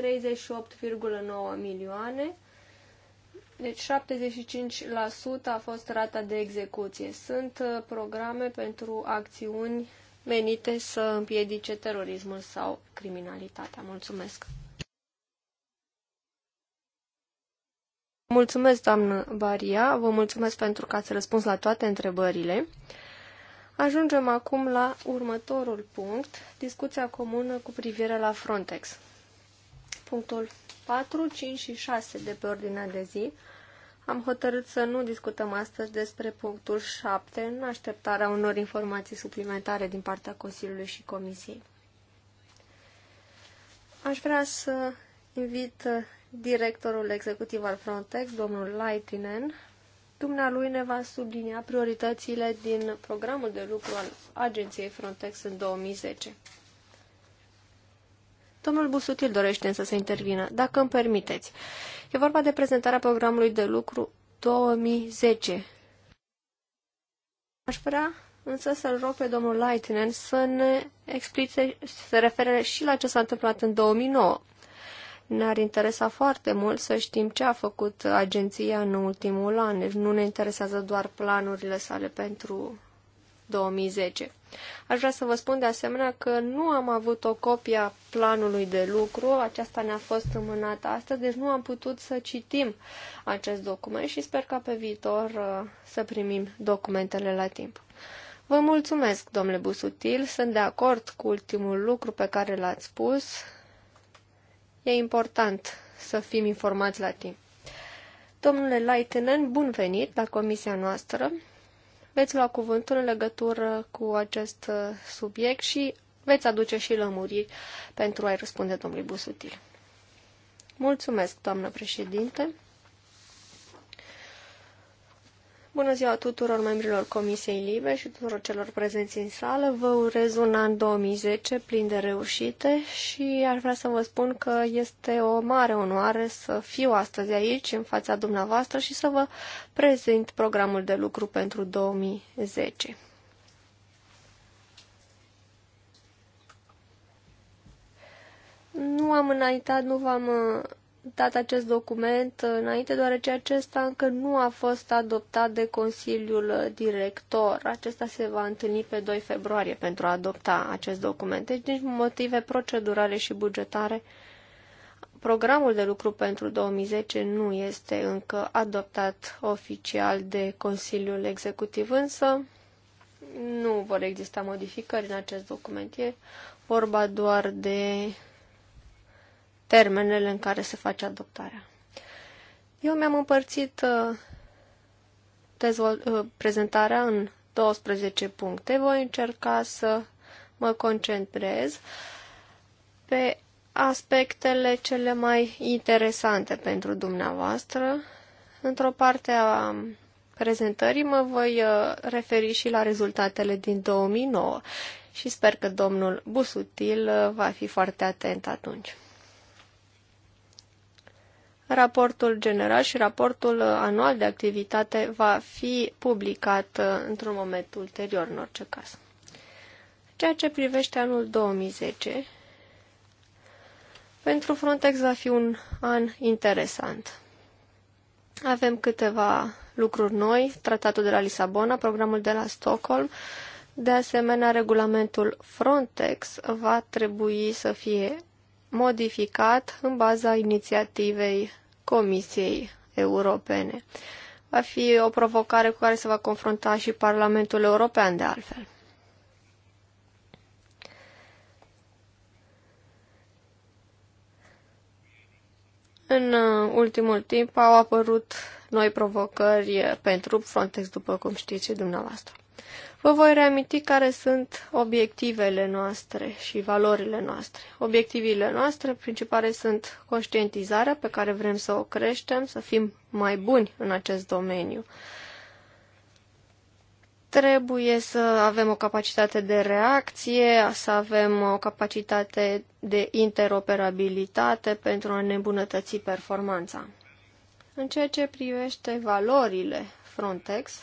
38,9 milioane. Deci 75% a fost rata de execuție. Sunt uh, programe pentru acțiuni menite să împiedice terorismul sau criminalitatea. Mulțumesc! Mulțumesc, doamnă Baria, vă mulțumesc pentru că ați răspuns la toate întrebările. Ajungem acum la următorul punct, discuția comună cu privire la Frontex punctul 4, 5 și 6 de pe ordinea de zi. Am hotărât să nu discutăm astăzi despre punctul 7 în așteptarea unor informații suplimentare din partea Consiliului și Comisiei. Aș vrea să invit uh, directorul executiv al Frontex, domnul Laitinen. Dumnealui ne va sublinia prioritățile din programul de lucru al agenției Frontex în 2010. Domnul Busutil dorește însă să intervină, dacă îmi permiteți. E vorba de prezentarea programului de lucru 2010. Aș vrea însă să-l rog pe domnul Leitinen să ne explice, să se refere și la ce s-a întâmplat în 2009. Ne-ar interesa foarte mult să știm ce a făcut agenția în ultimul an. Deci nu ne interesează doar planurile sale pentru 2010. Aș vrea să vă spun de asemenea că nu am avut o copie a planului de lucru, aceasta ne-a fost înmânată astăzi, deci nu am putut să citim acest document și sper ca pe viitor uh, să primim documentele la timp. Vă mulțumesc, domnule Busutil, sunt de acord cu ultimul lucru pe care l-ați spus. E important să fim informați la timp. Domnule Leitenen, bun venit la comisia noastră veți lua cuvântul în legătură cu acest uh, subiect și veți aduce și lămuriri pentru a-i răspunde domnului Busutil. Mulțumesc, doamnă președinte. Bună ziua tuturor membrilor Comisiei Libe și tuturor celor prezenți în sală. Vă urez un an 2010 plin de reușite și aș vrea să vă spun că este o mare onoare să fiu astăzi aici în fața dumneavoastră și să vă prezint programul de lucru pentru 2010. Nu am înaintat, nu v-am dat acest document înainte, deoarece acesta încă nu a fost adoptat de Consiliul Director. Acesta se va întâlni pe 2 februarie pentru a adopta acest document. Deci, din motive procedurale și bugetare, programul de lucru pentru 2010 nu este încă adoptat oficial de Consiliul Executiv, însă nu vor exista modificări în acest document. E vorba doar de termenele în care se face adoptarea. Eu mi-am împărțit uh, uh, prezentarea în 12 puncte. Voi încerca să mă concentrez pe aspectele cele mai interesante pentru dumneavoastră. Într-o parte a prezentării mă voi uh, referi și la rezultatele din 2009 și sper că domnul Busutil va fi foarte atent atunci. Raportul general și raportul uh, anual de activitate va fi publicat uh, într-un moment ulterior, în orice caz. Ceea ce privește anul 2010, pentru Frontex va fi un an interesant. Avem câteva lucruri noi, tratatul de la Lisabona, programul de la Stockholm, de asemenea, regulamentul Frontex va trebui să fie modificat în baza inițiativei Comisiei Europene. Va fi o provocare cu care se va confrunta și Parlamentul European, de altfel. În uh, ultimul timp au apărut noi provocări uh, pentru Frontex, după cum știți și dumneavoastră. Vă voi reaminti care sunt obiectivele noastre și valorile noastre. Obiectivele noastre principale sunt conștientizarea pe care vrem să o creștem, să fim mai buni în acest domeniu. Trebuie să avem o capacitate de reacție, să avem o capacitate de interoperabilitate pentru a ne îmbunătăți performanța. În ceea ce privește valorile Frontex,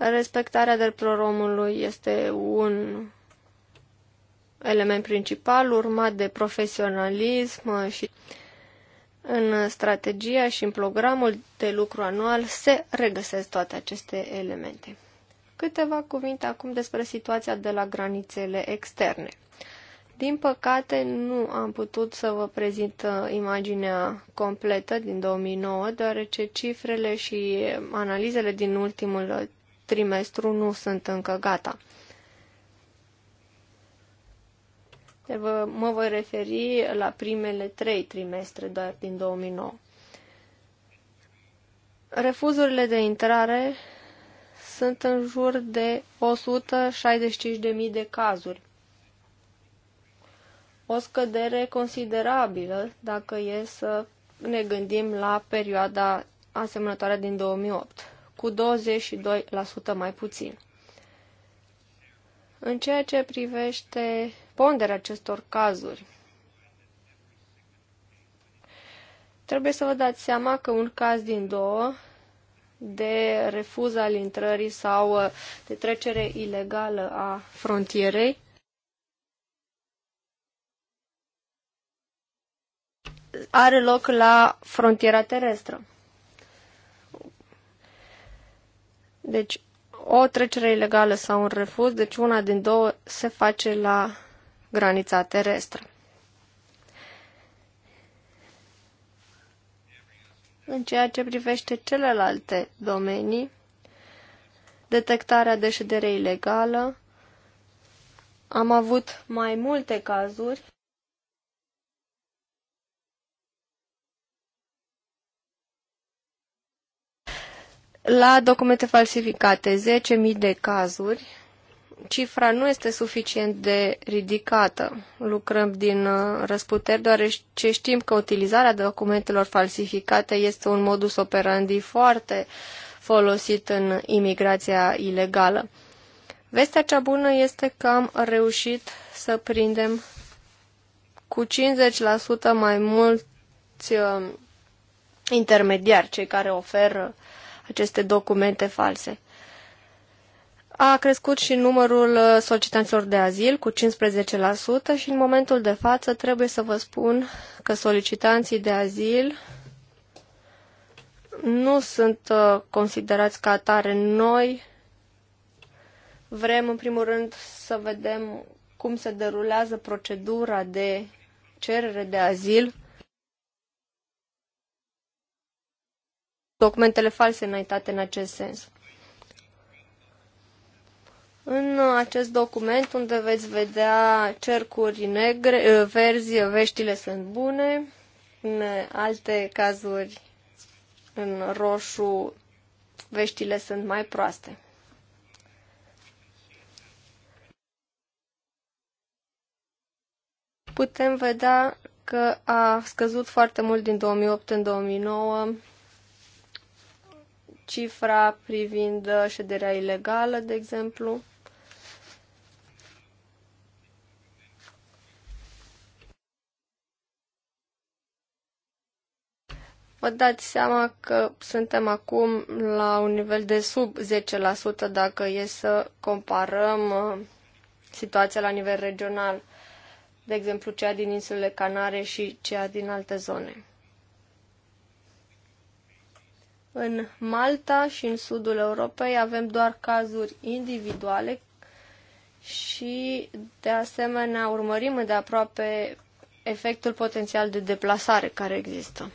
Respectarea drepturilor omului este un element principal, urmat de profesionalism și în strategia și în programul de lucru anual se regăsesc toate aceste elemente. Câteva cuvinte acum despre situația de la granițele externe. Din păcate, nu am putut să vă prezint uh, imaginea completă din 2009, deoarece cifrele și analizele din ultimul trimestru nu sunt încă gata. Deci mă voi referi la primele trei trimestre doar din 2009. Refuzurile de intrare sunt în jur de 165.000 de cazuri. O scădere considerabilă dacă e să ne gândim la perioada asemănătoare din 2008 cu 22% mai puțin. În ceea ce privește ponderea acestor cazuri, trebuie să vă dați seama că un caz din două de refuz al intrării sau uh, de trecere ilegală a frontierei are loc la frontiera terestră. Deci, o trecere ilegală sau un refuz, deci una din două se face la granița terestră. În ceea ce privește celelalte domenii, detectarea de ședere ilegală, am avut mai multe cazuri La documente falsificate, 10.000 de cazuri. Cifra nu este suficient de ridicată. Lucrăm din uh, răsputeri, deoarece știm că utilizarea documentelor falsificate este un modus operandi foarte folosit în imigrația ilegală. Vestea cea bună este că am reușit să prindem cu 50% mai mulți uh, intermediari, cei care oferă uh, aceste documente false. A crescut și numărul uh, solicitanților de azil cu 15% și în momentul de față trebuie să vă spun că solicitanții de azil nu sunt uh, considerați ca atare noi. Vrem, în primul rând, să vedem cum se derulează procedura de cerere de azil documentele false înaintate în acest sens. În acest document, unde veți vedea cercuri negre, eh, verzi, veștile sunt bune, în alte cazuri, în roșu, veștile sunt mai proaste. Putem vedea că a scăzut foarte mult din 2008 în 2009 cifra privind uh, șederea ilegală, de exemplu. Vă dați seama că suntem acum la un nivel de sub 10% dacă e să comparăm uh, situația la nivel regional, de exemplu cea din insulele Canare și cea din alte zone. În Malta și în sudul Europei avem doar cazuri individuale și, de asemenea, urmărim de aproape efectul potențial de deplasare care există.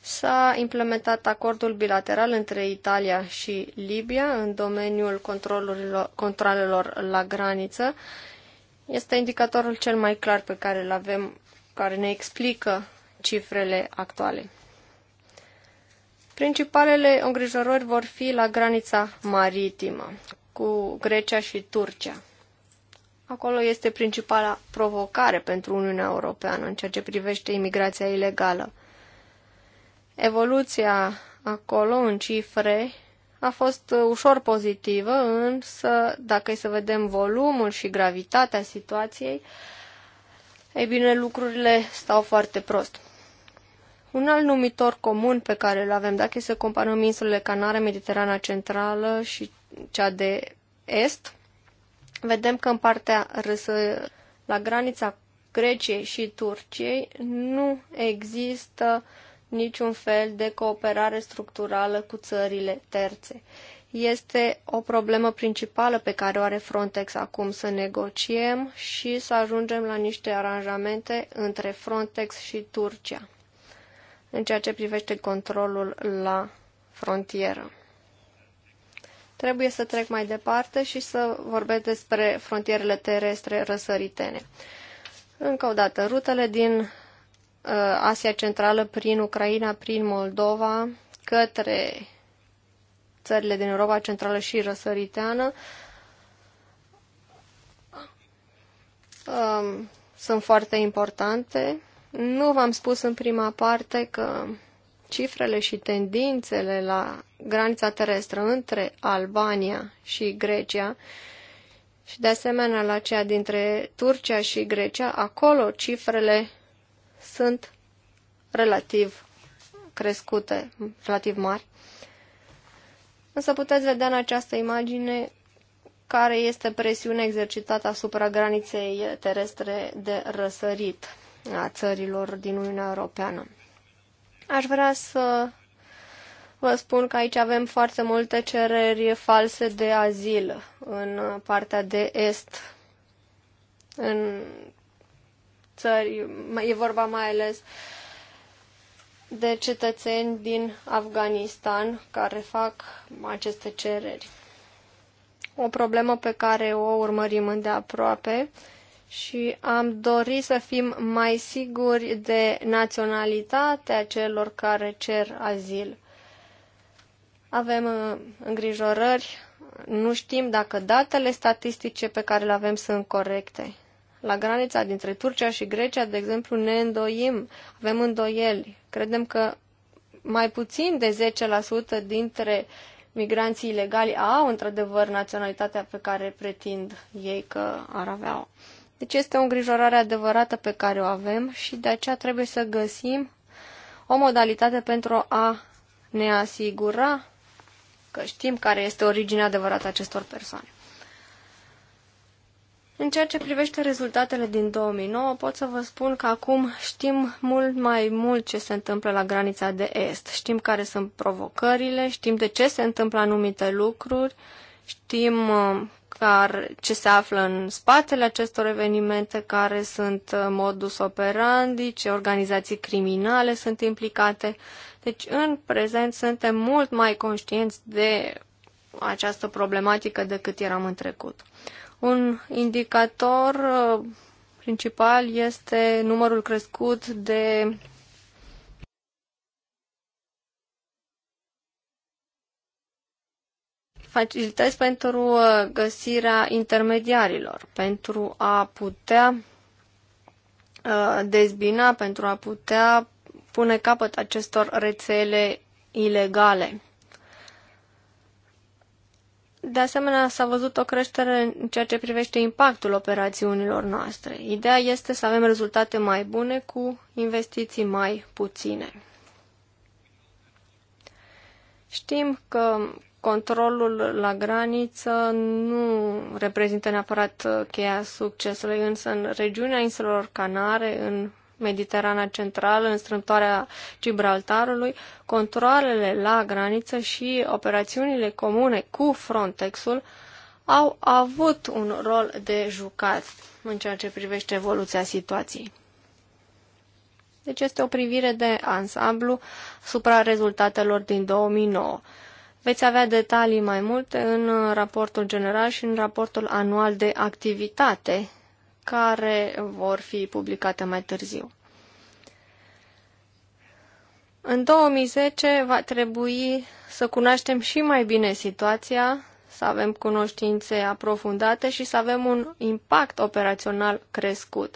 S-a implementat acordul bilateral între Italia și Libia în domeniul controlelor la graniță. Este indicatorul cel mai clar pe care îl avem, care ne explică cifrele actuale. Principalele îngrijorări vor fi la granița maritimă cu Grecia și Turcia. Acolo este principala provocare pentru Uniunea Europeană în ceea ce privește imigrația ilegală. Evoluția acolo în cifre a fost ușor pozitivă, însă dacă e să vedem volumul și gravitatea situației, ei bine, lucrurile stau foarte prost. Un alt numitor comun pe care îl avem, dacă e să comparăm insulele Canare, Mediterana Centrală și cea de Est, vedem că în partea râsă, la granița Greciei și Turciei, nu există niciun fel de cooperare structurală cu țările terțe. Este o problemă principală pe care o are Frontex acum să negociem și să ajungem la niște aranjamente între Frontex și Turcia în ceea ce privește controlul la frontieră. Trebuie să trec mai departe și să vorbesc despre frontierele terestre răsăritene. Încă o dată, rutele din uh, Asia Centrală prin Ucraina, prin Moldova, către țările din Europa Centrală și Răsăriteană um, sunt foarte importante nu v-am spus în prima parte că cifrele și tendințele la granița terestră între Albania și Grecia și de asemenea la cea dintre Turcia și Grecia, acolo cifrele sunt relativ crescute, relativ mari. Însă puteți vedea în această imagine care este presiunea exercitată asupra graniței terestre de răsărit a țărilor din Uniunea Europeană. Aș vrea să vă spun că aici avem foarte multe cereri false de azil în partea de est, în țări, e vorba mai ales de cetățeni din Afganistan care fac aceste cereri. O problemă pe care o urmărim îndeaproape și am dorit să fim mai siguri de naționalitatea celor care cer azil. Avem uh, îngrijorări, nu știm dacă datele statistice pe care le avem sunt corecte. La granița dintre Turcia și Grecia, de exemplu, ne îndoim, avem îndoieli. Credem că mai puțin de 10% dintre migranții ilegali au într-adevăr naționalitatea pe care pretind ei că ar avea-o. Deci este o îngrijorare adevărată pe care o avem și de aceea trebuie să găsim o modalitate pentru a ne asigura că știm care este originea adevărată acestor persoane. În ceea ce privește rezultatele din 2009, pot să vă spun că acum știm mult mai mult ce se întâmplă la granița de est. Știm care sunt provocările, știm de ce se întâmplă anumite lucruri, știm uh, care, ce se află în spatele acestor evenimente, care sunt uh, modus operandi, ce organizații criminale sunt implicate. Deci, în prezent, suntem mult mai conștienți de această problematică decât eram în trecut. Un indicator uh, principal este numărul crescut de facilități pentru uh, găsirea intermediarilor, pentru a putea uh, dezbina, pentru a putea pune capăt acestor rețele ilegale. De asemenea, s-a văzut o creștere în ceea ce privește impactul operațiunilor noastre. Ideea este să avem rezultate mai bune cu investiții mai puține. Știm că controlul la graniță nu reprezintă neapărat uh, cheia succesului, însă în regiunea insulelor Canare, în Mediterana Centrală, în strâmtoarea Gibraltarului, controlele la graniță și operațiunile comune cu Frontexul au avut un rol de jucat în ceea ce privește evoluția situației. Deci este o privire de ansamblu supra rezultatelor din 2009. Veți avea detalii mai multe în raportul general și în raportul anual de activitate, care vor fi publicate mai târziu. În 2010 va trebui să cunoaștem și mai bine situația, să avem cunoștințe aprofundate și să avem un impact operațional crescut.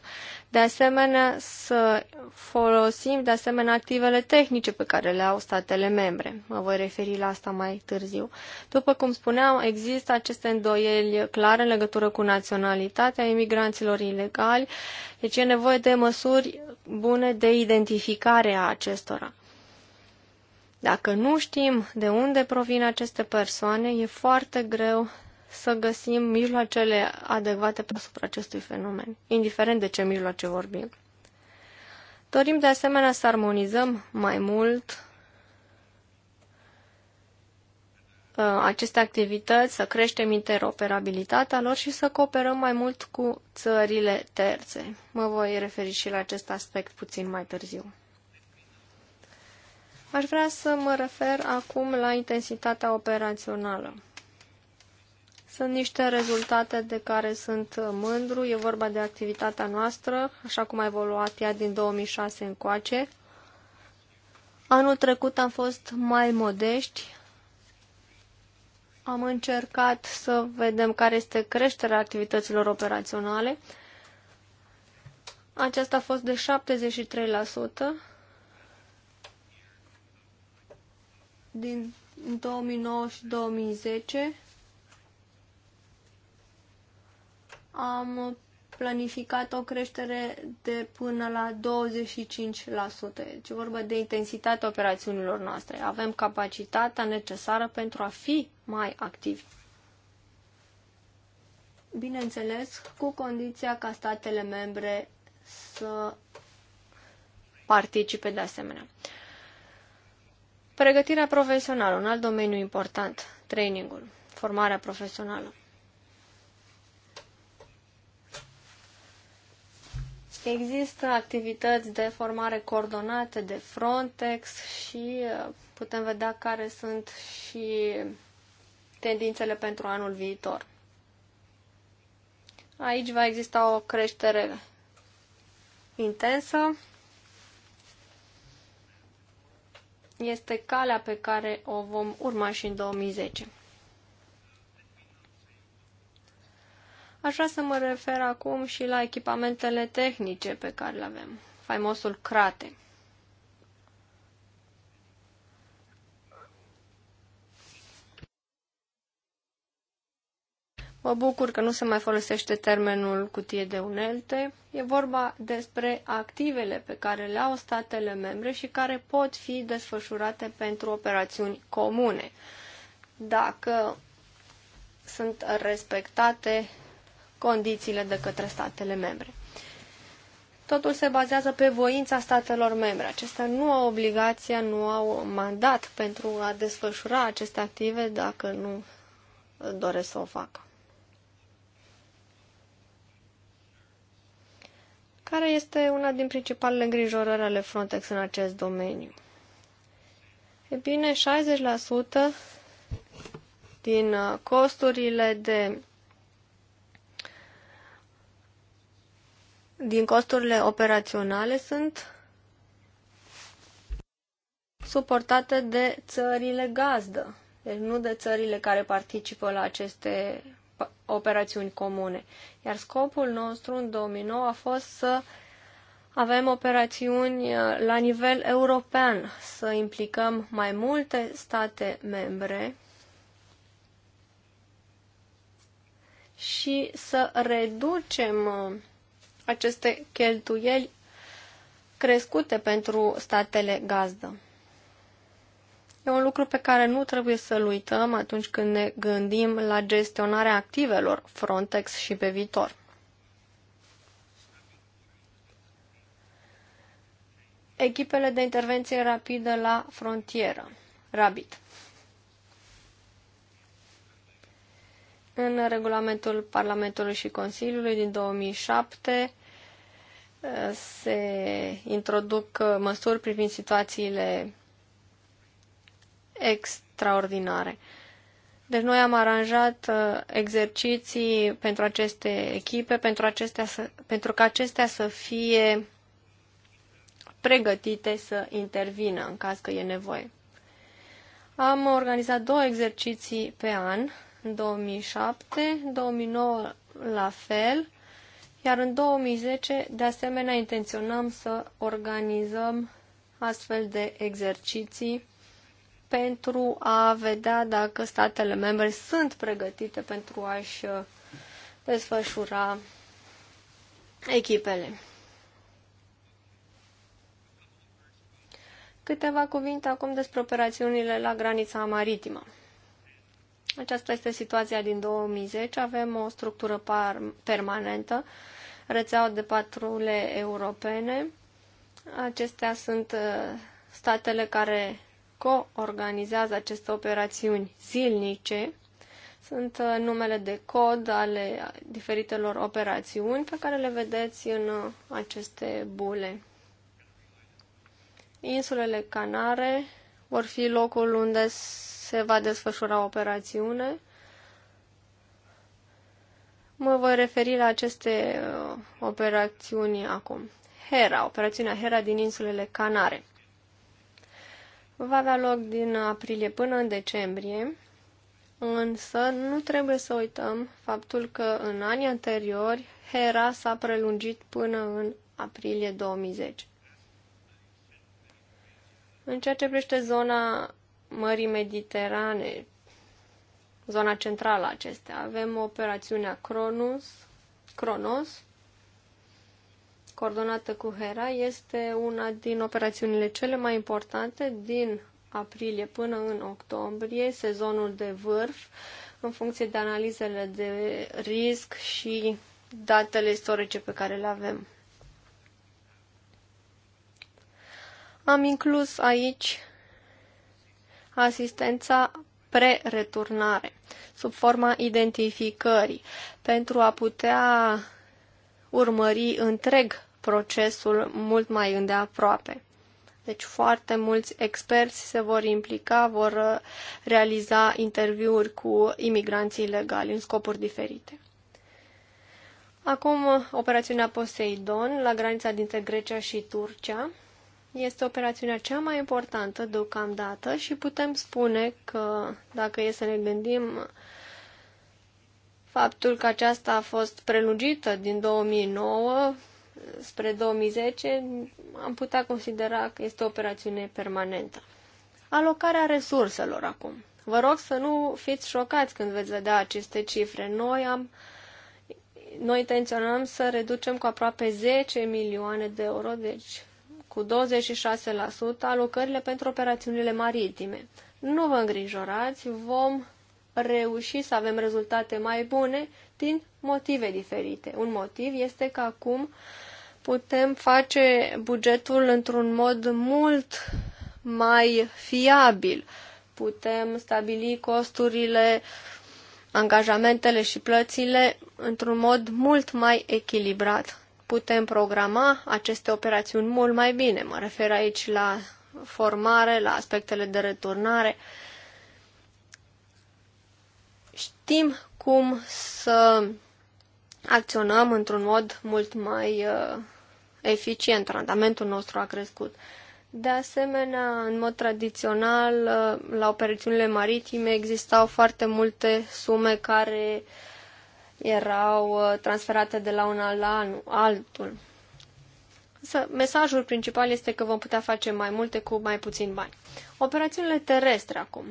De asemenea, să folosim de asemenea activele tehnice pe care le au statele membre. Mă voi referi la asta mai târziu. După cum spuneam, există aceste îndoieli clare în legătură cu naționalitatea imigranților ilegali, deci e nevoie de măsuri bune de identificare a acestora. Dacă nu știm de unde provin aceste persoane, e foarte greu să găsim mijloacele adecvate pentru acestui fenomen, indiferent de ce mijloace vorbim. Dorim de asemenea să armonizăm mai mult uh, aceste activități, să creștem interoperabilitatea lor și să cooperăm mai mult cu țările terțe. Mă voi referi și la acest aspect puțin mai târziu. Aș vrea să mă refer acum la intensitatea operațională. Sunt niște rezultate de care sunt mândru. E vorba de activitatea noastră, așa cum a evoluat ea din 2006 încoace. Anul trecut am fost mai modești. Am încercat să vedem care este creșterea activităților operaționale. Aceasta a fost de 73%. din 2009 și 2010 am planificat o creștere de până la 25%. Ce deci vorba de intensitatea operațiunilor noastre. Avem capacitatea necesară pentru a fi mai activi. Bineînțeles, cu condiția ca statele membre să participe de asemenea. Pregătirea profesională, un alt domeniu important, trainingul, formarea profesională. Există activități de formare coordonate de Frontex și uh, putem vedea care sunt și tendințele pentru anul viitor. Aici va exista o creștere intensă. Este calea pe care o vom urma și în 2010. Aș vrea să mă refer acum și la echipamentele tehnice pe care le avem, faimosul crate. Mă bucur că nu se mai folosește termenul cutie de unelte. E vorba despre activele pe care le au statele membre și care pot fi desfășurate pentru operațiuni comune. Dacă sunt respectate condițiile de către statele membre. Totul se bazează pe voința statelor membre. Acestea nu au obligația, nu au mandat pentru a desfășura aceste active dacă nu doresc să o facă. Care este una din principalele îngrijorări ale Frontex în acest domeniu? E bine, 60% din uh, costurile de din costurile operaționale sunt suportate de țările gazdă, deci nu de țările care participă la aceste operațiuni comune. Iar scopul nostru în 2009 a fost să avem operațiuni uh, la nivel european, să implicăm mai multe state membre și să reducem uh, aceste cheltuieli crescute pentru statele gazdă. E un lucru pe care nu trebuie să-l uităm atunci când ne gândim la gestionarea activelor Frontex și pe viitor. Echipele de intervenție rapidă la frontieră, RABIT. În regulamentul Parlamentului și Consiliului din 2007 eh, se introduc eh, măsuri privind situațiile extraordinare. Deci noi am aranjat eh, exerciții pentru aceste echipe, pentru, acestea să, pentru ca acestea să fie pregătite să intervină în caz că e nevoie. Am organizat două exerciții pe an în 2007, 2009 la fel, iar în 2010, de asemenea, intenționăm să organizăm astfel de exerciții pentru a vedea dacă statele membre sunt pregătite pentru a-și uh, desfășura echipele. Câteva cuvinte acum despre operațiunile la granița maritimă. Aceasta este situația din 2010. Avem o structură permanentă, rețeaua de patrule europene. Acestea sunt uh, statele care co-organizează aceste operațiuni zilnice. Sunt uh, numele de cod ale diferitelor operațiuni pe care le vedeți în uh, aceste bule. Insulele Canare, vor fi locul unde se va desfășura operațiune. Mă voi referi la aceste uh, operațiuni acum. Hera, operațiunea Hera din insulele Canare. Va avea loc din aprilie până în decembrie, însă nu trebuie să uităm faptul că în anii anteriori Hera s-a prelungit până în aprilie 2010. În ceea ce privește zona Mării Mediterane, zona centrală acestea, avem operațiunea Cronus, Cronos, coordonată cu Hera, este una din operațiunile cele mai importante din aprilie până în octombrie, sezonul de vârf, în funcție de analizele de risc și datele istorice pe care le avem. Am inclus aici asistența pre-returnare, sub forma identificării, pentru a putea urmări întreg procesul mult mai îndeaproape. Deci foarte mulți experți se vor implica, vor uh, realiza interviuri cu imigranții ilegali în scopuri diferite. Acum uh, operațiunea Poseidon la granița dintre Grecia și Turcia este operațiunea cea mai importantă deocamdată și putem spune că, dacă e să ne gândim, faptul că aceasta a fost prelungită din 2009 spre 2010, am putea considera că este o operațiune permanentă. Alocarea resurselor acum. Vă rog să nu fiți șocați când veți vedea aceste cifre. Noi am noi intenționăm să reducem cu aproape 10 milioane de euro, deci cu 26% alocările pentru operațiunile maritime. Nu vă îngrijorați, vom reuși să avem rezultate mai bune din motive diferite. Un motiv este că acum putem face bugetul într-un mod mult mai fiabil. Putem stabili costurile, angajamentele și plățile într-un mod mult mai echilibrat putem programa aceste operațiuni mult mai bine. Mă refer aici la formare, la aspectele de returnare. Știm cum să acționăm într-un mod mult mai uh, eficient. Randamentul nostru a crescut. De asemenea, în mod tradițional, uh, la operațiunile maritime existau foarte multe sume care uh, erau uh, transferate de la un an la altul. Însă, mesajul principal este că vom putea face mai multe cu mai puțin bani. Operațiunile terestre acum.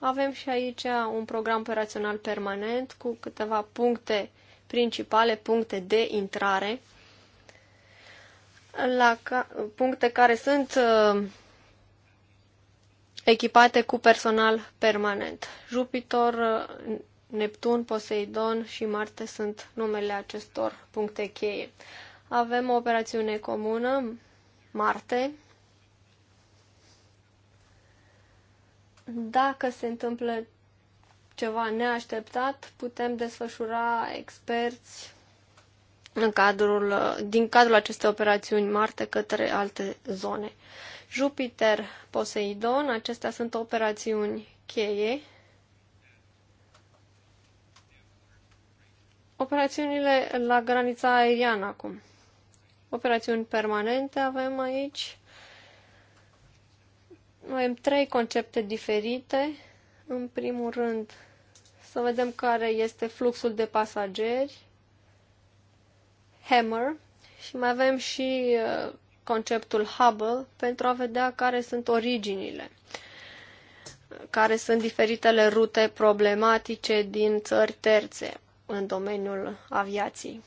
Avem și aici un program operațional permanent cu câteva puncte principale, puncte de intrare, la ca, puncte care sunt uh, echipate cu personal permanent. Jupiter, uh, Neptun, Poseidon și Marte sunt numele acestor puncte cheie. Avem o operațiune comună, Marte. Dacă se întâmplă ceva neașteptat, putem desfășura experți în cadrul, din cadrul acestei operațiuni Marte către alte zone. Jupiter, Poseidon, acestea sunt operațiuni cheie Operațiunile la granița aeriană acum. Operațiuni permanente avem aici. Avem trei concepte diferite. În primul rând, să vedem care este fluxul de pasageri. Hammer. Și mai avem și uh, conceptul Hubble pentru a vedea care sunt originile care sunt diferitele rute problematice din țări terțe în domeniul aviației.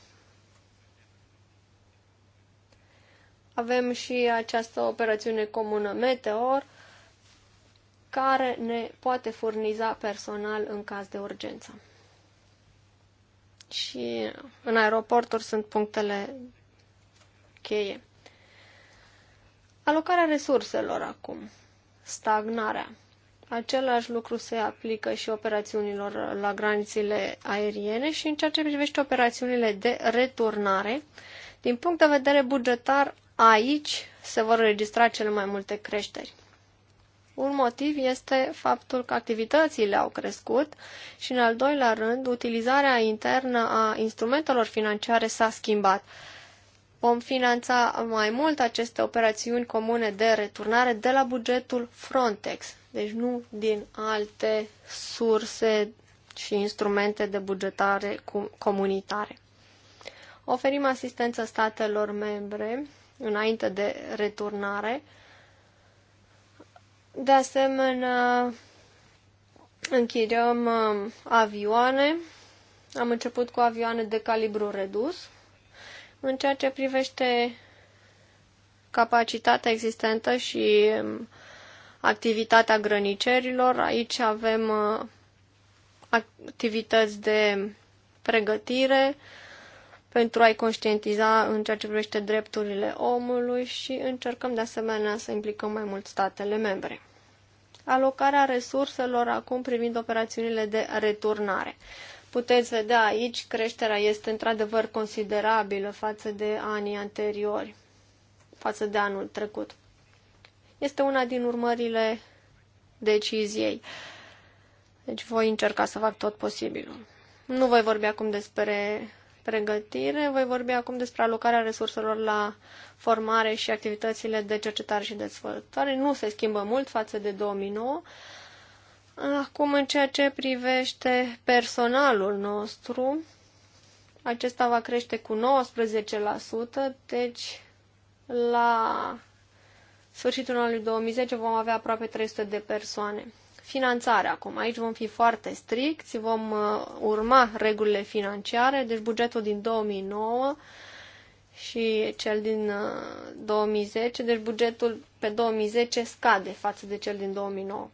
Avem și această operațiune comună Meteor, care ne poate furniza personal în caz de urgență. Și în aeroporturi sunt punctele cheie. Alocarea resurselor acum. Stagnarea. Același lucru se aplică și operațiunilor la granițele aeriene și în ceea ce privește operațiunile de returnare. Din punct de vedere bugetar, aici se vor registra cele mai multe creșteri. Un motiv este faptul că activitățile au crescut și, în al doilea rând, utilizarea internă a instrumentelor financiare s-a schimbat. Vom finanța mai mult aceste operațiuni comune de returnare de la bugetul Frontex, deci nu din alte surse și instrumente de bugetare comunitare. Oferim asistență statelor membre înainte de returnare. De asemenea, închiriem um, avioane. Am început cu avioane de calibru redus în ceea ce privește capacitatea existentă și um, activitatea grănicerilor, aici avem uh, activități de pregătire pentru a-i conștientiza în ceea ce privește drepturile omului și încercăm de asemenea să implicăm mai mult statele membre. Alocarea resurselor acum privind operațiunile de returnare. Puteți vedea aici, creșterea este într-adevăr considerabilă față de anii anteriori, față de anul trecut. Este una din urmările deciziei. Deci voi încerca să fac tot posibilul. Nu voi vorbi acum despre pregătire, voi vorbi acum despre alocarea resurselor la formare și activitățile de cercetare și dezvoltare. Nu se schimbă mult față de 2009. Acum, în ceea ce privește personalul nostru, acesta va crește cu 19%, deci la sfârșitul anului 2010 vom avea aproape 300 de persoane. Finanțarea acum. Aici vom fi foarte stricți, vom uh, urma regulile financiare, deci bugetul din 2009 și cel din 2010, uh, deci bugetul pe 2010 scade față de cel din 2009.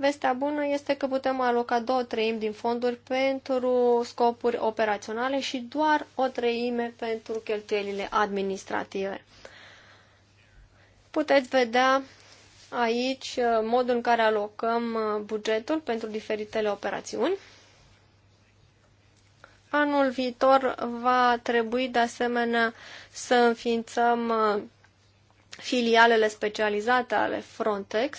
Vestea bună este că putem aloca două treimi din fonduri pentru scopuri operaționale și doar o treime pentru cheltuielile administrative. Puteți vedea aici uh, modul în care alocăm uh, bugetul pentru diferitele operațiuni. Anul viitor va trebui de asemenea să înființăm uh, filialele specializate ale Frontex,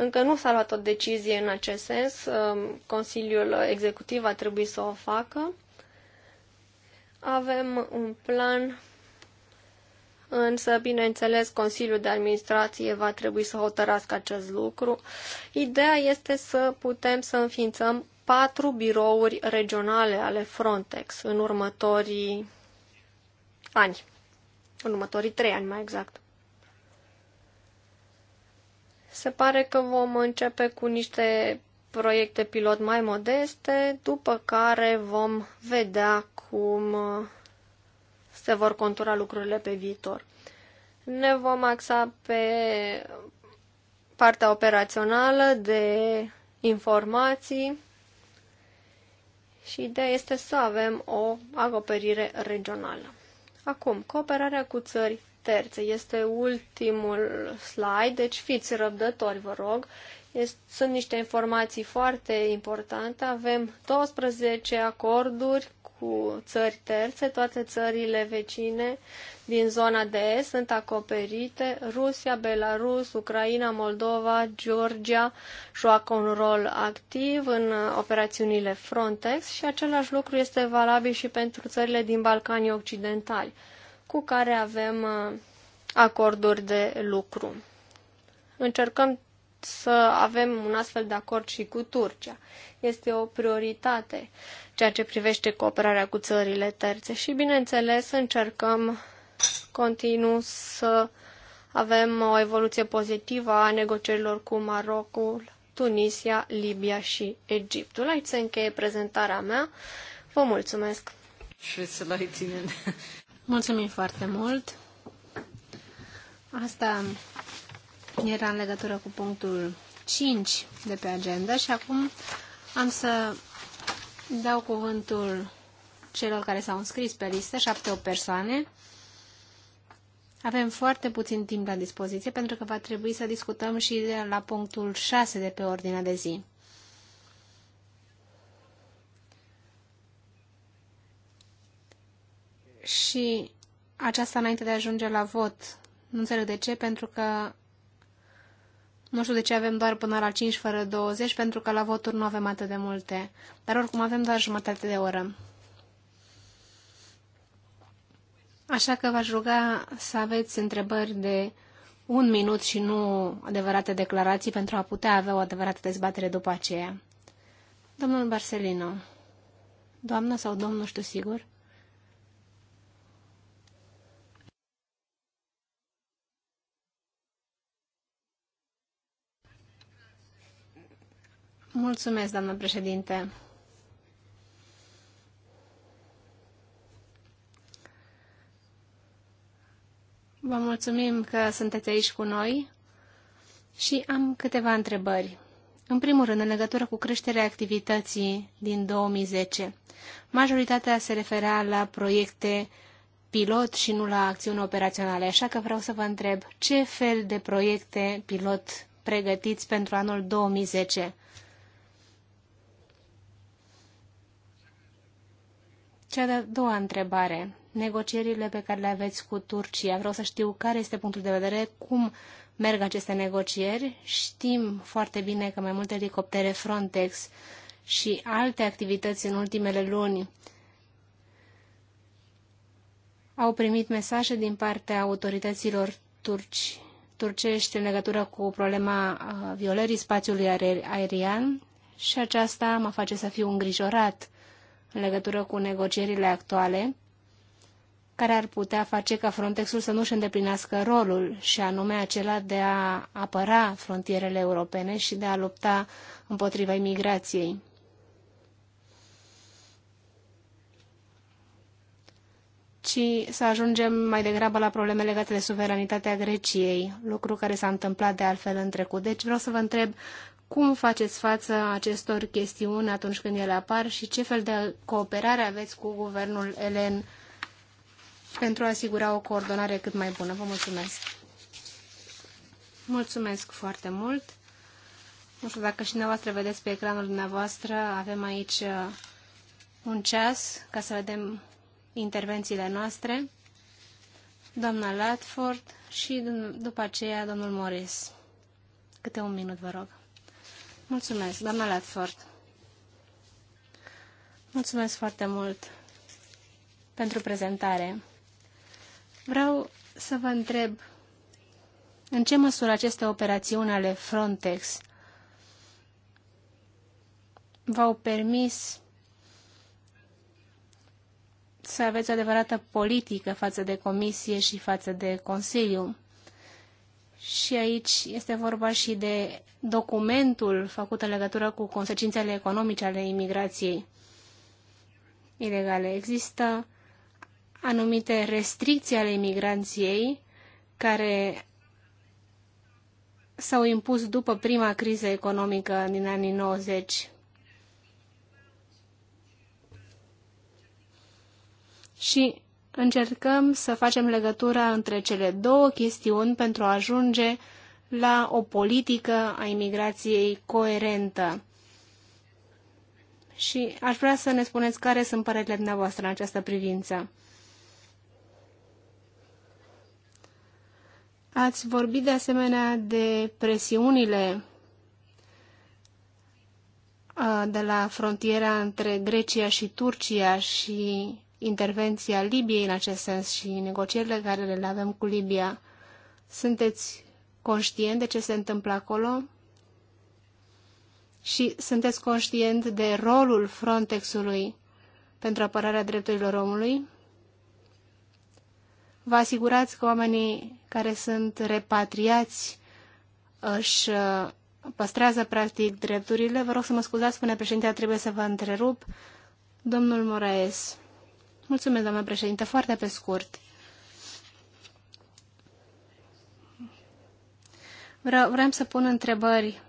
încă nu s-a luat o decizie în acest sens. Um, Consiliul Executiv a trebuit să o facă. Avem un plan, însă, bineînțeles, Consiliul de Administrație va trebui să hotărască acest lucru. Ideea este să putem să înființăm patru birouri regionale ale Frontex în următorii ani, în următorii trei ani mai exact. Se pare că vom începe cu niște proiecte pilot mai modeste, după care vom vedea cum uh, se vor contura lucrurile pe viitor. Ne vom axa pe partea operațională de informații și ideea este să avem o acoperire regională. Acum, cooperarea cu țări terțe. Este ultimul slide, deci fiți răbdători, vă rog. Este, sunt niște informații foarte importante. Avem 12 acorduri cu țări terțe, toate țările vecine din zona de est sunt acoperite. Rusia, Belarus, Ucraina, Moldova, Georgia joacă un rol activ în operațiunile Frontex și același lucru este valabil și pentru țările din Balcanii Occidentali cu care avem uh, acorduri de lucru. Încercăm să avem un astfel de acord și cu Turcia. Este o prioritate ceea ce privește cooperarea cu țările terțe și, bineînțeles, încercăm continuu să avem o evoluție pozitivă a negocierilor cu Marocul, Tunisia, Libia și Egiptul. Aici se încheie prezentarea mea. Vă mulțumesc! Mulțumim foarte mult. Asta era în legătură cu punctul 5 de pe agenda și acum am să dau cuvântul celor care s-au înscris pe listă, șapte o persoane. Avem foarte puțin timp la dispoziție pentru că va trebui să discutăm și la punctul 6 de pe ordinea de zi. și aceasta înainte de a ajunge la vot. Nu înțeleg de ce, pentru că nu știu de ce avem doar până la 5 fără 20, pentru că la voturi nu avem atât de multe. Dar oricum avem doar jumătate de oră. Așa că v-aș ruga să aveți întrebări de un minut și nu adevărate declarații pentru a putea avea o adevărată dezbatere după aceea. Domnul Barcelino. Doamna sau domnul, nu știu sigur. Mulțumesc, Vă mulțumim că sunteți aici cu noi și am câteva întrebări. În primul rând, în legătură cu creșterea activității din 2010, majoritatea se referea la proiecte pilot și nu la acțiuni operaționale, așa că vreau să vă întreb ce fel de proiecte pilot pregătiți pentru anul 2010 Cea de-a doua întrebare. Negocierile pe care le aveți cu Turcia. Vreau să știu care este punctul de vedere, cum merg aceste negocieri. Știm foarte bine că mai multe elicoptere Frontex și alte activități în ultimele luni au primit mesaje din partea autorităților turci, turcești în legătură cu problema uh, violării spațiului aerian și aceasta mă face să fiu îngrijorat în legătură cu negocierile actuale, care ar putea face ca Frontexul să nu-și îndeplinească rolul, și anume acela de a apăra frontierele europene și de a lupta împotriva imigrației. ci să ajungem mai degrabă la probleme legate de suveranitatea Greciei, lucru care s-a întâmplat de altfel în trecut. Deci vreau să vă întreb cum faceți față acestor chestiuni atunci când ele apar și ce fel de cooperare aveți cu guvernul elen pentru a asigura o coordonare cât mai bună? Vă mulțumesc! Mulțumesc foarte mult! Nu știu dacă și dumneavoastră vedeți pe ecranul dumneavoastră, avem aici uh, un ceas ca să vedem intervențiile noastre. Doamna Latford și după aceea domnul Morris. Câte un minut, vă rog. Mulțumesc, doamna Latford. Mulțumesc foarte mult pentru prezentare. Vreau să vă întreb în ce măsură aceste operațiuni ale Frontex v-au permis să aveți o adevărată politică față de Comisie și față de Consiliu și aici este vorba și de documentul făcut în legătură cu consecințele economice ale imigrației ilegale. Există anumite restricții ale imigranției care s-au impus după prima criză economică din anii 90. Și încercăm să facem legătura între cele două chestiuni pentru a ajunge la o politică a imigrației coerentă. Și aș vrea să ne spuneți care sunt părerile dumneavoastră în această privință. Ați vorbit de asemenea de presiunile de la frontiera între Grecia și Turcia și intervenția Libiei în acest sens și negocierile care le avem cu Libia. Sunteți conștient de ce se întâmplă acolo? Și sunteți conștient de rolul Frontexului pentru apărarea drepturilor omului? Vă asigurați că oamenii care sunt repatriați își uh, păstrează practic drepturile? Vă rog să mă scuzați, spune președintea, trebuie să vă întrerup. Domnul Moraes. Mulțumesc, doamnă președinte. Foarte pe scurt. Vreau, vreau să pun întrebări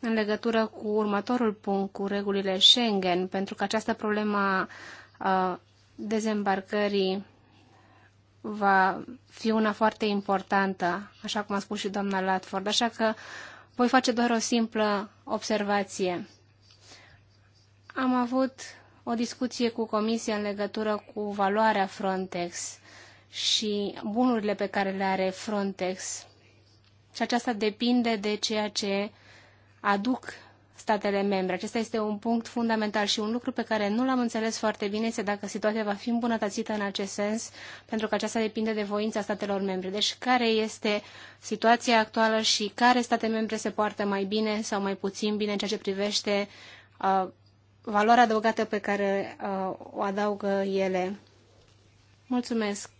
în legătură cu următorul punct, cu regulile Schengen, pentru că această problemă a dezembarcării va fi una foarte importantă, așa cum a spus și doamna Latford, așa că voi face doar o simplă observație. Am avut o discuție cu Comisia în legătură cu valoarea Frontex și bunurile pe care le are Frontex. Și aceasta depinde de ceea ce aduc statele membre. Acesta este un punct fundamental și un lucru pe care nu l-am înțeles foarte bine este dacă situația va fi îmbunătățită în acest sens, pentru că aceasta depinde de voința statelor membre. Deci care este situația actuală și care state membre se poartă mai bine sau mai puțin bine în ceea ce privește uh, valoarea adăugată pe care uh, o adaugă ele. Mulțumesc!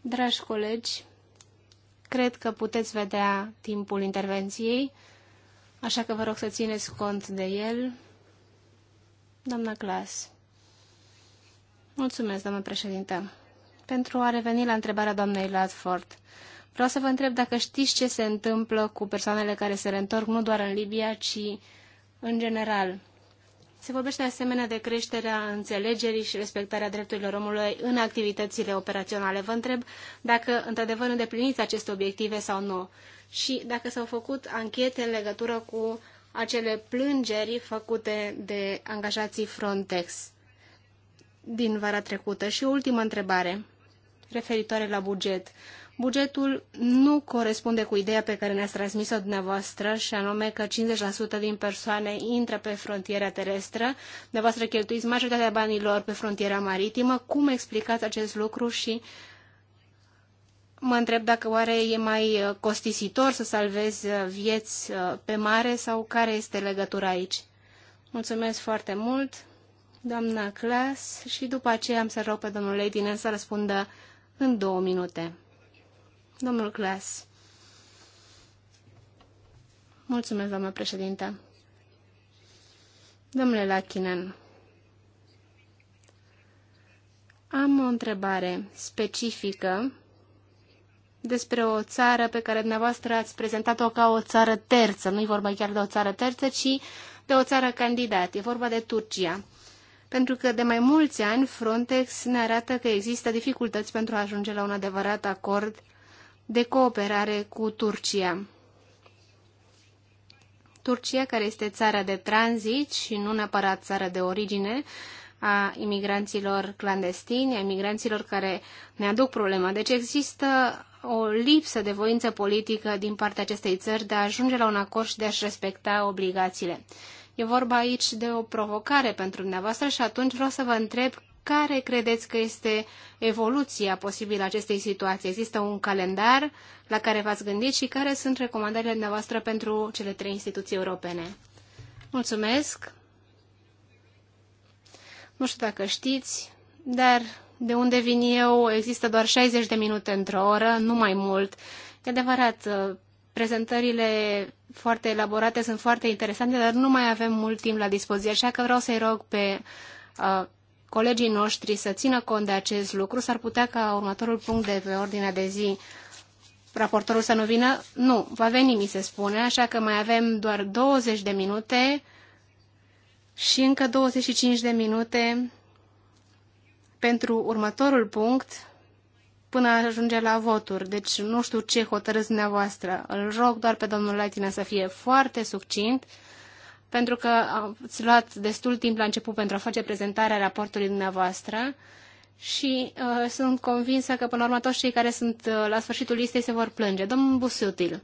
Dragi colegi, cred că puteți vedea timpul intervenției, așa că vă rog să țineți cont de el. Doamna Clas. Mulțumesc, doamnă președintă. Pentru a reveni la întrebarea doamnei Latford, vreau să vă întreb dacă știți ce se întâmplă cu persoanele care se reîntorc nu doar în Libia, ci în general. Se vorbește de asemenea de creșterea înțelegerii și respectarea drepturilor omului în activitățile operaționale. Vă întreb dacă într-adevăr îndepliniți aceste obiective sau nu și dacă s-au făcut anchete în legătură cu acele plângeri făcute de angajații Frontex din vara trecută. Și o ultimă întrebare referitoare la buget. Bugetul nu corespunde cu ideea pe care ne-ați transmis-o dumneavoastră și anume că 50% din persoane intră pe frontiera terestră. Dumneavoastră cheltuiți majoritatea banilor pe frontiera maritimă. Cum explicați acest lucru și mă întreb dacă oare e mai uh, costisitor să salvezi uh, vieți uh, pe mare sau care este legătura aici. Mulțumesc foarte mult, doamna Clas, și după aceea am să rog pe domnul Leitinen să răspundă în două minute. Domnul Glass. Mulțumesc, doamnă președinte. Domnule Lachinen, am o întrebare specifică despre o țară pe care dumneavoastră ați prezentat-o ca o țară terță. Nu-i vorba chiar de o țară terță, ci de o țară candidat. E vorba de Turcia. Pentru că de mai mulți ani Frontex ne arată că există dificultăți pentru a ajunge la un adevărat acord de cooperare cu Turcia. Turcia, care este țara de tranzit și nu neapărat țara de origine a imigranților clandestini, a imigranților care ne aduc problema. Deci există o lipsă de voință politică din partea acestei țări de a ajunge la un acord și de a-și respecta obligațiile. E vorba aici de o provocare pentru dumneavoastră și atunci vreau să vă întreb care credeți că este evoluția posibilă acestei situații? Există un calendar la care v-ați gândit și care sunt recomandările dumneavoastră pentru cele trei instituții europene? Mulțumesc! Nu știu dacă știți, dar de unde vin eu există doar 60 de minute într-o oră, nu mai mult. E adevărat, prezentările foarte elaborate sunt foarte interesante, dar nu mai avem mult timp la dispoziție, așa că vreau să-i rog pe uh, colegii noștri să țină cont de acest lucru, s-ar putea ca următorul punct de pe ordinea de zi raportorul să nu vină? Nu, va veni, mi se spune, așa că mai avem doar 20 de minute și încă 25 de minute pentru următorul punct până ajunge la voturi. Deci nu știu ce hotărâți dumneavoastră. Îl rog doar pe domnul Laitina să fie foarte succint pentru că ați luat destul timp la început pentru a face prezentarea raportului dumneavoastră și uh, sunt convinsă că, până la urmă, toți cei care sunt uh, la sfârșitul listei se vor plânge. Domnul Busutil,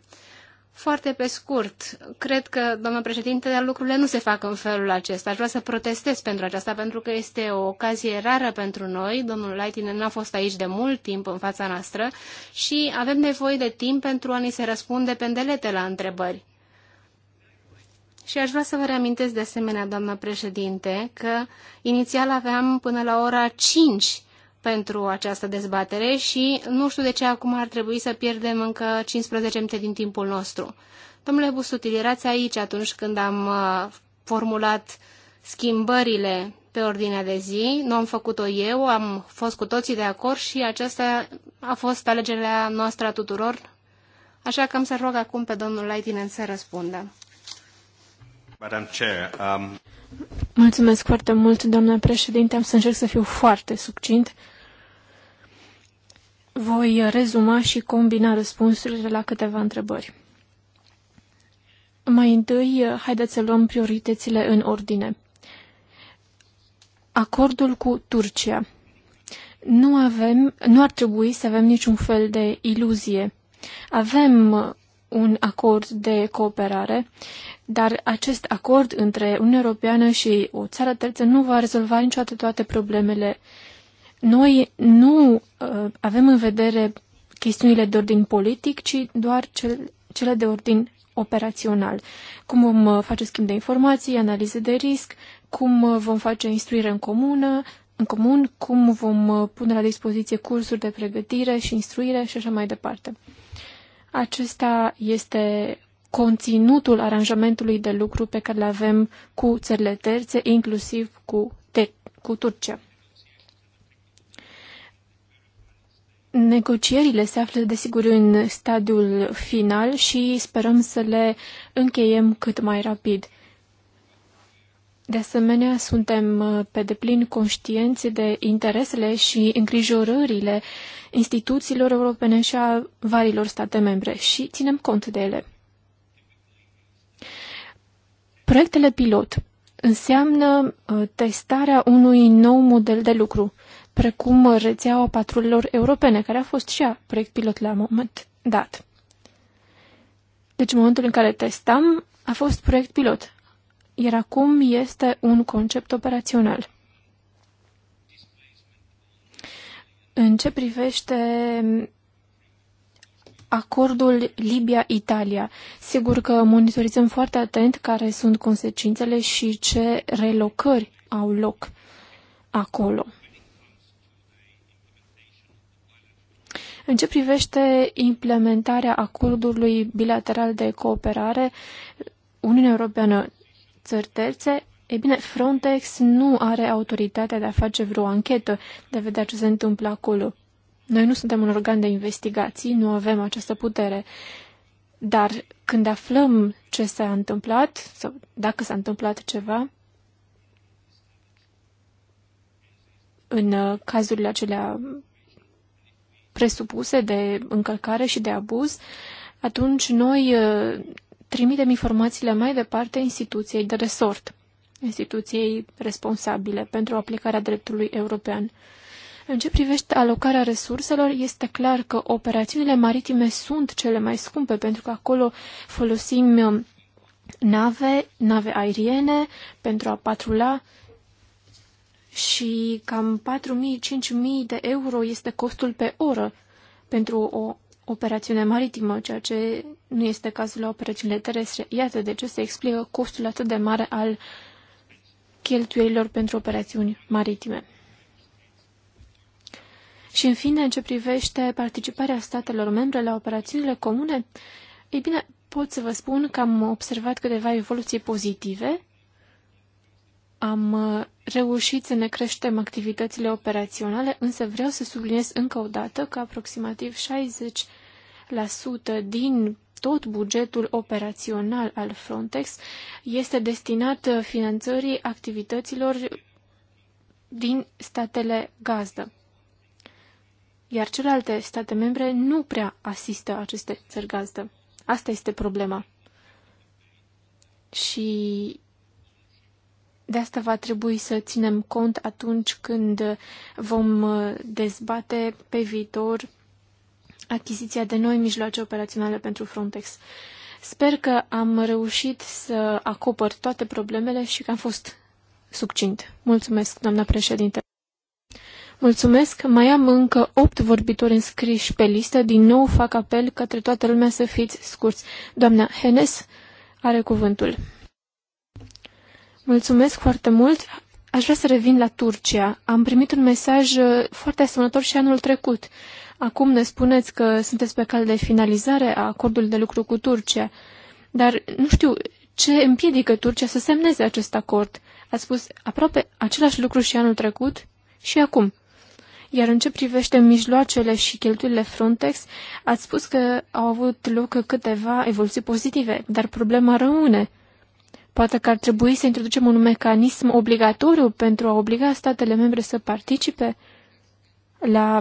foarte pe scurt, cred că, domnul președinte, lucrurile nu se fac în felul acesta. Aș vrea să protestez pentru aceasta, pentru că este o ocazie rară pentru noi. Domnul Laitinen n-a fost aici de mult timp în fața noastră și avem nevoie de timp pentru a ni se răspunde pendelete la întrebări. Și aș vrea să vă reamintesc de asemenea, doamna președinte, că inițial aveam până la ora 5 pentru această dezbatere și nu știu de ce acum ar trebui să pierdem încă 15 minute din timpul nostru. Domnule Busutil, erați aici atunci când am uh, formulat schimbările pe ordinea de zi, nu am făcut-o eu, am fost cu toții de acord și aceasta a fost alegerea noastră a tuturor, așa că am să rog acum pe domnul Laitinen să răspundă. Madam Chair, um... Mulțumesc foarte mult, doamna președinte. Am să încerc să fiu foarte succint. Voi rezuma și combina răspunsurile la câteva întrebări. Mai întâi, haideți să luăm prioritățile în ordine. Acordul cu Turcia. Nu, avem, nu ar trebui să avem niciun fel de iluzie. Avem un acord de cooperare, dar acest acord între Uniunea Europeană și o țară terță nu va rezolva niciodată toate problemele. Noi nu uh, avem în vedere chestiunile de ordin politic, ci doar cel, cele de ordin operațional. Cum vom uh, face schimb de informații, analize de risc, cum uh, vom face instruire în comună, în comun, cum vom uh, pune la dispoziție cursuri de pregătire și instruire și așa mai departe. Acesta este conținutul aranjamentului de lucru pe care îl avem cu țările terțe, inclusiv cu, te- cu Turcia. Negocierile se află, desigur, în stadiul final și sperăm să le încheiem cât mai rapid. De asemenea, suntem uh, pe deplin conștienți de interesele și îngrijorările instituțiilor europene și a varilor state membre și ținem cont de ele. Proiectele pilot înseamnă uh, testarea unui nou model de lucru, precum rețeaua patrulelor europene, care a fost și a proiect pilot la moment dat. Deci, în momentul în care testam, a fost proiect pilot iar acum este un concept operațional. În ce privește acordul Libia-Italia, sigur că monitorizăm foarte atent care sunt consecințele și ce relocări au loc acolo. În ce privește implementarea acordului bilateral de cooperare, Uniunea Europeană țări terțe, e bine, Frontex nu are autoritatea de a face vreo anchetă, de a vedea ce se întâmplă acolo. Noi nu suntem un organ de investigații, nu avem această putere. Dar când aflăm ce s-a întâmplat, sau dacă s-a întâmplat ceva, în uh, cazurile acelea presupuse de încălcare și de abuz, atunci noi uh, trimitem informațiile mai departe instituției de resort, instituției responsabile pentru aplicarea dreptului european. În ce privește alocarea resurselor, este clar că operațiunile maritime sunt cele mai scumpe, pentru că acolo folosim um, nave, nave aeriene pentru a patrula și cam 4.000-5.000 de euro este costul pe oră pentru o operațiune maritimă, ceea ce nu este cazul la operațiunile terestre. Iată de ce se explică costul atât de mare al cheltuielilor pentru operațiuni maritime. Și în fine, în ce privește participarea statelor membre la operațiunile comune, ei bine, pot să vă spun că am observat câteva evoluții pozitive. Am uh, reușit să ne creștem activitățile operaționale, însă vreau să subliniez încă o dată că aproximativ 60 din tot bugetul operațional al Frontex este destinat finanțării activităților din statele gazdă. Iar celelalte state membre nu prea asistă aceste țări gazdă. Asta este problema. Și de asta va trebui să ținem cont atunci când vom uh, dezbate pe viitor achiziția de noi mijloace operaționale pentru Frontex. Sper că am reușit să acopăr toate problemele și că am fost succint. Mulțumesc, doamna președinte. Mulțumesc, mai am încă opt vorbitori înscriși pe listă. Din nou fac apel către toată lumea să fiți scurți. Doamna Henes are cuvântul. Mulțumesc foarte mult. Aș vrea să revin la Turcia. Am primit un mesaj foarte asemănător și anul trecut. Acum ne spuneți că sunteți pe cale de finalizare a acordului de lucru cu Turcia, dar nu știu ce împiedică Turcia să semneze acest acord. Ați spus aproape același lucru și anul trecut și acum. Iar în ce privește mijloacele și cheltuielile Frontex, ați spus că au avut loc câteva evoluții pozitive, dar problema rămâne. Poate că ar trebui să introducem un mecanism obligatoriu pentru a obliga statele membre să participe la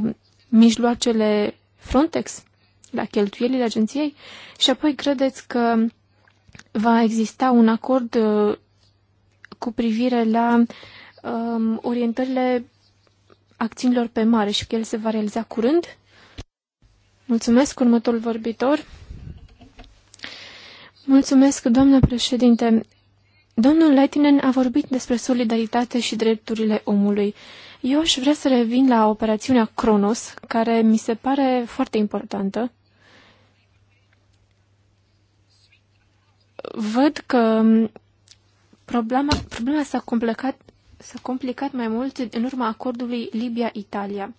mijloacele Frontex, la cheltuielile agenției? Și apoi credeți că va exista un acord uh, cu privire la um, orientările acțiunilor pe mare și că el se va realiza curând? Mulțumesc, următorul vorbitor. Mulțumesc, doamnă președinte. Domnul Leitinen a vorbit despre solidaritate și drepturile omului eu aș vrea să revin la operațiunea Cronos, care mi se pare foarte importantă. Văd că mm, problema, problema s-a complicat, s-a complicat mai mult în urma acordului Libia-Italia.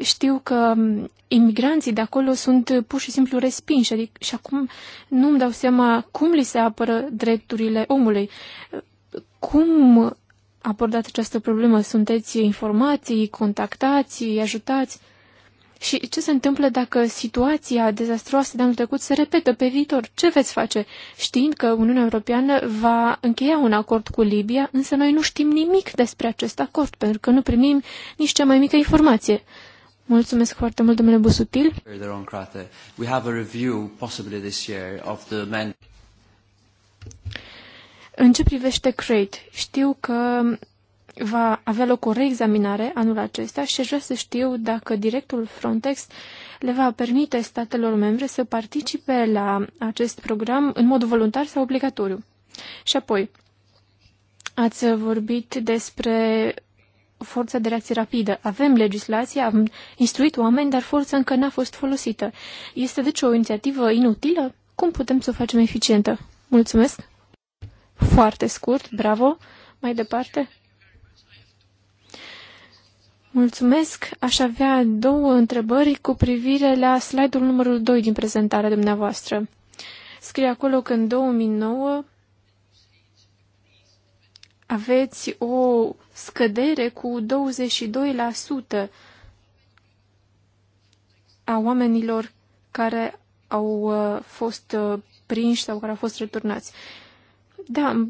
Știu că mm, imigranții de acolo sunt pur și simplu respinși adic- și acum nu îmi dau seama cum li se apără drepturile omului. Cum abordați această problemă? Sunteți informații, contactați, ajutați? Și ce se întâmplă dacă situația dezastroasă de anul trecut se repetă pe viitor? Ce veți face? Știind că Uniunea Europeană va încheia un acord cu Libia, însă noi nu știm nimic despre acest acord, pentru că nu primim nici cea mai mică informație. Mulțumesc foarte mult, domnule Busutil. We have a review possibly this year of the men. În ce privește Crate, știu că va avea loc o reexaminare anul acesta și vreau să știu dacă directul Frontex le va permite statelor membre să participe la acest program în mod voluntar sau obligatoriu. Și apoi, ați vorbit despre forța de reacție rapidă. Avem legislație, am instruit oameni, dar forța încă n-a fost folosită. Este deci o inițiativă inutilă? Cum putem să o facem eficientă? Mulțumesc! Foarte scurt, bravo! Mai departe? Mulțumesc! Aș avea două întrebări cu privire la slide-ul numărul 2 din prezentarea dumneavoastră. Scrie acolo că în 2009 aveți o scădere cu 22% a oamenilor care au uh, fost uh, prinși sau care au fost returnați. Da,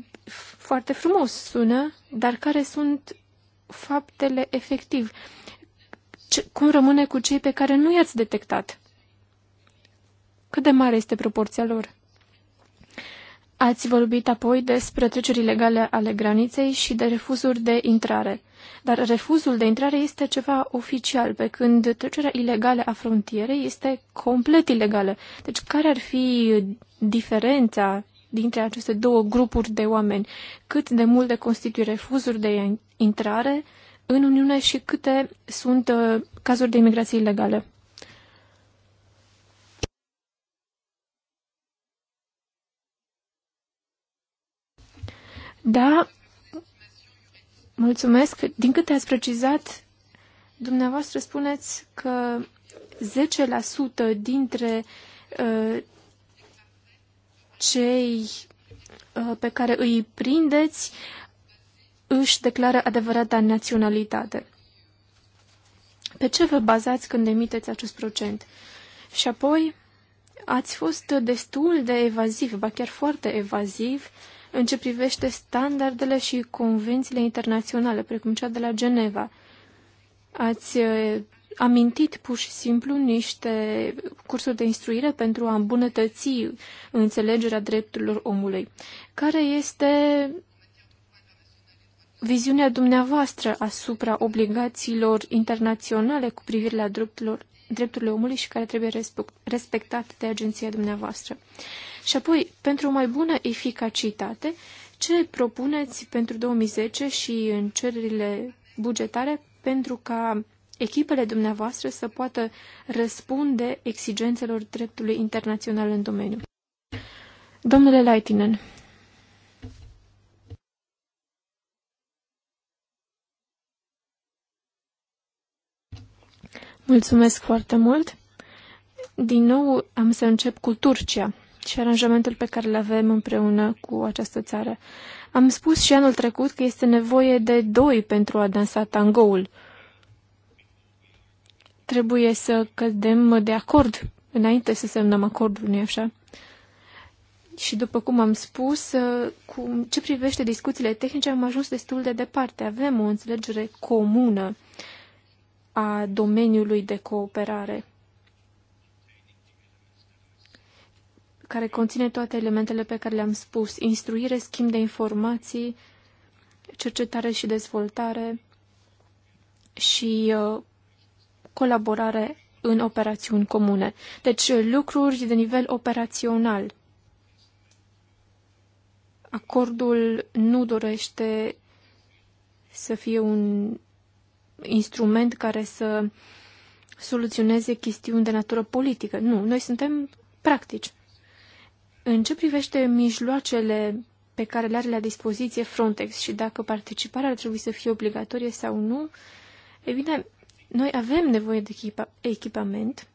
foarte frumos sună, dar care sunt faptele efectiv? Ce, cum rămâne cu cei pe care nu i-ați detectat? Cât de mare este proporția lor? Ați vorbit apoi despre treceri ilegale ale graniței și de refuzuri de intrare. Dar refuzul de intrare este ceva oficial, pe când trecerea ilegală a frontierei este complet ilegală. Deci care ar fi diferența dintre aceste două grupuri de oameni? Cât de mult de constituie refuzuri de intrare în Uniune și câte sunt uh, cazuri de imigrație ilegală? Da, mulțumesc. Din câte ați precizat, dumneavoastră spuneți că 10% dintre uh, cei uh, pe care îi prindeți își declară adevărata naționalitate. Pe ce vă bazați când emiteți acest procent? Și apoi, ați fost destul de evaziv, ba chiar foarte evaziv, uh, în ce privește standardele și convențiile internaționale, precum cea de la Geneva. Ați amintit pur și simplu niște cursuri de instruire pentru a îmbunătăți înțelegerea drepturilor omului. Care este viziunea dumneavoastră asupra obligațiilor internaționale cu privire la drepturilor, drepturile omului și care trebuie respectate de agenția dumneavoastră. Și apoi, pentru o mai bună eficacitate, ce propuneți pentru 2010 și în cererile bugetare pentru ca echipele dumneavoastră să poată răspunde exigențelor dreptului internațional în domeniu? Domnule Leitinen, Mulțumesc foarte mult. Din nou am să încep cu Turcia și aranjamentul pe care îl avem împreună cu această țară. Am spus și anul trecut că este nevoie de doi pentru a dansa tangoul. Trebuie să cădem de acord înainte să semnăm acordul, nu așa? Și după cum am spus, cu ce privește discuțiile tehnice, am ajuns destul de departe. Avem o înțelegere comună a domeniului de cooperare, care conține toate elementele pe care le-am spus, instruire, schimb de informații, cercetare și dezvoltare și uh, colaborare în operațiuni comune. Deci uh, lucruri de nivel operațional. Acordul nu dorește să fie un instrument care să soluționeze chestiuni de natură politică. Nu, noi suntem practici. În ce privește mijloacele pe care le are la dispoziție Frontex și dacă participarea ar trebui să fie obligatorie sau nu, e bine, noi avem nevoie de echipa echipament,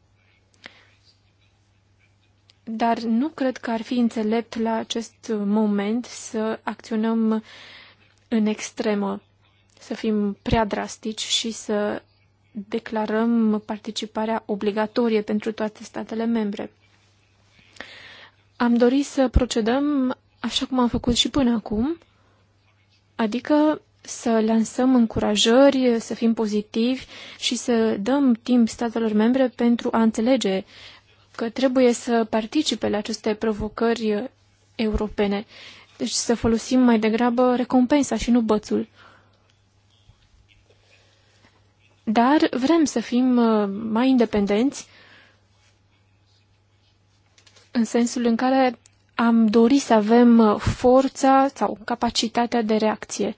dar nu cred că ar fi înțelept la acest moment să acționăm în extremă să fim prea drastici și să declarăm participarea obligatorie pentru toate statele membre. Am dorit să procedăm așa cum am făcut și până acum, adică să lansăm încurajări, să fim pozitivi și să dăm timp statelor membre pentru a înțelege că trebuie să participe la aceste provocări europene. Deci să folosim mai degrabă recompensa și nu bățul dar vrem să fim uh, mai independenți în sensul în care am dori să avem uh, forța sau capacitatea de reacție.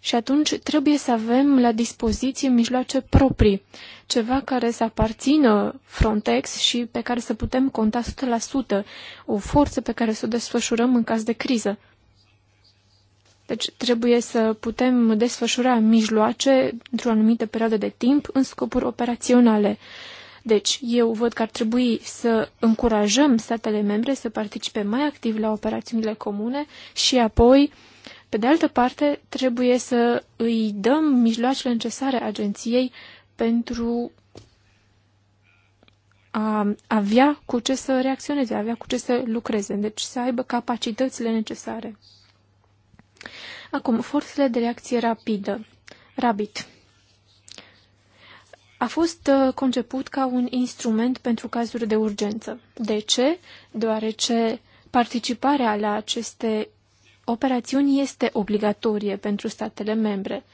Și atunci trebuie să avem la dispoziție mijloace proprii, ceva care să aparțină Frontex și pe care să putem conta 100%, o forță pe care să o desfășurăm în caz de criză. Deci trebuie să putem desfășura mijloace într-o anumită perioadă de timp în scopuri operaționale. Deci eu văd că ar trebui să încurajăm statele membre să participe mai activ la operațiunile comune și apoi, pe de altă parte, trebuie să îi dăm mijloacele necesare agenției pentru a avea cu ce să reacționeze, a avea cu ce să lucreze, deci să aibă capacitățile necesare. Acum, forțele de reacție rapidă. Rabbit A fost uh, conceput ca un instrument pentru cazuri de urgență. De ce? Deoarece participarea la aceste operațiuni este obligatorie pentru statele membre.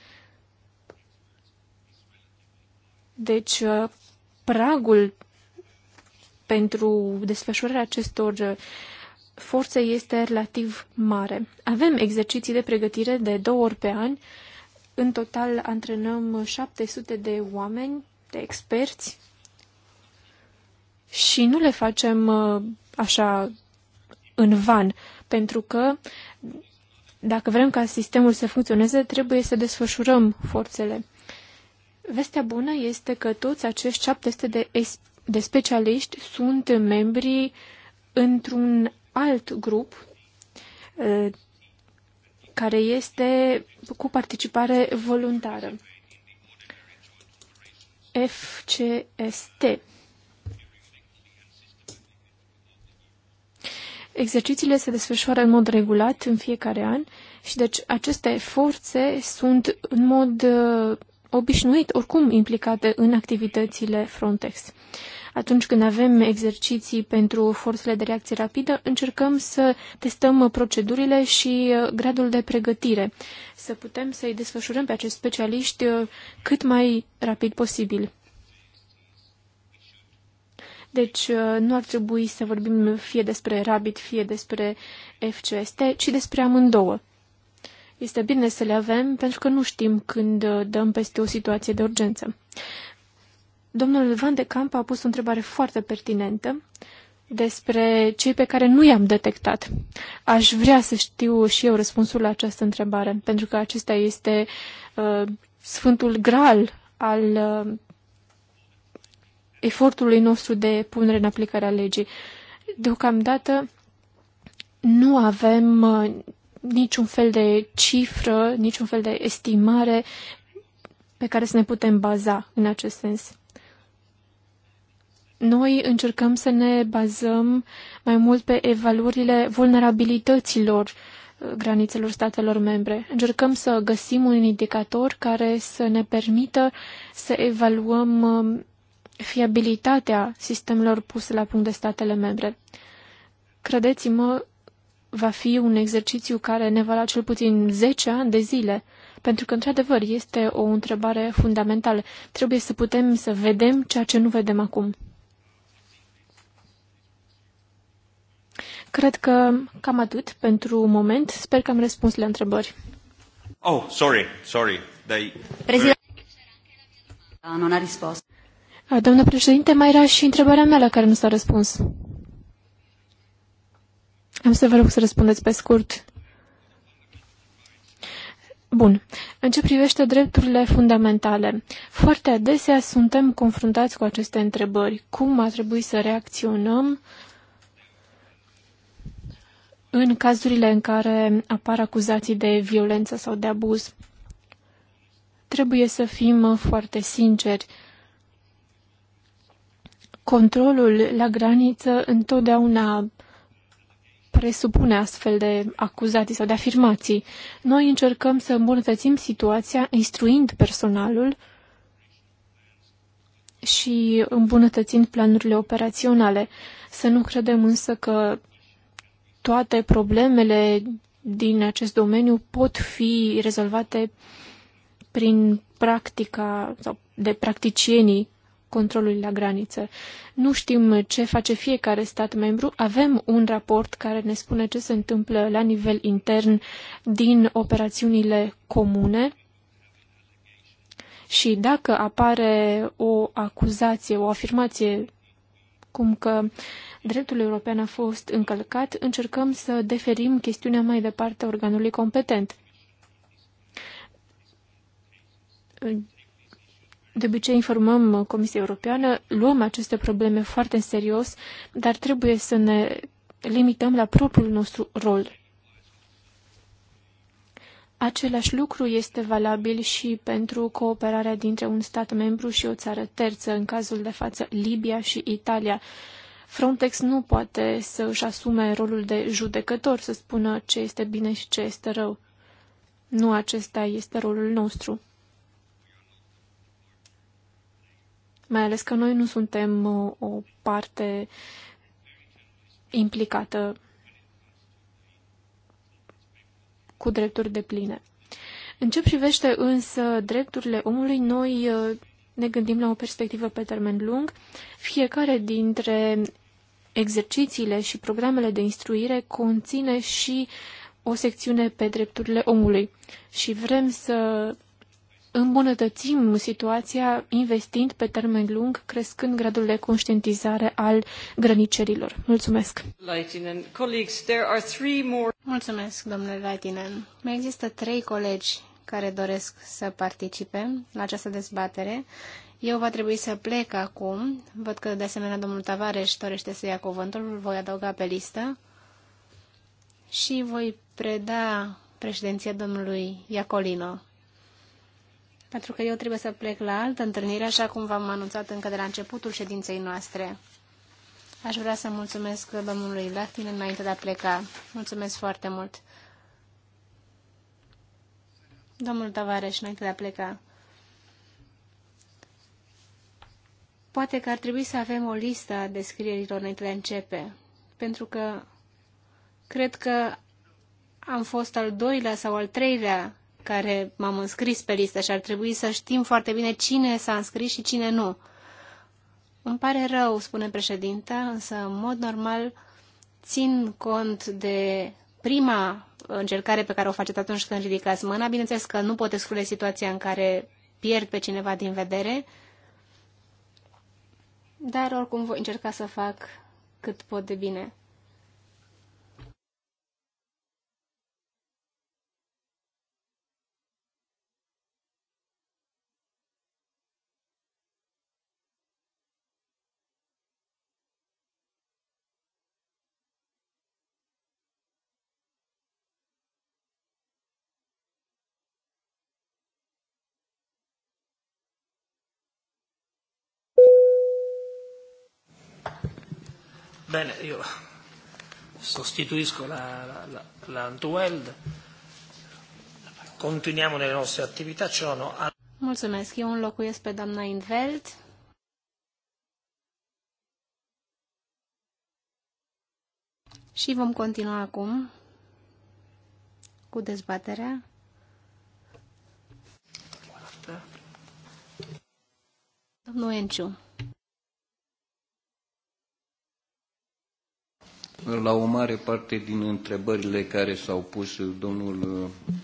Deci, uh, pragul pentru desfășurarea acestor uh, forță este relativ mare. Avem exerciții de pregătire de două ori pe an. În total antrenăm 700 de oameni, de experți și nu le facem uh, așa în van, pentru că dacă vrem ca sistemul să funcționeze, trebuie să desfășurăm forțele. Vestea bună este că toți acești 700 de, de specialiști sunt membri într-un alt grup care este cu participare voluntară. FCST. Exercițiile se desfășoară în mod regulat în fiecare an și deci aceste forțe sunt în mod obișnuit oricum implicate în activitățile Frontex. Atunci când avem exerciții pentru forțele de reacție rapidă, încercăm să testăm procedurile și uh, gradul de pregătire, să putem să-i desfășurăm pe acești specialiști uh, cât mai rapid posibil. Deci uh, nu ar trebui să vorbim fie despre Rabbit, fie despre FCST, ci despre amândouă. Este bine să le avem pentru că nu știm când dăm peste o situație de urgență. Domnul Van de Camp a pus o întrebare foarte pertinentă despre cei pe care nu i-am detectat. Aș vrea să știu și eu răspunsul la această întrebare, pentru că acesta este uh, sfântul graal al uh, efortului nostru de punere în aplicare a legii. Deocamdată nu avem uh, niciun fel de cifră, niciun fel de estimare pe care să ne putem baza în acest sens. Noi încercăm să ne bazăm mai mult pe evaluările vulnerabilităților uh, granițelor statelor membre. Încercăm să găsim un indicator care să ne permită să evaluăm um, fiabilitatea sistemelor puse la punct de statele membre. Credeți-mă, va fi un exercițiu care ne va lua cel puțin 10 ani de zile, pentru că, într-adevăr, este o întrebare fundamentală. Trebuie să putem să vedem ceea ce nu vedem acum. Cred că cam atât pentru un moment. Sper că am răspuns la întrebări. Oh, sorry, sorry. They... Președinte, Nu a răspuns. Doamnă președinte, mai era și întrebarea mea la care nu s-a răspuns. Am să vă rog să răspundeți pe scurt. Bun. În ce privește drepturile fundamentale, foarte adesea suntem confruntați cu aceste întrebări. Cum ar trebui să reacționăm în cazurile în care apar acuzații de violență sau de abuz. Trebuie să fim foarte sinceri. Controlul la graniță întotdeauna presupune astfel de acuzații sau de afirmații. Noi încercăm să îmbunătățim situația instruind personalul și îmbunătățind planurile operaționale. Să nu credem însă că toate problemele din acest domeniu pot fi rezolvate prin practica sau de practicienii controlului la graniță. Nu știm ce face fiecare stat membru, avem un raport care ne spune ce se întâmplă la nivel intern din operațiunile comune și dacă apare o acuzație, o afirmație cum că uh, dreptul european a fost încălcat, încercăm să deferim chestiunea mai departe organului competent. De obicei informăm Comisia Europeană, luăm aceste probleme foarte în serios, dar trebuie să ne limităm la propriul nostru rol. Același lucru este valabil și pentru cooperarea dintre un stat membru și o țară terță, în cazul de față Libia și Italia, Frontex nu poate să își asume rolul de judecător, să spună ce este bine și ce este rău. Nu acesta este rolul nostru. Mai ales că noi nu suntem uh, o parte implicată cu drepturi de pline. În ce privește însă drepturile omului, noi uh, ne gândim la o perspectivă pe termen lung, fiecare dintre exercițiile și programele de instruire conține și o secțiune pe drepturile omului și vrem să îmbunătățim situația investind pe termen lung, crescând gradul de conștientizare al grănicerilor. Mulțumesc! Mulțumesc, domnule Laitinen. Mai există trei colegi care doresc să participe la această dezbatere. Eu va trebui să plec acum. Văd că, de asemenea, domnul Tavares dorește să ia cuvântul. Îl voi adăuga pe listă. Și voi preda președinția domnului Iacolino. Pentru că eu trebuie să plec la altă întâlnire, așa cum v-am anunțat încă de la începutul ședinței noastre. Aș vrea să mulțumesc domnului Lachtin înainte de a pleca. Mulțumesc foarte mult. Domnul Tavares, înainte de a pleca. Poate că ar trebui să avem o listă a descrierilor înainte de a începe, pentru că cred că am fost al doilea sau al treilea care m-am înscris pe listă și ar trebui să știm foarte bine cine s-a înscris și cine nu. Îmi pare rău, spune președinta, însă, în mod normal, țin cont de prima încercare pe care o faceți atunci când ridicați mâna. Bineînțeles că nu pot exclude situația în care pierd pe cineva din vedere, dar oricum voi încerca să fac cât pot de bine. Bene, io sostituisco la, la, la Antweld. Continuiamo nelle nostre attività. Ciò no. Mulțumesc. Eu înlocuiesc pe doamna Indveld. Și vom continua acum cu dezbaterea. Domnul Enciu. la o mare parte din întrebările care s-au pus domnul uh,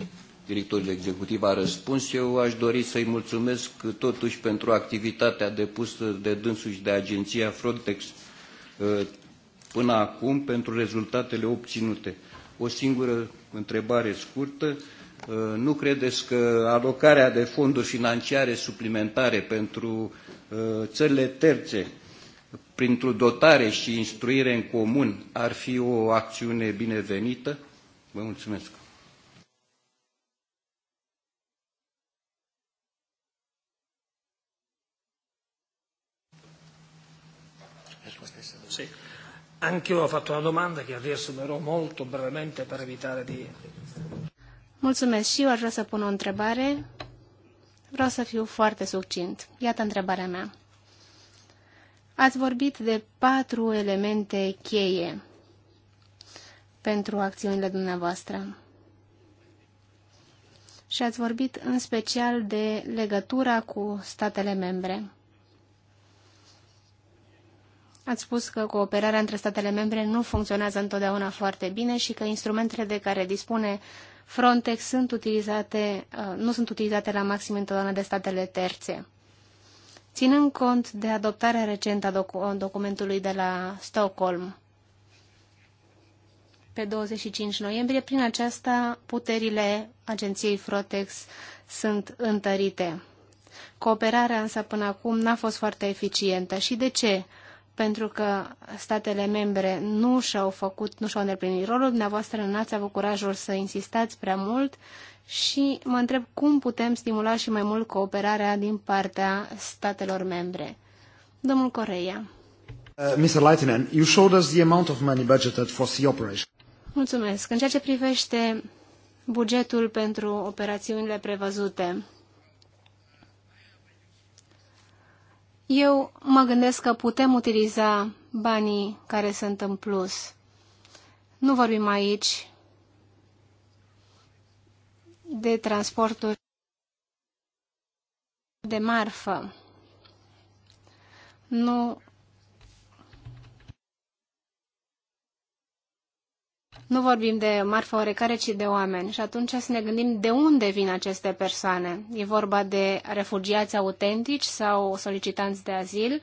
directorul executiv a răspuns. Eu aș dori să-i mulțumesc totuși pentru activitatea depusă de dânsuși de agenția Frontex uh, până acum pentru rezultatele obținute. O singură întrebare scurtă. Uh, nu credeți că alocarea de fonduri financiare suplimentare pentru țările terțe printr-o dotare și instruire în comun ar fi o acțiune binevenită? Vă mulțumesc! Sì. Anch'io ho fatto una domanda che riassumerò molto brevemente per evitare di... Mulțumesc și eu aș vrea să pun o întrebare. Vreau să fiu foarte succint. Iată întrebarea mea. Ați vorbit de patru elemente cheie pentru acțiunile dumneavoastră. Și ați vorbit în special de legătura cu statele membre. Ați spus că cooperarea între statele membre nu funcționează întotdeauna foarte bine și că instrumentele de care dispune Frontex sunt utilizate, uh, nu sunt utilizate la maxim întotdeauna de statele terțe ținând cont de adoptarea recentă a documentului de la Stockholm pe 25 noiembrie. Prin aceasta, puterile agenției Frotex sunt întărite. Cooperarea însă până acum n-a fost foarte eficientă. Și de ce? Pentru că statele membre nu și-au făcut, nu și-au îndeplinit rolul, dumneavoastră nu ați avut curajul să insistați prea mult și mă întreb cum putem stimula și mai mult cooperarea din partea statelor membre. Domnul Coreia. Uh, Mr. Leitinen, you showed us the amount of money budgeted for sea operation. Mulțumesc. În ceea ce privește bugetul pentru operațiunile prevăzute, eu mă gândesc că putem utiliza banii care sunt în plus. Nu vorbim aici de transporturi de marfă. Nu Nu vorbim de marfă oarecare, ci de oameni. Și atunci să ne gândim de unde vin aceste persoane. E vorba de refugiați autentici sau solicitanți de azil.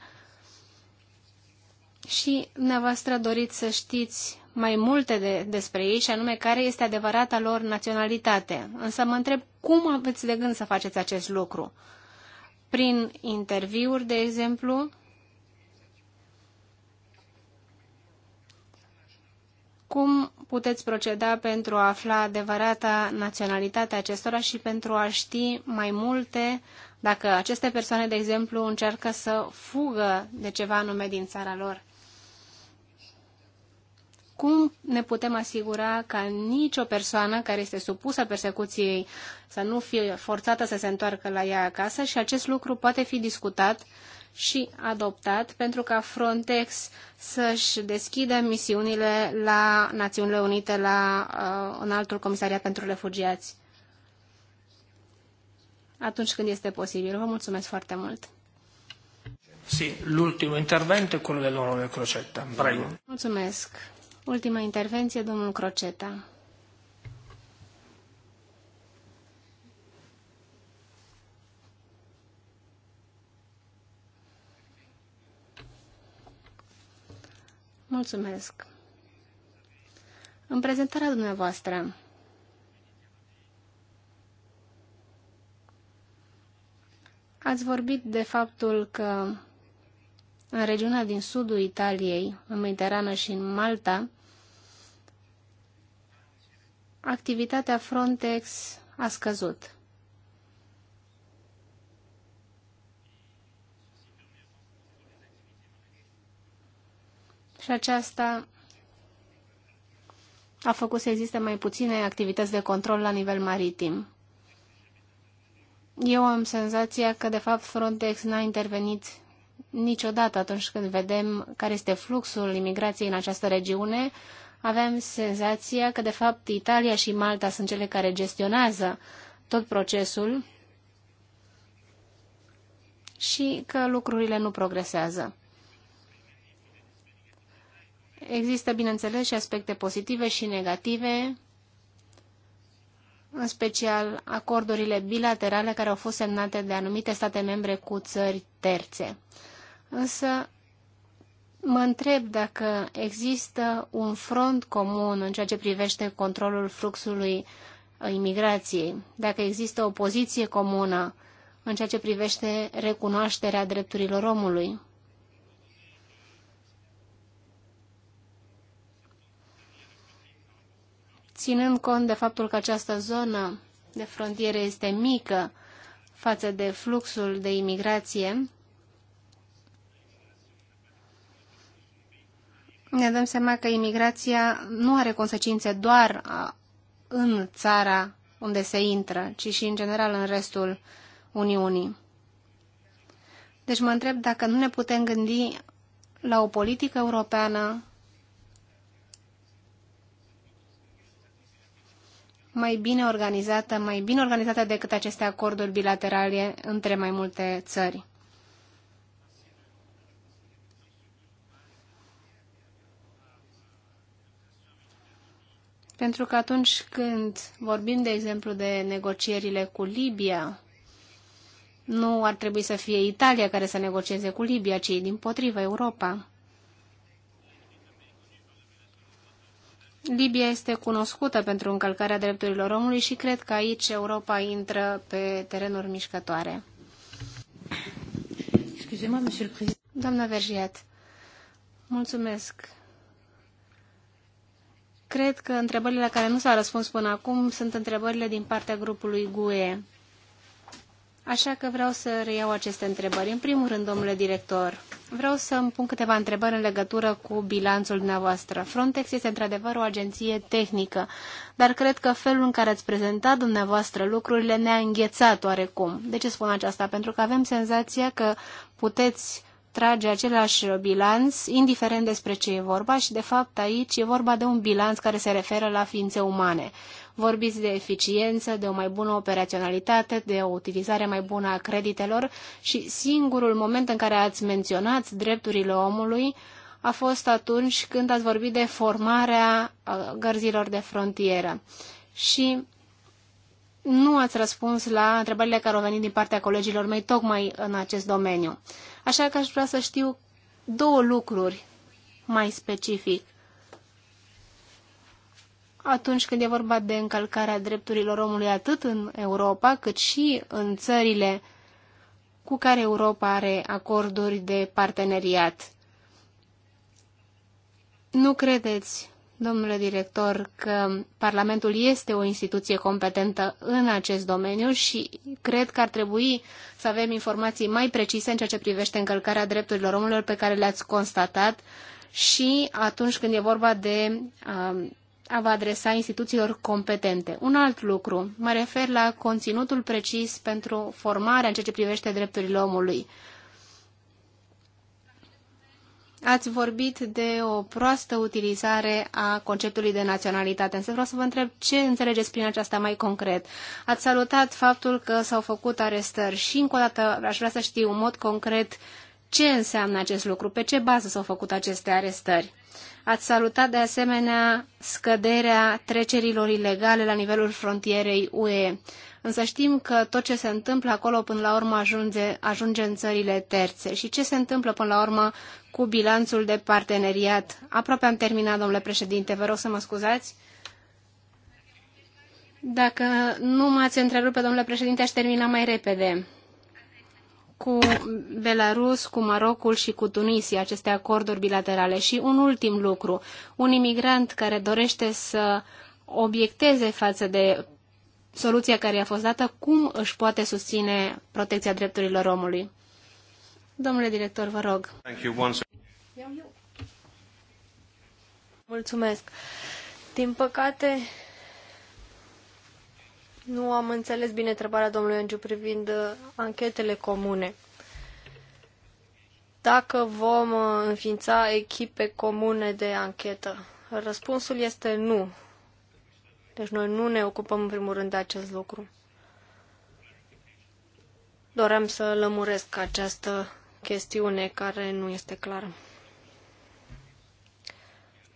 Și dumneavoastră doriți să știți mai multe de, despre ei, și anume care este adevărata lor naționalitate. Însă mă întreb cum aveți de gând să faceți acest lucru? Prin interviuri, de exemplu, cum puteți proceda pentru a afla adevărata naționalitate acestora și pentru a ști mai multe dacă aceste persoane, de exemplu, încearcă să fugă de ceva anume din țara lor cum ne putem asigura ca nicio persoană care este supusă persecuției să nu fie forțată să se întoarcă la ea acasă și acest lucru poate fi discutat și adoptat pentru ca Frontex să-și deschidă misiunile la Națiunile Unite, la uh, un altul comisariat pentru refugiați. Atunci când este posibil. Vă mulțumesc foarte mult. Sì, l'ultimo intervento è quello dell'onorevole Crocetta. Prego. Mulțumesc. Ultima intervenție, domnul Croceta. Mulțumesc. În prezentarea dumneavoastră, ați vorbit de faptul că în regiunea din sudul Italiei, în Mediterană și în Malta, activitatea Frontex a scăzut. Și aceasta a făcut să existe mai puține activități de control la nivel maritim. Eu am senzația că, de fapt, Frontex n-a intervenit niciodată atunci când vedem care este fluxul imigrației în această regiune, avem senzația că, de fapt, Italia și Malta sunt cele care gestionează tot procesul și că lucrurile nu progresează. Există, bineînțeles, și aspecte pozitive și negative, în special acordurile bilaterale care au fost semnate de anumite state membre cu țări terțe. Însă mă întreb dacă există un front comun în ceea ce privește controlul fluxului uh, imigrației, dacă există o poziție comună în ceea ce privește recunoașterea drepturilor omului. Ținând cont de faptul că această zonă de frontieră este mică față de fluxul de imigrație, ne dăm seama că imigrația nu are consecințe doar în țara unde se intră, ci și în general în restul Uniunii. Deci mă întreb dacă nu ne putem gândi la o politică europeană mai bine organizată, mai bine organizată decât aceste acorduri bilaterale între mai multe țări. Pentru că atunci când vorbim, de exemplu, de negocierile cu Libia, nu ar trebui să fie Italia care să negocieze cu Libia, ci din potrivă Europa. Libia este cunoscută pentru încălcarea drepturilor omului și cred că aici Europa intră pe terenuri mișcătoare. Doamna Vergiat, mulțumesc. Cred că întrebările la care nu s-a răspuns până acum sunt întrebările din partea grupului GUE. Așa că vreau să reiau aceste întrebări. În primul rând, domnule director, vreau să îmi pun câteva întrebări în legătură cu bilanțul dumneavoastră. Frontex este într-adevăr o agenție tehnică, dar cred că felul în care ați prezentat dumneavoastră lucrurile ne-a înghețat oarecum. De ce spun aceasta? Pentru că avem senzația că puteți trage același bilanț, indiferent despre ce e vorba și, de fapt, aici e vorba de un bilanț care se referă la ființe umane. Vorbiți de eficiență, de o mai bună operaționalitate, de o utilizare mai bună a creditelor și singurul moment în care ați menționat drepturile omului a fost atunci când ați vorbit de formarea uh, gărzilor de frontieră. Și nu ați răspuns la întrebările care au venit din partea colegilor mei tocmai în acest domeniu. Așa că aș vrea să știu două lucruri mai specific atunci când e vorba de încălcarea drepturilor omului atât în Europa cât și în țările cu care Europa are acorduri de parteneriat. Nu credeți domnule director, că Parlamentul este o instituție competentă în acest domeniu și cred că ar trebui să avem informații mai precise în ceea ce privește încălcarea drepturilor omului pe care le-ați constatat și atunci când e vorba de a, um, a vă adresa instituțiilor competente. Un alt lucru, mă refer la conținutul precis pentru formarea în ceea ce privește drepturile omului. Ați vorbit de o proastă utilizare a conceptului de naționalitate, însă vreau să vă întreb ce înțelegeți prin aceasta mai concret. Ați salutat faptul că s-au făcut arestări și încă o dată aș vrea să știu în mod concret ce înseamnă acest lucru, pe ce bază s-au făcut aceste arestări. Ați salutat de asemenea scăderea trecerilor ilegale la nivelul frontierei UE. Însă știm că tot ce se întâmplă acolo până la urmă ajunge, ajunge în țările terțe. Și ce se întâmplă până la urmă cu bilanțul de parteneriat? Aproape am terminat, domnule președinte, vă rog să mă scuzați. Dacă nu m-ați pe domnule președinte, aș termina mai repede cu Belarus, cu Marocul și cu Tunisia, aceste acorduri bilaterale. Și un ultim lucru, un imigrant care dorește să obiecteze față de soluția care i-a fost dată, cum își poate susține protecția drepturilor omului. Domnule director, vă rog. Mulțumesc. Din păcate, nu am înțeles bine întrebarea domnului Angiu privind uh, anchetele comune. Dacă vom uh, înființa echipe comune de anchetă? Răspunsul este nu. Deci noi nu ne ocupăm în primul rând de acest lucru. Doream să lămuresc această chestiune care nu este clară.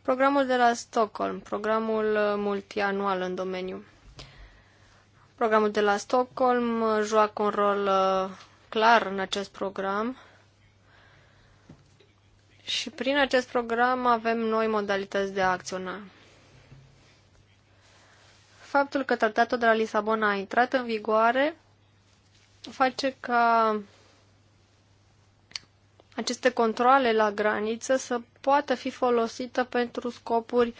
Programul de la Stockholm, programul multianual în domeniu. Programul de la Stockholm joacă un rol uh, clar în acest program și prin acest program avem noi modalități de a acționa faptul că tratatul de la Lisabona a intrat în vigoare face ca aceste controle la graniță să poată fi folosită pentru scopuri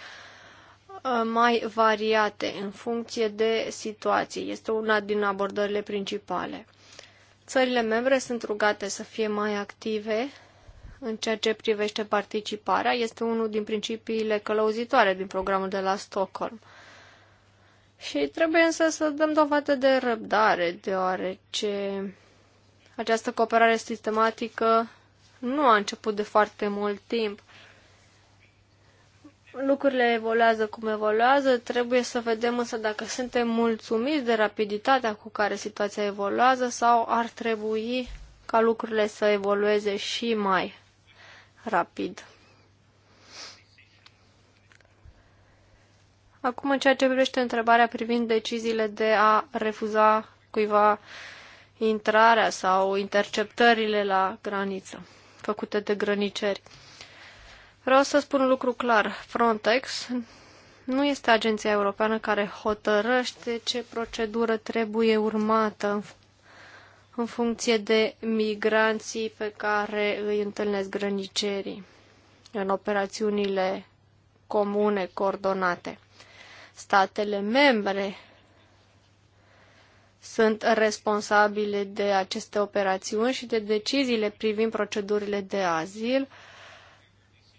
ă, mai variate în funcție de situații. Este una din abordările principale. Țările membre sunt rugate să fie mai active în ceea ce privește participarea. Este unul din principiile călăuzitoare din programul de la Stockholm. Și trebuie însă să dăm dovadă de răbdare, deoarece această cooperare sistematică nu a început de foarte mult timp. Lucrurile evoluează cum evoluează, trebuie să vedem însă dacă suntem mulțumiți de rapiditatea cu care situația evoluează sau ar trebui ca lucrurile să evolueze și mai rapid. Acum, în ceea ce privește întrebarea privind deciziile de a refuza cuiva intrarea sau interceptările la graniță făcute de grăniceri. Vreau să spun un lucru clar. Frontex nu este agenția europeană care hotărăște ce procedură trebuie urmată în funcție de migranții pe care îi întâlnesc grănicerii în operațiunile comune, coordonate statele membre sunt responsabile de aceste operațiuni și de deciziile privind procedurile de azil,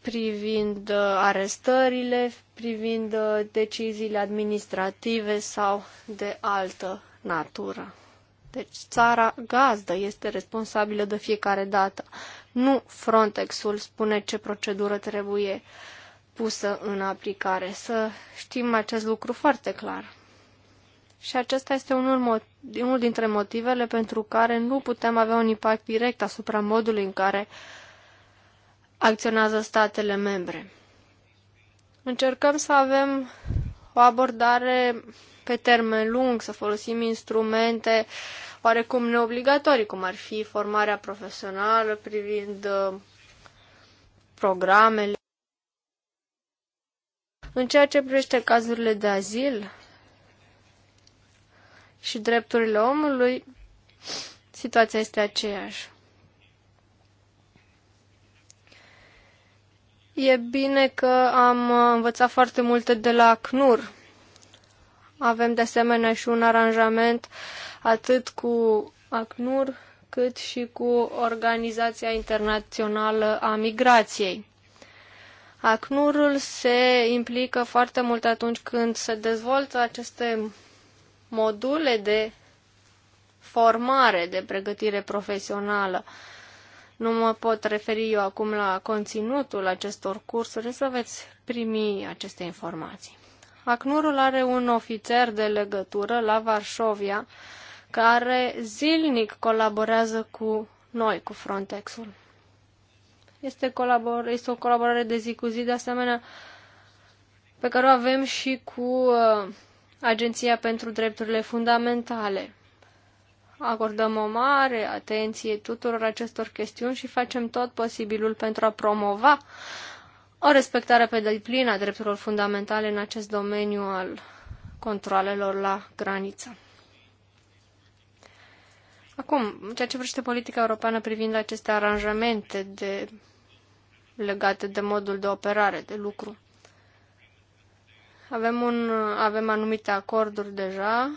privind uh, arestările, privind uh, deciziile administrative sau de altă natură. Deci țara gazdă este responsabilă de fiecare dată. Nu Frontexul spune ce procedură trebuie pusă în aplicare. Să știm acest lucru foarte clar. Și acesta este unul, unul dintre motivele pentru care nu putem avea un impact direct asupra modului în care acționează statele membre. Încercăm să avem o abordare pe termen lung, să folosim instrumente oarecum neobligatorii, cum ar fi formarea profesională privind uh, programele. În ceea ce privește cazurile de azil și drepturile omului, situația este aceeași. E bine că am învățat foarte multe de la ACNUR. Avem de asemenea și un aranjament atât cu ACNUR cât și cu Organizația Internațională a Migrației. Acnurul se implică foarte mult atunci când se dezvoltă aceste module de formare, de pregătire profesională. Nu mă pot referi eu acum la conținutul acestor cursuri, să veți primi aceste informații. Acnurul are un ofițer de legătură la Varșovia care zilnic colaborează cu noi, cu Frontexul. ul este, colabor- este o colaborare de zi cu zi, de asemenea, pe care o avem și cu uh, Agenția pentru Drepturile Fundamentale. Acordăm o mare atenție tuturor acestor chestiuni și facem tot posibilul pentru a promova o respectare pe deplin a drepturilor fundamentale în acest domeniu al controlelor la graniță. Acum, ceea ce vrește politica europeană privind aceste aranjamente de, legate de modul de operare, de lucru. Avem, un, avem anumite acorduri deja,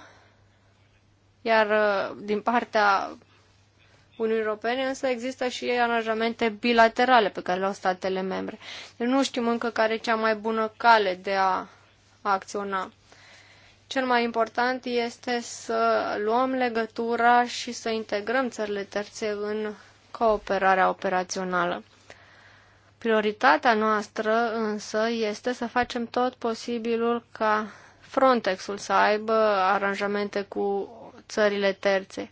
iar uh, din partea Uniunii Europene, însă există și aranjamente bilaterale pe care le au statele membre. Deci nu știm încă care e cea mai bună cale de a, a acționa. Cel mai important este să luăm legătura și să integrăm țările terțe în cooperarea operațională. Prioritatea noastră însă este să facem tot posibilul ca Frontexul să aibă aranjamente cu țările terțe.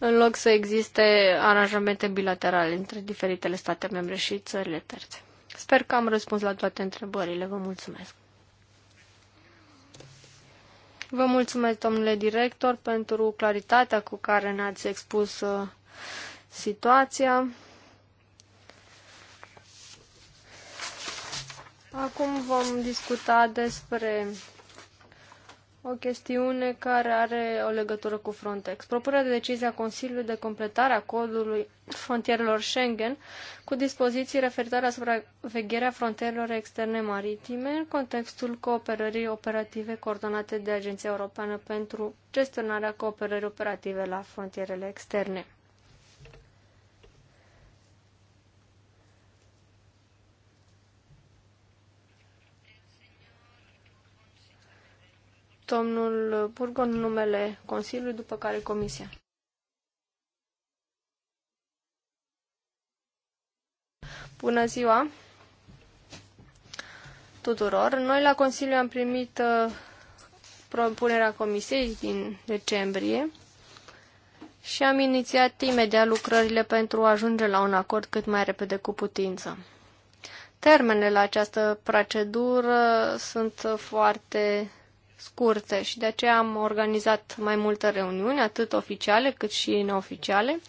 în loc să existe aranjamente bilaterale între diferitele state membre și țările terțe. Sper că am răspuns la toate întrebările. Vă mulțumesc. Vă mulțumesc, domnule director, pentru claritatea cu care ne-ați expus uh, situația. Acum vom discuta despre o chestiune care are o legătură cu Frontex. Propunerea de decizie a Consiliului de completare a codului frontierelor Schengen cu dispoziții referitoare la supravegherea frontierelor externe maritime în contextul cooperării operative coordonate de Agenția Europeană pentru gestionarea cooperării operative la frontierele externe. domnul Burgon numele Consiliului, după care Comisia. Bună ziua tuturor! Noi la Consiliu am primit uh, propunerea Comisiei din decembrie și am inițiat imediat lucrările pentru a ajunge la un acord cât mai repede cu putință. Termenele la această procedură sunt foarte scurte și de aceea am organizat mai multe reuniuni, atât oficiale cât și neoficiale.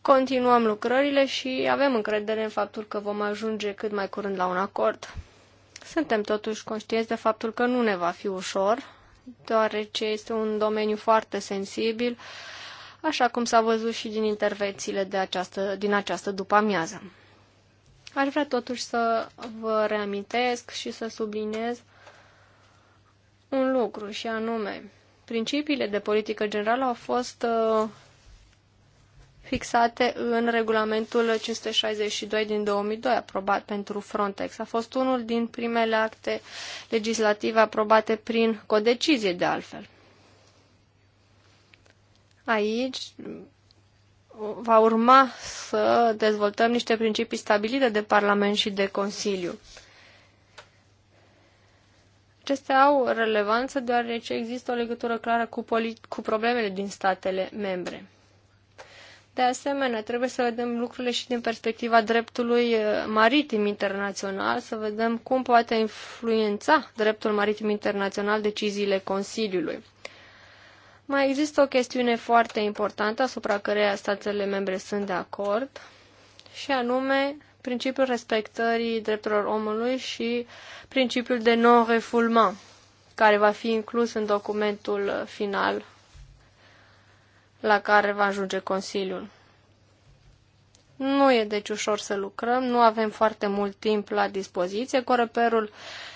Continuăm lucrările și avem încredere în faptul că vom ajunge cât mai curând la un acord. Suntem totuși conștienți de faptul că nu ne va fi ușor, deoarece este un domeniu foarte sensibil, așa cum s-a văzut și din intervențiile de această, din această după-amiază. Aș vrea totuși să vă reamintesc și să subliniez un lucru și anume, principiile de politică generală au fost uh, fixate în regulamentul 562 din 2002, aprobat pentru Frontex. A fost unul din primele acte legislative aprobate prin codecizie, de altfel. Aici uh, va urma să dezvoltăm niște principii stabilite de Parlament și de Consiliu. Acestea au relevanță deoarece există o legătură clară cu, cu problemele din statele membre. De asemenea, trebuie să vedem lucrurile și din perspectiva dreptului uh, maritim internațional, să vedem cum poate influența dreptul maritim internațional deciziile Consiliului. Mai există o chestiune foarte importantă asupra căreia statele membre sunt de acord, și anume principiul respectării drepturilor omului și principiul de non-refoulement, care va fi inclus în documentul final la care va ajunge Consiliul. Nu e deci ușor să lucrăm, nu avem foarte mult timp la dispoziție. Coreperul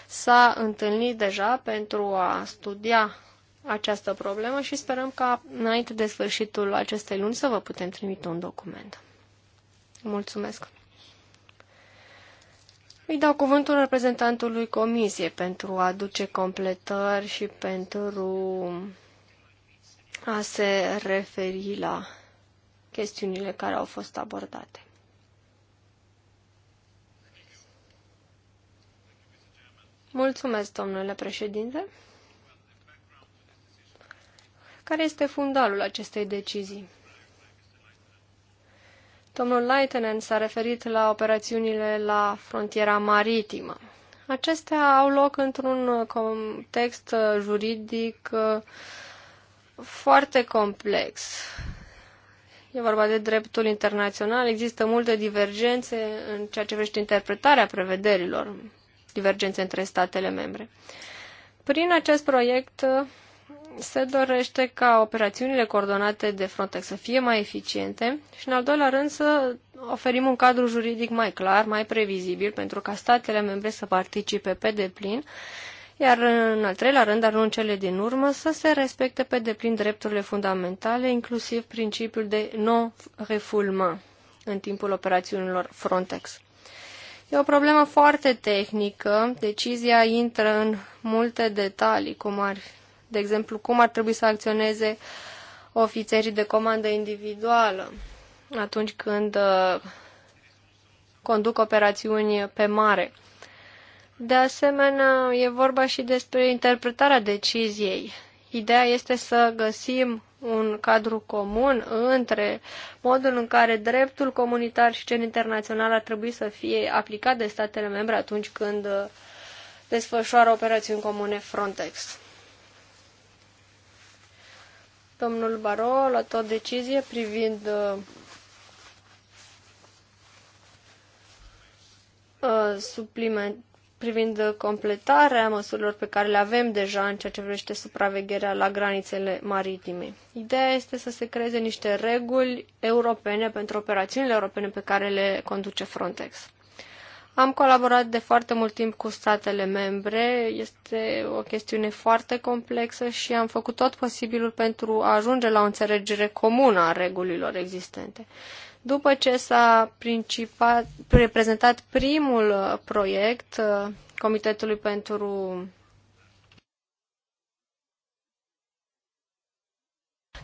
s-a întâlnit deja pentru a studia această problemă și sperăm ca înainte de sfârșitul acestei luni să vă putem trimite un document. Mulțumesc! Îi dau cuvântul reprezentantului Comisiei pentru a aduce completări și pentru a se referi la chestiunile care au fost abordate. Mulțumesc, domnule președinte. Care este fundalul acestei decizii? Domnul Leitenen s-a referit la operațiunile la frontiera maritimă. Acestea au loc într-un context juridic uh, foarte complex. E vorba de dreptul internațional, există multe divergențe în ceea ce privește interpretarea prevederilor, divergențe între statele membre. Prin acest proiect se dorește ca operațiunile coordonate de Frontex să fie mai eficiente și, în al doilea rând, să oferim un cadru juridic mai clar, mai previzibil, pentru ca statele membre să participe pe deplin, iar, în al treilea rând, dar nu în cele din urmă, să se respecte pe deplin drepturile fundamentale, inclusiv principiul de non-refoulement în timpul operațiunilor Frontex. E o problemă foarte tehnică, decizia intră în multe detalii, cum ar fi de exemplu, cum ar trebui să acționeze ofițerii de comandă individuală atunci când uh, conduc operațiuni pe mare. De asemenea, e vorba și despre interpretarea deciziei. Ideea este să găsim un cadru comun între modul în care dreptul comunitar și cel internațional ar trebui să fie aplicat de statele membre atunci când uh, desfășoară operațiuni comune Frontex. Domnul Baro a luat o decizie privind uh, uh, supliment, privind completarea măsurilor pe care le avem deja în ceea ce privește supravegherea la granițele maritime. Ideea este să se creeze niște reguli europene pentru operațiunile europene pe care le conduce Frontex. Am colaborat de foarte mult timp cu statele membre, este o chestiune foarte complexă și am făcut tot posibilul pentru a ajunge la o înțelegere comună a regulilor existente. După ce s-a prezentat primul uh, proiect uh, Comitetului pentru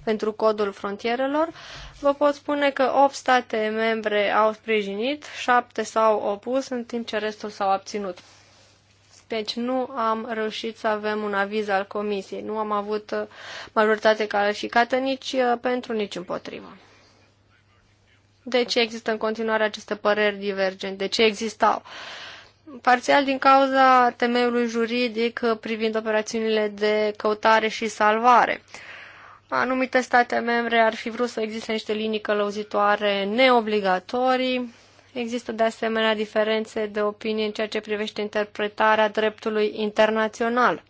pentru codul frontierelor, vă pot spune că 8 state membre au sprijinit, 7 s-au opus, în timp ce restul s-au abținut. Deci nu am reușit să avem un aviz al comisiei, nu am avut uh, majoritate calificată nici uh, pentru, nici împotrivă. De ce există în continuare aceste păreri divergente? De ce existau? Parțial din cauza temeiului juridic uh, privind operațiunile de căutare și salvare. Uh, Anumite state membre ar fi vrut să existe niște linii călăuzitoare neobligatorii. Există de asemenea diferențe de opinie în ceea ce privește interpretarea dreptului internațional.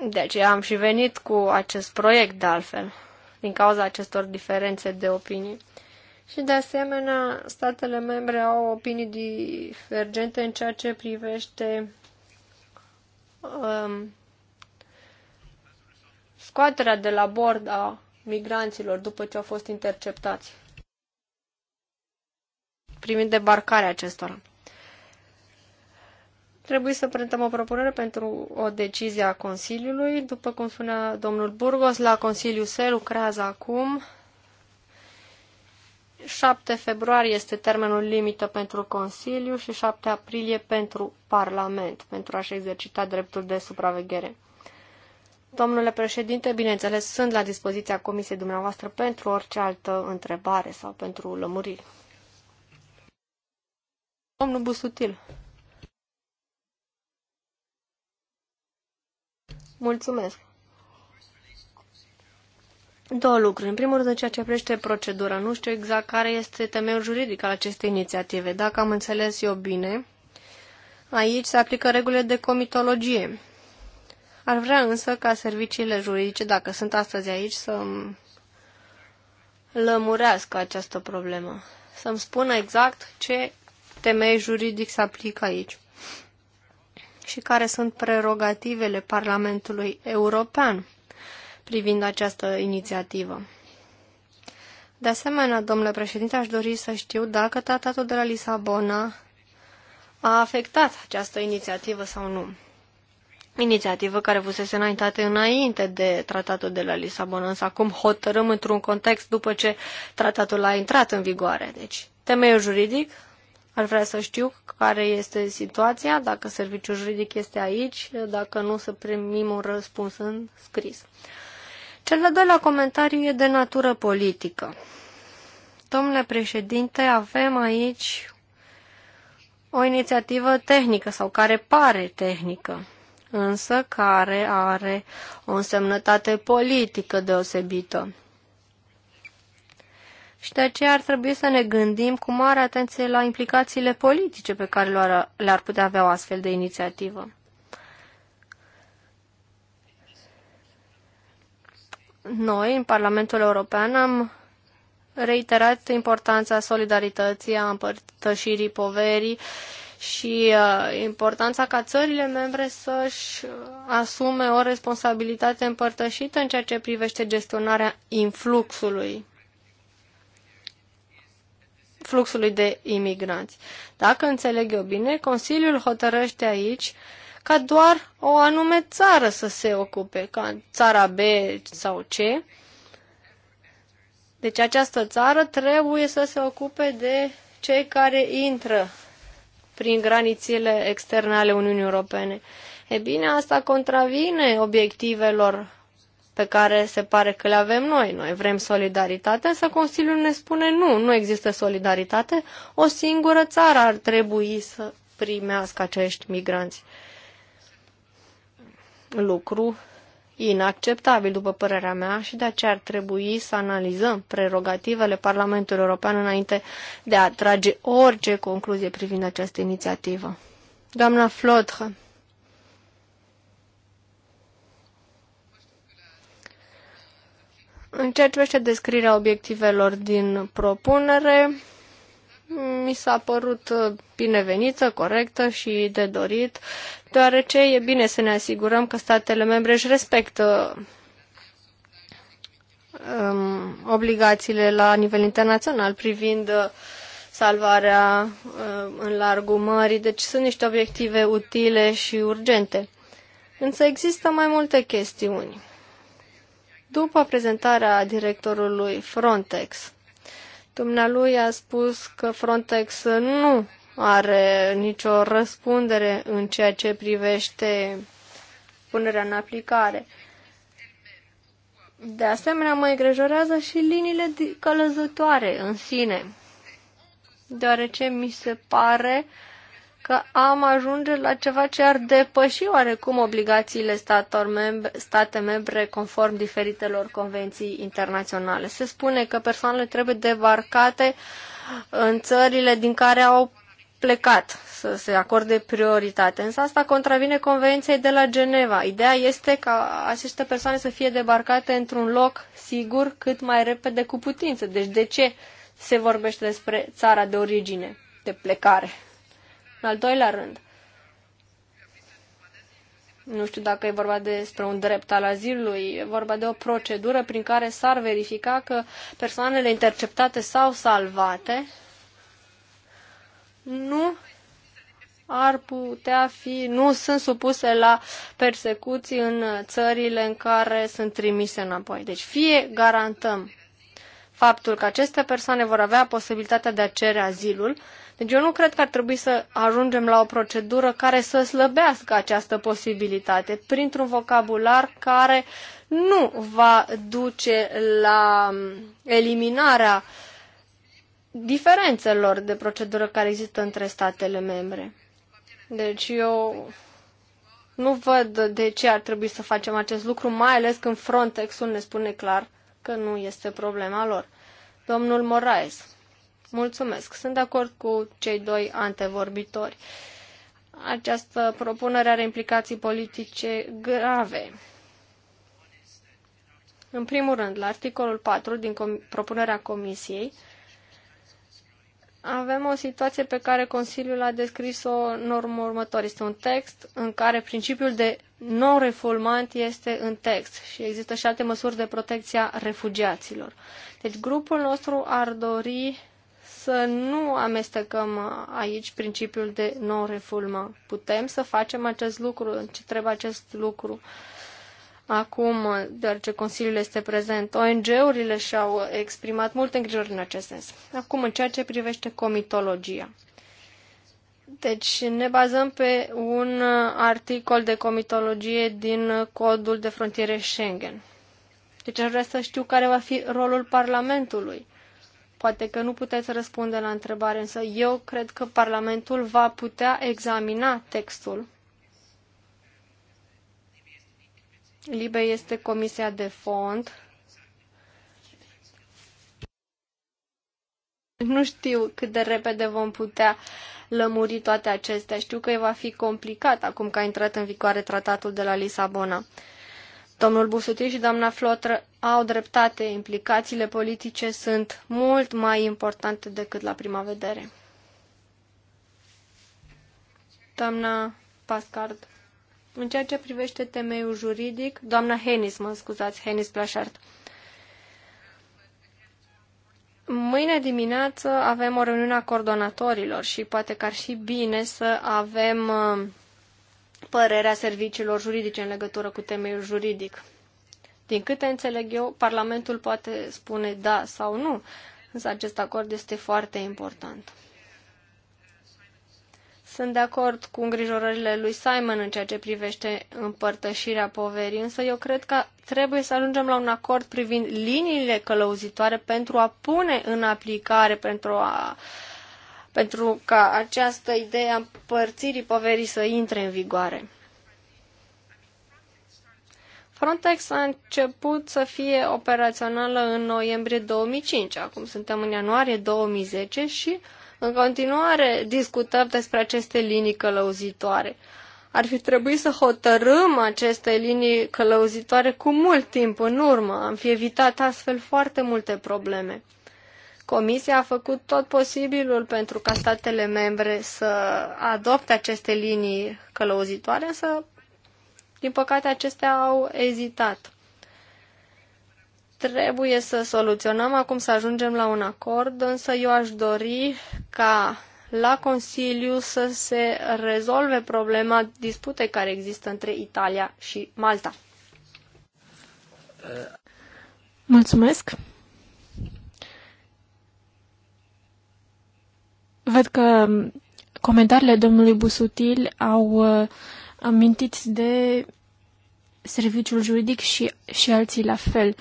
De deci, aceea am și venit cu acest proiect, de altfel, din cauza acestor diferențe de opinie. Și, de asemenea, statele membre au opinii divergente în ceea ce privește um, scoaterea de la bord a migranților după ce au fost interceptați, primind debarcarea acestora. Trebuie să prezentăm o propunere pentru o decizie a Consiliului. După cum spunea domnul Burgos, la Consiliu se lucrează acum. 7 februarie este termenul limită pentru Consiliu și 7 aprilie pentru Parlament, pentru a-și exercita dreptul de supraveghere. Domnule președinte, bineînțeles, sunt la dispoziția comisiei dumneavoastră pentru orice altă întrebare sau pentru lămuriri. Domnul Busutil. Mulțumesc. Două lucruri. În primul rând, în ceea ce privește procedura, nu știu exact care este temeiul juridic al acestei inițiative. Dacă am înțeles eu bine, aici se aplică regulile de comitologie. Ar vrea însă ca serviciile juridice, dacă sunt astăzi aici, să lămurească această problemă, să-mi spună exact ce temei juridic se aplică aici și care sunt prerogativele Parlamentului European privind această inițiativă. De asemenea, domnule președinte, aș dori să știu dacă tratatul de la Lisabona a afectat această inițiativă sau nu inițiativă care fusese înaintată înainte de tratatul de la Lisabona, însă acum hotărâm într-un context după ce tratatul a intrat în vigoare. Deci, temeiul juridic, ar vrea să știu care este situația, dacă serviciul juridic este aici, dacă nu să primim un răspuns în scris. Cel de-al doilea comentariu e de natură politică. Domnule președinte, avem aici o inițiativă tehnică sau care pare tehnică însă care are o însemnătate politică deosebită. Și de aceea ar trebui să ne gândim cu mare atenție la implicațiile politice pe care le-ar putea avea o astfel de inițiativă. Noi, în Parlamentul European, am reiterat importanța solidarității, a împărtășirii poverii și uh, importanța ca țările membre să-și uh, asume o responsabilitate împărtășită în ceea ce privește gestionarea influxului fluxului de imigranți. Dacă înțeleg eu bine, Consiliul hotărăște aici ca doar o anume țară să se ocupe, ca țara B sau C. Deci această țară trebuie să se ocupe de cei care intră prin granițele externe ale Uniunii Europene. E bine, asta contravine obiectivelor pe care se pare că le avem noi. Noi vrem solidaritate, însă Consiliul ne spune nu, nu există solidaritate, o singură țară ar trebui să primească acești migranți. Lucru inacceptabil, după părerea mea, și de aceea ar trebui să analizăm prerogativele Parlamentului European înainte de a trage orice concluzie privind această inițiativă. Doamna Flotre, În ceea ce privește descrierea obiectivelor din propunere, mi s-a părut binevenită, corectă și de dorit deoarece e bine să ne asigurăm că statele membre își respectă um, obligațiile la nivel internațional privind uh, salvarea uh, în largul mării. Deci sunt niște obiective utile și urgente. Însă există mai multe chestiuni. După prezentarea directorului Frontex, dumnealui a spus că Frontex nu are nicio răspundere în ceea ce privește punerea în aplicare. De asemenea, mă îngrijorează și liniile călăzătoare în sine, deoarece mi se pare că am ajunge la ceva ce ar depăși oarecum obligațiile statelor membre, state membre conform diferitelor convenții internaționale. Se spune că persoanele trebuie debarcate în țările din care au plecat, să se acorde prioritate. Însă asta contravine Convenției de la Geneva. Ideea este ca aceste persoane să fie debarcate într-un loc sigur cât mai repede cu putință. Deci de ce se vorbește despre țara de origine, de plecare? În al doilea rând, nu știu dacă e vorba despre un drept al azilului, e vorba de o procedură prin care s-ar verifica că persoanele interceptate sau salvate nu ar putea fi, nu sunt supuse la persecuții în țările în care sunt trimise înapoi. Deci fie garantăm faptul că aceste persoane vor avea posibilitatea de a cere azilul, deci eu nu cred că ar trebui să ajungem la o procedură care să slăbească această posibilitate printr-un vocabular care nu va duce la eliminarea uh, diferențelor de procedură care există între statele membre. Deci eu nu văd de ce ar trebui să facem acest lucru, mai ales când Frontex-ul ne spune clar că nu este problema lor. Domnul Moraes, mulțumesc. Sunt de acord cu cei doi antevorbitori. Această propunere are implicații politice grave. În primul rând, la articolul 4 din com- propunerea Comisiei, avem o situație pe care Consiliul a descris-o în urmă următor. Este un text în care principiul de non-refulmant este în text și există și alte măsuri de protecție a refugiaților. Deci grupul nostru ar dori să nu amestecăm aici principiul de non-refulmă. Putem să facem acest lucru, ce trebuie acest lucru acum, deoarece Consiliul este prezent. ONG-urile și-au exprimat multe îngrijorări în acest sens. Acum, în ceea ce privește comitologia. Deci ne bazăm pe un articol de comitologie din codul de frontiere Schengen. Deci aș vrea să știu care va fi rolul Parlamentului. Poate că nu puteți răspunde la întrebare, însă eu cred că Parlamentul va putea examina textul Libe este comisia de fond. Nu știu cât de repede vom putea lămuri toate acestea. Știu că va fi complicat acum că a intrat în vigoare tratatul de la Lisabona. Domnul Busutil și doamna Flotră au dreptate, implicațiile politice sunt mult mai importante decât la prima vedere. Doamna Pascard. În ceea ce privește temeiul juridic, doamna Henis, mă scuzați, Henis Plașart. Mâine dimineață avem o reuniune a coordonatorilor și poate că ar fi bine să avem uh, părerea serviciilor juridice în legătură cu temeiul juridic. Din câte înțeleg eu, Parlamentul poate spune da sau nu, însă acest acord este foarte important. Sunt de acord cu îngrijorările lui Simon în ceea ce privește împărtășirea poverii, însă eu cred că trebuie să ajungem la un acord privind liniile călăuzitoare pentru a pune în aplicare, pentru, a, pentru ca această idee a împărțirii poverii să intre în vigoare. Frontex a început să fie operațională în noiembrie 2005, acum suntem în ianuarie 2010 și în continuare discutăm despre aceste linii călăuzitoare. Ar fi trebuit să hotărâm aceste linii călăuzitoare cu mult timp în urmă. Am fi evitat astfel foarte multe probleme. Comisia a făcut tot posibilul pentru ca statele membre să adopte aceste linii călăuzitoare, însă, din păcate, acestea au ezitat. Trebuie să soluționăm acum să ajungem la un acord, însă eu aș dori ca la Consiliu să se rezolve problema disputei care există între Italia și Malta. Mulțumesc! Văd că comentariile domnului Busutil au uh, amintit de serviciul juridic și, și alții la fel.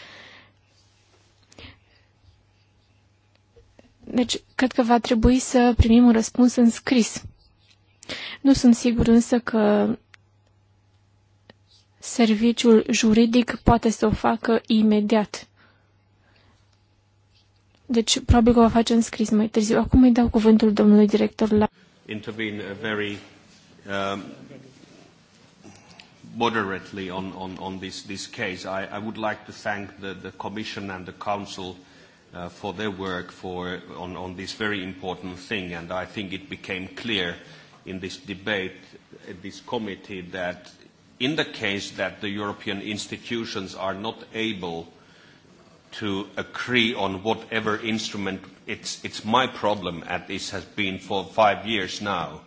Deci, cred că va trebui să primim un răspuns în scris. Nu sunt sigur însă că serviciul juridic poate să o facă imediat. Deci, probabil că o va face în scris mai târziu. Acum îi dau cuvântul domnului director la... Intervene uh, very um, moderately on, on, on this, this case. I, I would like to thank the, the Commission and the Council uh, uh, for their work for, on, on this very important thing. And I think it became clear in this debate at this committee that in the case that the European institutions are not able to agree on whatever instrument, it's, it's my problem, and this has been for five years now.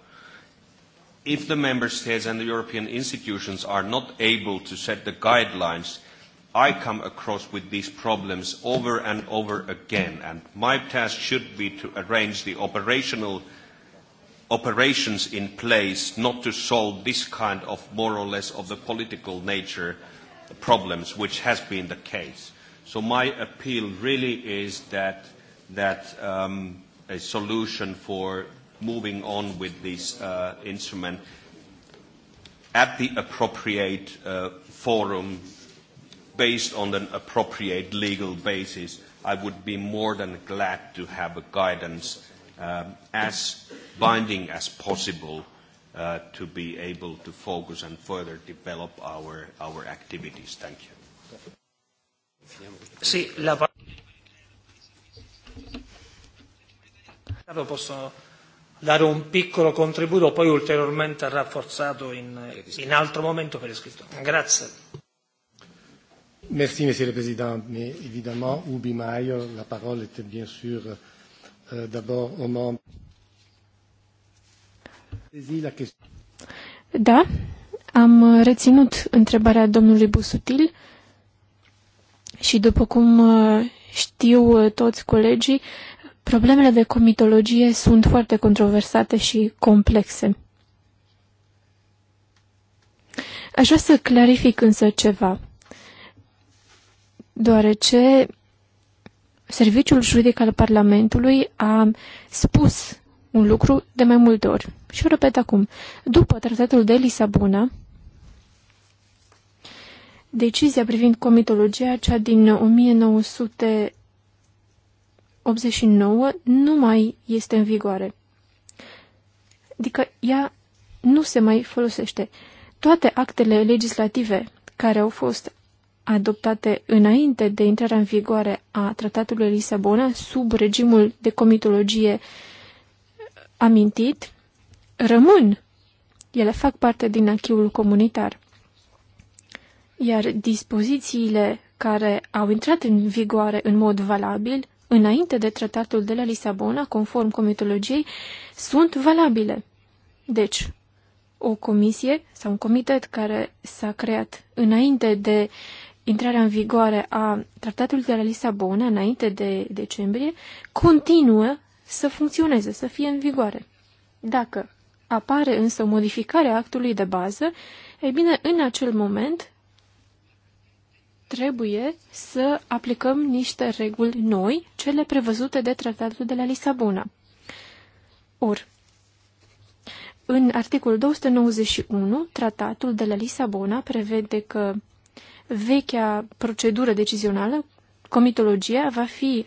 If the member states and the European institutions are not able to set the guidelines, I come across with these problems over and over again, and my task should be to arrange the operational operations in place not to solve this kind of more or less of the political nature problems, which has been the case. So my appeal really is that, that um, a solution for moving on with this uh, instrument at the appropriate uh, forum based on an appropriate legal basis, I would be more than glad to have a guidance um, as binding as possible uh, to be able to focus and further develop our, our activities. Thank you. Sì, la possono dare un piccolo contributo, poi ulteriormente rafforzato in, in altro momento per iscritto. Grazie. Merci, Monsieur le Président. Mais évidemment, Ubi Maio, la parole était bien sûr euh, d'abord au membre. Da, am reținut întrebarea domnului Busutil și după cum uh, știu uh, toți colegii, problemele de comitologie sunt foarte controversate și complexe. Aș vrea să clarific însă ceva deoarece Serviciul Juridic al Parlamentului a spus un lucru de mai multe ori. Și o repet acum. După tratatul de Lisabona, decizia privind comitologia, cea din 1989, nu mai este în vigoare. Adică ea nu se mai folosește. Toate actele legislative care au fost adoptate înainte de intrarea în vigoare a Tratatului Lisabona, sub regimul de comitologie amintit, rămân. Ele fac parte din achiul comunitar. Iar dispozițiile care au intrat în vigoare în mod valabil, înainte de tratatul de la Lisabona, conform comitologiei, sunt valabile. Deci, o comisie sau un comitet care s-a creat înainte de uh, intrarea în vigoare a Tratatului de la Lisabona, înainte de decembrie, continuă să funcționeze, să fie în vigoare. Dacă apare însă o modificare a actului de bază, ei bine, în acel moment trebuie să aplicăm niște reguli noi, cele prevăzute de Tratatul de la Lisabona. Or, în articolul 291, Tratatul de la Lisabona prevede că vechea procedură decizională, comitologia, va fi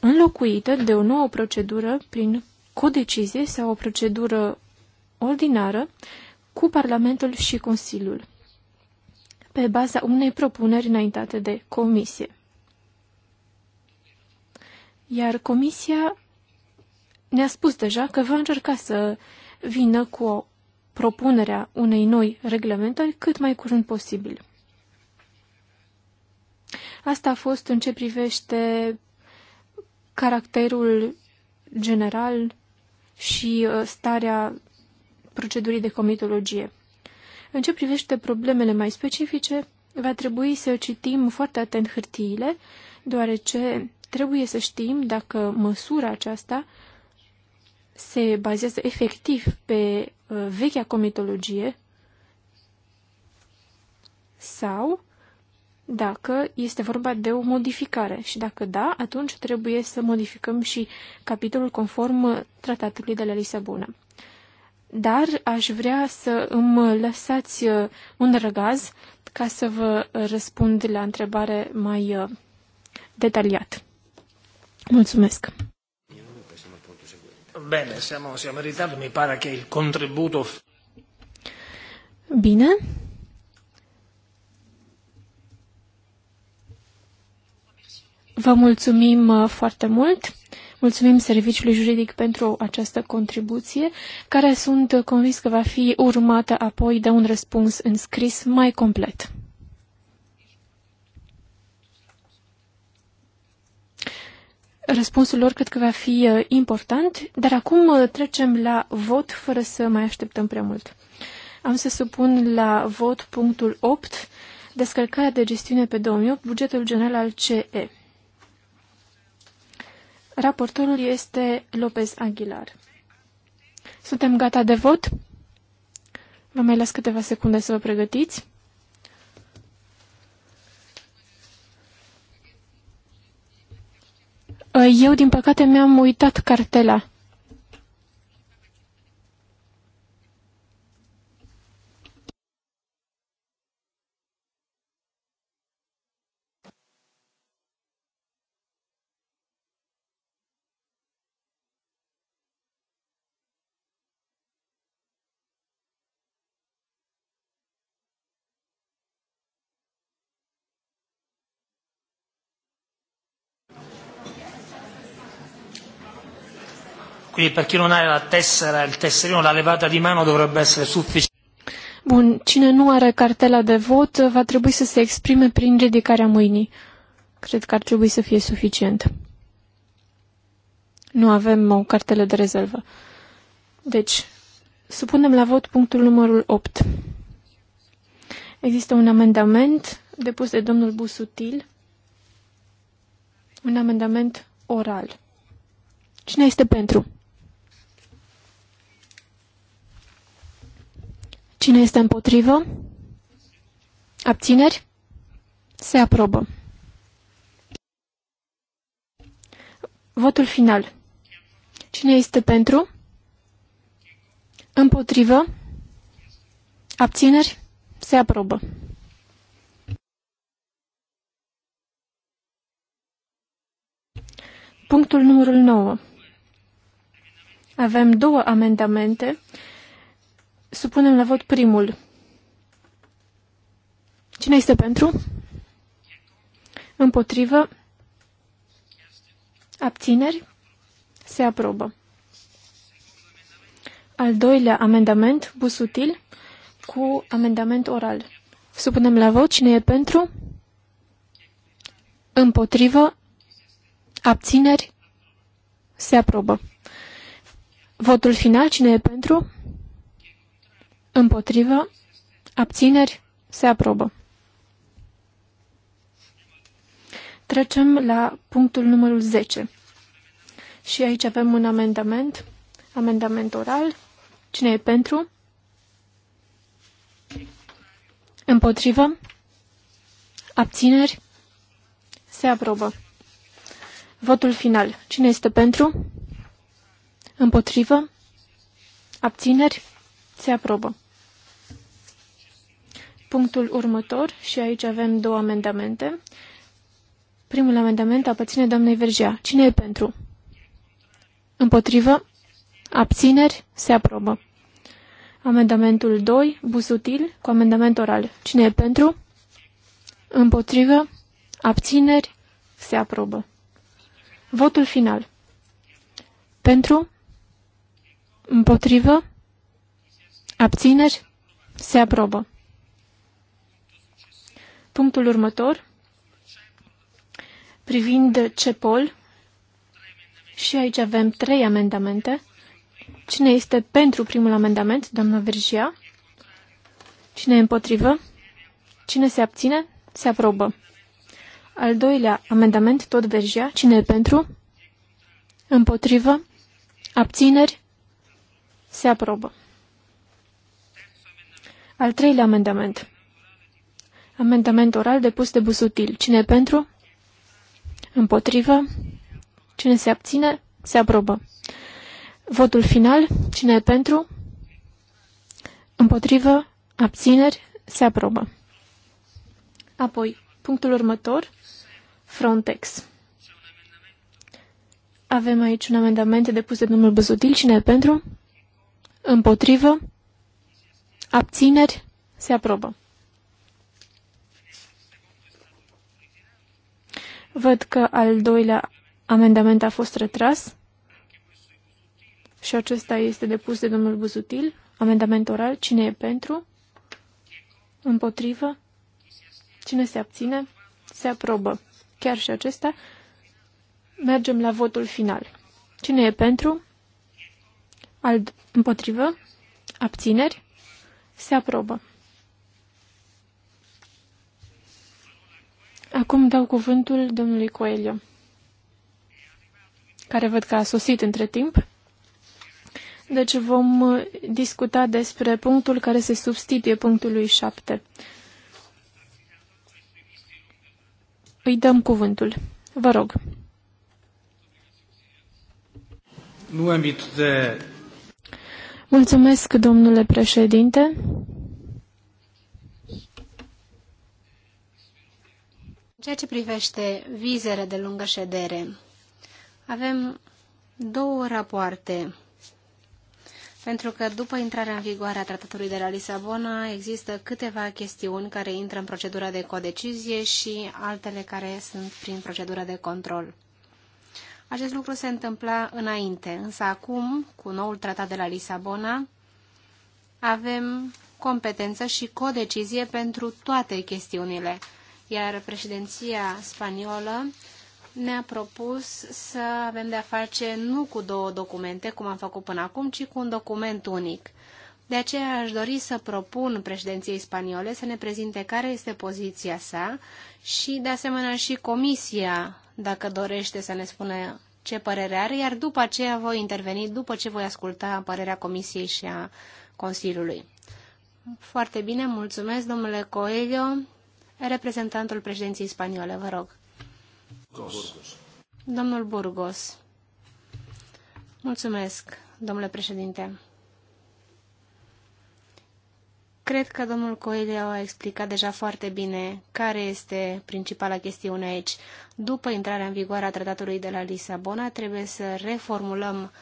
înlocuită de o nouă procedură prin codecizie sau o procedură ordinară cu Parlamentul și Consiliul, pe baza unei propuneri înaintate de Comisie. Iar Comisia ne-a spus deja că va încerca să vină cu o propunerea unei noi reglementări cât mai curând posibil. Asta a fost în ce privește caracterul general și uh, starea procedurii de comitologie. În ce privește problemele mai specifice, va trebui să citim foarte atent hârtiile, deoarece trebuie să știm dacă măsura aceasta se bazează efectiv pe uh, vechea comitologie sau dacă este vorba de o modificare și dacă da, atunci trebuie să modificăm și capitolul conform tratatului de la Lisabona. Dar aș vrea să îmi lăsați uh, un răgaz ca să vă răspund la întrebare mai uh, detaliat. Mulțumesc! Bine, siamo, siamo in ritardo, mi pare che il contributo... Bine, Vă mulțumim uh, foarte mult. Mulțumim Serviciului Juridic pentru această contribuție, care sunt convins că va fi urmată apoi de un răspuns în scris mai complet. Răspunsul lor cred că va fi uh, important, dar acum uh, trecem la vot fără să mai așteptăm prea mult. Am să supun la vot punctul 8, descărcarea de gestiune pe 2008, bugetul general al CE. Raportorul este Lopez Aguilar. Suntem gata de vot? Vă mai las câteva secunde să vă pregătiți. Eu, din păcate, mi-am uitat cartela. Quindi per chi non ha la tessera, il tesserino, la levata di mano dovrebbe essere sufficiente. Bun, cine nu are cartela de vot va trebui să se exprime prin ridicarea mâinii. Cred că ar trebui să fie suficient. Nu avem o cartelă de rezervă. Deci, supunem la vot punctul numărul 8. Există un amendament depus de domnul Busutil, un amendament oral. Cine este pentru? Cine este împotrivă? Abțineri? Se aprobă. Votul final. Cine este pentru? Împotrivă? Abțineri? Se aprobă. Punctul numărul 9. Avem două amendamente Supunem la vot primul. Cine este pentru? Împotrivă? Abțineri? Se aprobă. Al doilea amendament, busutil, cu amendament oral. Supunem la vot cine e pentru? Împotrivă? Abțineri? Se aprobă. Votul final, cine e pentru? Împotrivă. Abțineri. Se aprobă. Trecem la punctul numărul 10. Și aici avem un amendament. Amendament oral. Cine e pentru? Împotrivă? Abțineri? Se aprobă. Votul final. Cine este pentru? Împotrivă? Abțineri? Se aprobă. Punctul următor, și aici avem două amendamente. Primul amendament aparține doamnei Vergea. Cine e pentru? Împotrivă? Abțineri? Se aprobă. Amendamentul 2, busutil, cu amendament oral. Cine e pentru? Împotrivă? Abțineri? Se aprobă. Votul final. Pentru? Împotrivă? Abțineri? Se aprobă. Punctul următor, privind CEPOL, și aici avem trei amendamente. Cine este pentru primul amendament, doamna Virgia? Cine e împotrivă? Cine se abține? Se aprobă. Al doilea amendament, tot Virgia. Cine e pentru? Împotrivă? Abțineri? Se aprobă. Al treilea amendament. Amendament oral depus de Busutil. Cine pentru? Împotrivă? Cine se abține? Se aprobă. Votul final. Cine e pentru? Împotrivă? Abțineri? Se aprobă. Apoi, punctul următor, Frontex. Avem aici un amendament depus de domnul Buzutil. Cine e pentru? Împotrivă? Abțineri? Se aprobă. Văd că al doilea amendament a fost retras și acesta este depus de domnul Buzutil. Amendament oral. Cine e pentru? Împotrivă? Cine se abține? Se aprobă. Chiar și acesta. Mergem la votul final. Cine e pentru? Al... Împotrivă? Abțineri? Se aprobă. Acum dau cuvântul domnului Coelho, care văd că a sosit între timp. Deci vom discuta despre punctul care se substituie punctului 7. Îi dăm cuvântul. Vă rog. Nu am de Mulțumesc, domnule președinte. În ceea ce privește vizele de lungă ședere, avem două rapoarte. Pentru că după intrarea în vigoare a tratatului de la Lisabona există câteva chestiuni care intră în procedura de codecizie și altele care sunt prin procedura de control. Acest lucru se întâmpla înainte, însă acum, cu noul tratat de la Lisabona, avem competență și codecizie pentru toate chestiunile, iar președinția spaniolă ne-a propus să avem de-a face nu cu două documente, cum am făcut până acum, ci cu un document unic. De aceea aș dori să propun președinției spaniole să ne prezinte care este poziția sa și, de asemenea, și Comisia dacă dorește să ne spună ce părere are, iar după aceea voi interveni, după ce voi asculta părerea Comisiei și a Consiliului. Foarte bine, mulțumesc, domnule Coelho. Reprezentantul președinției spaniole, vă rog. Burgos. Domnul Burgos. Mulțumesc, domnule președinte. Cred că domnul Coelho a explicat deja foarte bine care este principala chestiune aici. După intrarea în vigoare a tratatului de la Lisabona, trebuie să reformulăm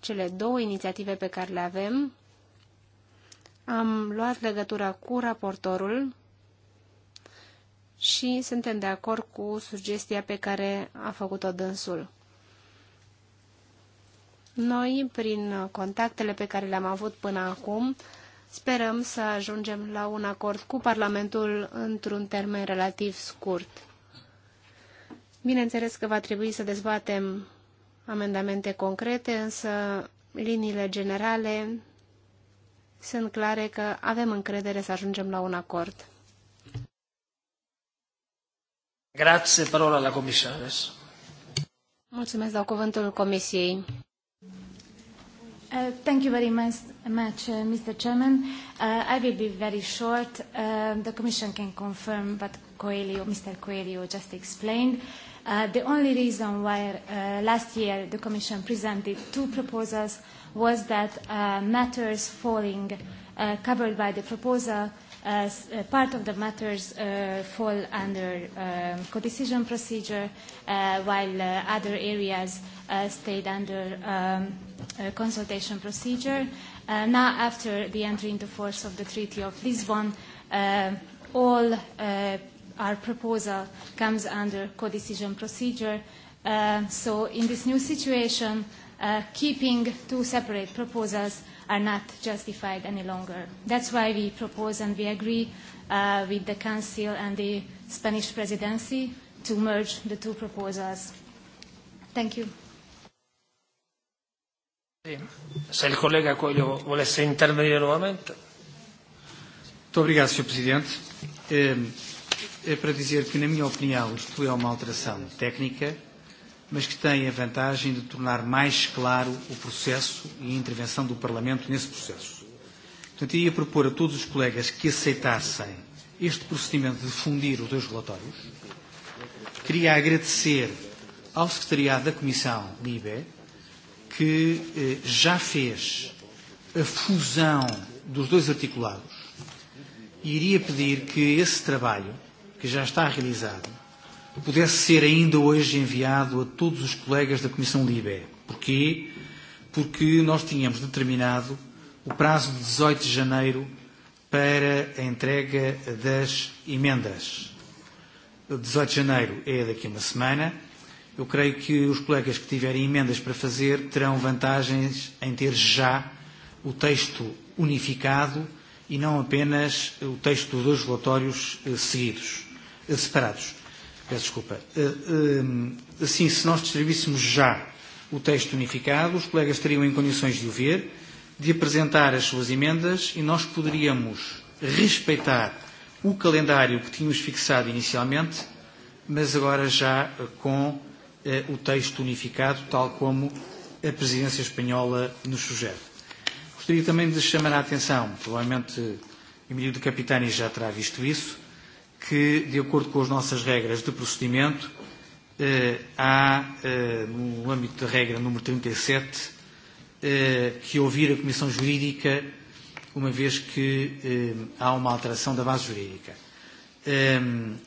cele două inițiative pe care le avem. Am luat legătura cu raportorul și suntem de acord cu sugestia pe care a făcut-o dânsul. Noi, prin contactele pe care le-am avut până acum, Sperăm să ajungem la un acord cu Parlamentul într-un termen relativ scurt. Bineînțeles că va trebui să dezbatem amendamente concrete, însă liniile generale sunt clare că avem încredere să ajungem la un acord. Grazie, parola la comisaris. Mulțumesc, dau cuvântul Comisiei. Uh, thank you very much, much uh, Mr. Chairman. Uh, I will be very short. Uh, the Commission can confirm what Coelho, Mr. Coelho just explained. Uh, the only reason why uh, last year the Commission presented two proposals was that uh, matters falling uh, covered by the proposal uh, as uh, part of the matters uh, fall under um, co-decision procedure, uh, while uh, other areas uh, stayed under um, uh, consultation procedure. Uh, now, after the entry into force of the Treaty of Lisbon, uh, all uh, our proposal comes under co-decision procedure. Uh, so in this new situation, Uh, keeping two separate proposals are not justified any longer. That's why we propose and we agree uh, with the Council and the Spanish presidency to merge the two proposals. Thank you. Se il collega Coelho volesse intervenire nuovamente. Muito obrigado, Sr. Presidente. É, eh, é para dizer que, na minha opinião, isto é uma alteração técnica mas que tem a vantagem de tornar mais claro o processo e a intervenção do Parlamento nesse processo. Portanto, eu ia propor a todos os colegas que aceitassem este procedimento de fundir os dois relatórios. Queria agradecer ao Secretariado da Comissão LIBE, que eh, já fez a fusão dos dois articulados, e iria pedir que esse trabalho, que já está realizado, pudesse ser ainda hoje enviado a todos os colegas da Comissão Libe. Porquê? Porque nós tínhamos determinado o prazo de 18 de janeiro para a entrega das emendas. 18 de janeiro é daqui a uma semana. Eu creio que os colegas que tiverem emendas para fazer terão vantagens em ter já o texto unificado e não apenas o texto dos dois relatórios eh, seguidos, eh, separados. Peço desculpa. Eh, ehm, assim, se nós distribuíssemos já o texto unificado, os colegas estariam em condições de o ver, de apresentar as suas emendas e nós poderíamos respeitar o calendário que tínhamos fixado inicialmente, mas agora já eh, com eh, o texto unificado, tal como a presidência espanhola nos sugere. Gostaria também de chamar a atenção, provavelmente Emílio de Capitani já terá visto isso, que, de acordo com as nossas regras de procedimento, eh, há, eh, no âmbito da regra número 37, eh, que ouvir a Comissão Jurídica, uma vez que eh, há uma alteração da base jurídica. Eh,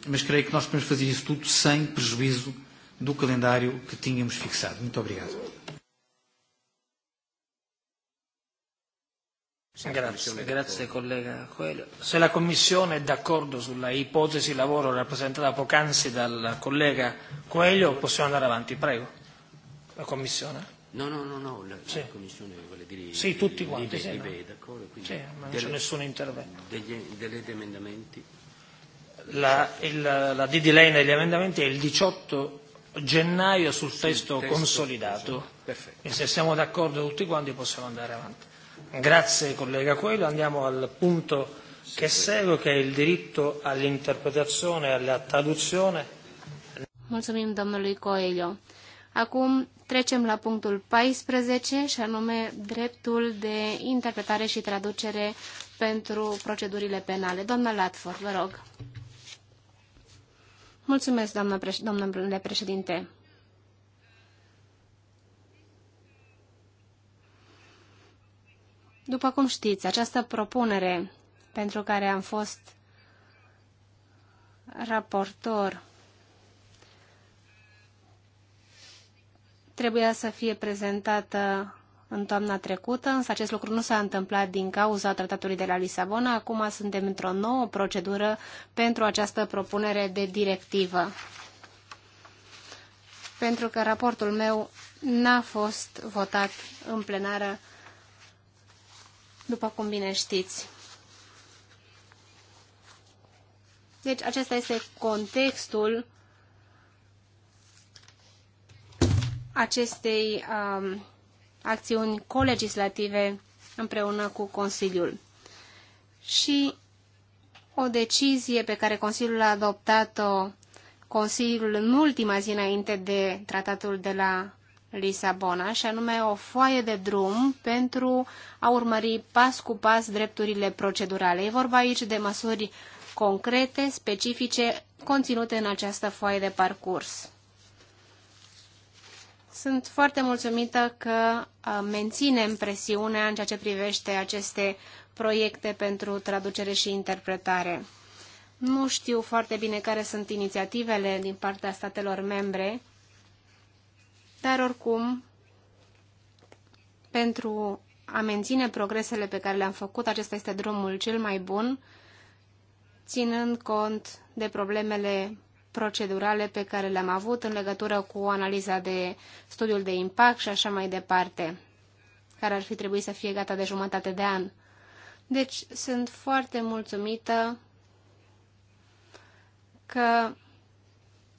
mas creio que nós podemos fazer isso tudo sem prejuízo do calendário que tínhamos fixado. Muito obrigado. Grazie, grazie collega Coelho. Se la Commissione è d'accordo sulla ipotesi lavoro rappresentata poc'anzi dal collega Coelho, possiamo andare avanti, prego. La Commissione. No, no, no, no la, sì. la Commissione vuole dire... Sì, tutti quanti, sì. no? d'accordo, quindi sì, ma non delle, c'è nessun intervento. Degli, degli emendamenti? La, il, la DD Lane degli emendamenti è il 18 gennaio sul testo, sul testo consolidato. Perfetto. E se siamo d'accordo tutti quanti possiamo andare avanti. Grazie collega Coelho. Andiamo al punto che segue, che è il diritto all'interpretazione e alla traduzione. Mulțumim domnului Coelho. Acum trecem la punctul 14 și anume dreptul de interpretare și traducere pentru procedurile penale. Doamna Latford, vă rog. Mulțumesc, doamnă domnule președinte. După cum știți, această propunere pentru care am fost raportor trebuia să fie prezentată în toamna trecută, însă acest lucru nu s-a întâmplat din cauza tratatului de la Lisabona. Acum suntem într-o nouă procedură pentru această propunere de directivă. Pentru că raportul meu n-a fost votat în plenară după cum bine știți. Deci acesta este contextul acestei um, acțiuni colegislative împreună cu Consiliul. Și o decizie pe care Consiliul a adoptat-o Consiliul în ultima zi înainte de tratatul de la Lisabona, și anume o foaie de drum pentru a urmări pas cu pas drepturile procedurale. E vorba aici de măsuri concrete, specifice, conținute în această foaie de parcurs. Sunt foarte mulțumită că uh, menținem presiunea în ceea ce privește aceste proiecte pentru traducere și interpretare. Nu știu foarte bine care sunt inițiativele din partea statelor membre, dar oricum, pentru a menține progresele pe care le-am făcut, acesta este drumul cel mai bun, ținând cont de problemele procedurale pe care le-am avut în legătură cu analiza de studiul de impact și așa mai departe, care ar fi trebuit să fie gata de jumătate de an. Deci sunt foarte mulțumită că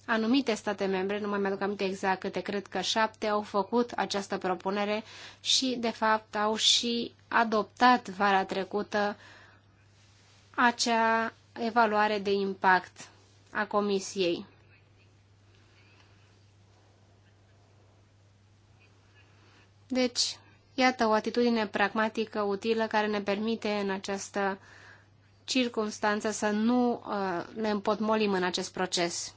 Anumite state membre, nu mai mi-aduc aminte exact câte, cred că șapte, au făcut această propunere și, de fapt, au și adoptat vara trecută acea evaluare de impact a Comisiei. Deci, iată o atitudine pragmatică utilă care ne permite în această circunstanță să nu uh, ne împotmolim în acest proces.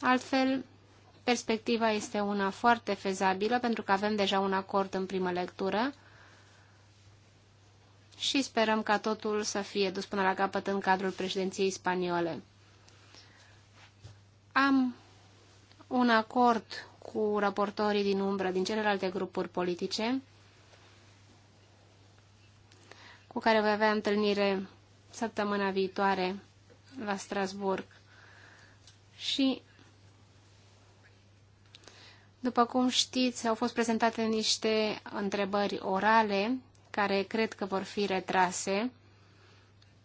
Altfel, perspectiva este una foarte fezabilă, pentru că avem deja un acord în primă lectură și sperăm ca totul să fie dus până la capăt în cadrul președinției spaniole. Am un acord cu raportorii din umbră din celelalte grupuri politice cu care voi avea întâlnire săptămâna viitoare la Strasburg. Și după cum știți, au fost prezentate niște întrebări orale care cred că vor fi retrase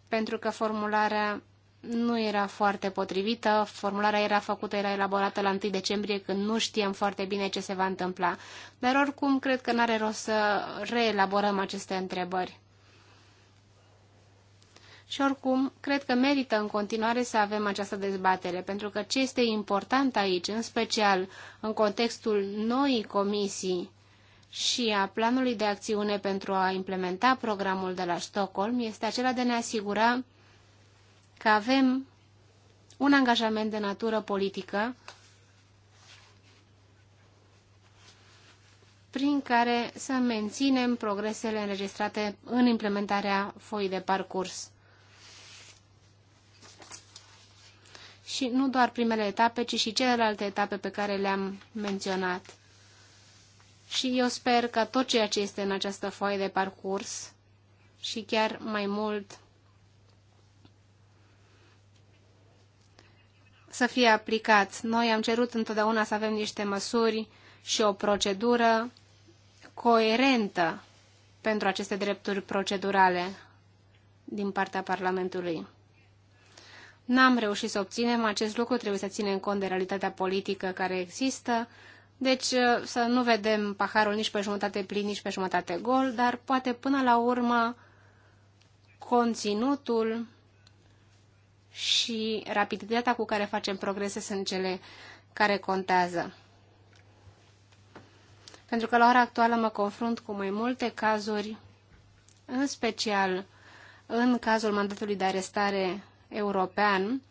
pentru că formularea nu era foarte potrivită. Formularea era făcută, era elaborată la 1 decembrie, când nu știam foarte bine ce se va întâmpla. Dar oricum, cred că n-are rost să reelaborăm aceste întrebări. Și oricum, cred că merită în continuare să avem această dezbatere, pentru că ce este important aici, în special în contextul noii comisii și a planului de acțiune pentru a implementa programul de la Stockholm, este acela de a ne asigura că avem un angajament de natură politică prin care să menținem progresele înregistrate în implementarea foii de parcurs. și nu doar primele etape, ci și celelalte etape pe care le-am menționat. Și eu sper că tot ceea ce este în această foaie de parcurs și chiar mai mult să fie aplicat. Noi am cerut întotdeauna să avem niște măsuri și o procedură coerentă pentru aceste drepturi procedurale din partea Parlamentului. N-am reușit să obținem acest lucru, trebuie să ținem cont de realitatea politică care există, deci uh, să nu vedem paharul nici pe jumătate plin, nici pe jumătate gol, dar poate până la urmă conținutul și rapiditatea cu care facem progrese sunt cele care contează. Pentru că la ora actuală mă confrunt cu mai multe cazuri, în special în cazul mandatului de arestare european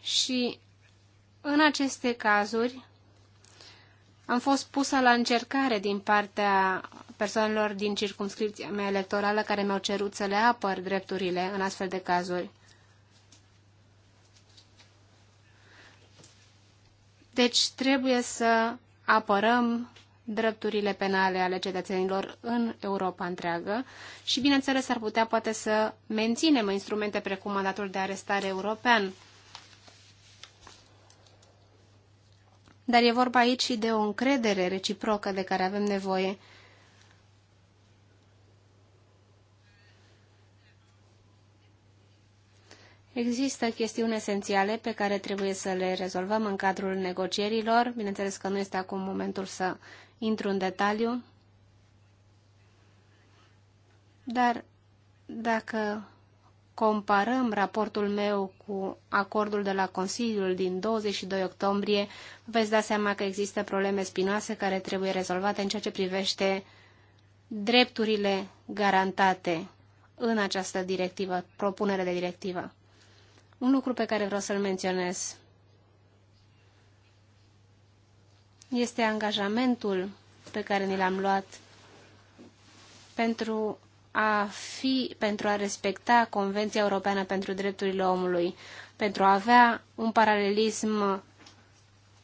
și în aceste cazuri am fost pusă la încercare din partea persoanelor din circumscripția mea electorală care mi-au cerut să le apăr drepturile în astfel de cazuri. Deci trebuie să apărăm drepturile penale ale cetățenilor în Europa întreagă și, bineînțeles, ar putea poate să menținem instrumente precum mandatul de arestare european. Dar e vorba aici și de o încredere reciprocă de care avem nevoie. Există chestiuni esențiale pe care trebuie să le rezolvăm în cadrul negocierilor. Bineînțeles că nu este acum momentul să intru în detaliu, dar dacă comparăm raportul meu cu acordul de la Consiliul din 22 octombrie, veți da seama că există probleme spinoase care trebuie rezolvate în ceea ce privește drepturile garantate în această directivă, propunere de directivă. Un lucru pe care vreau să-l menționez. este angajamentul pe care ni l-am luat pentru a fi, pentru a respecta Convenția Europeană pentru Drepturile Omului, pentru a avea un paralelism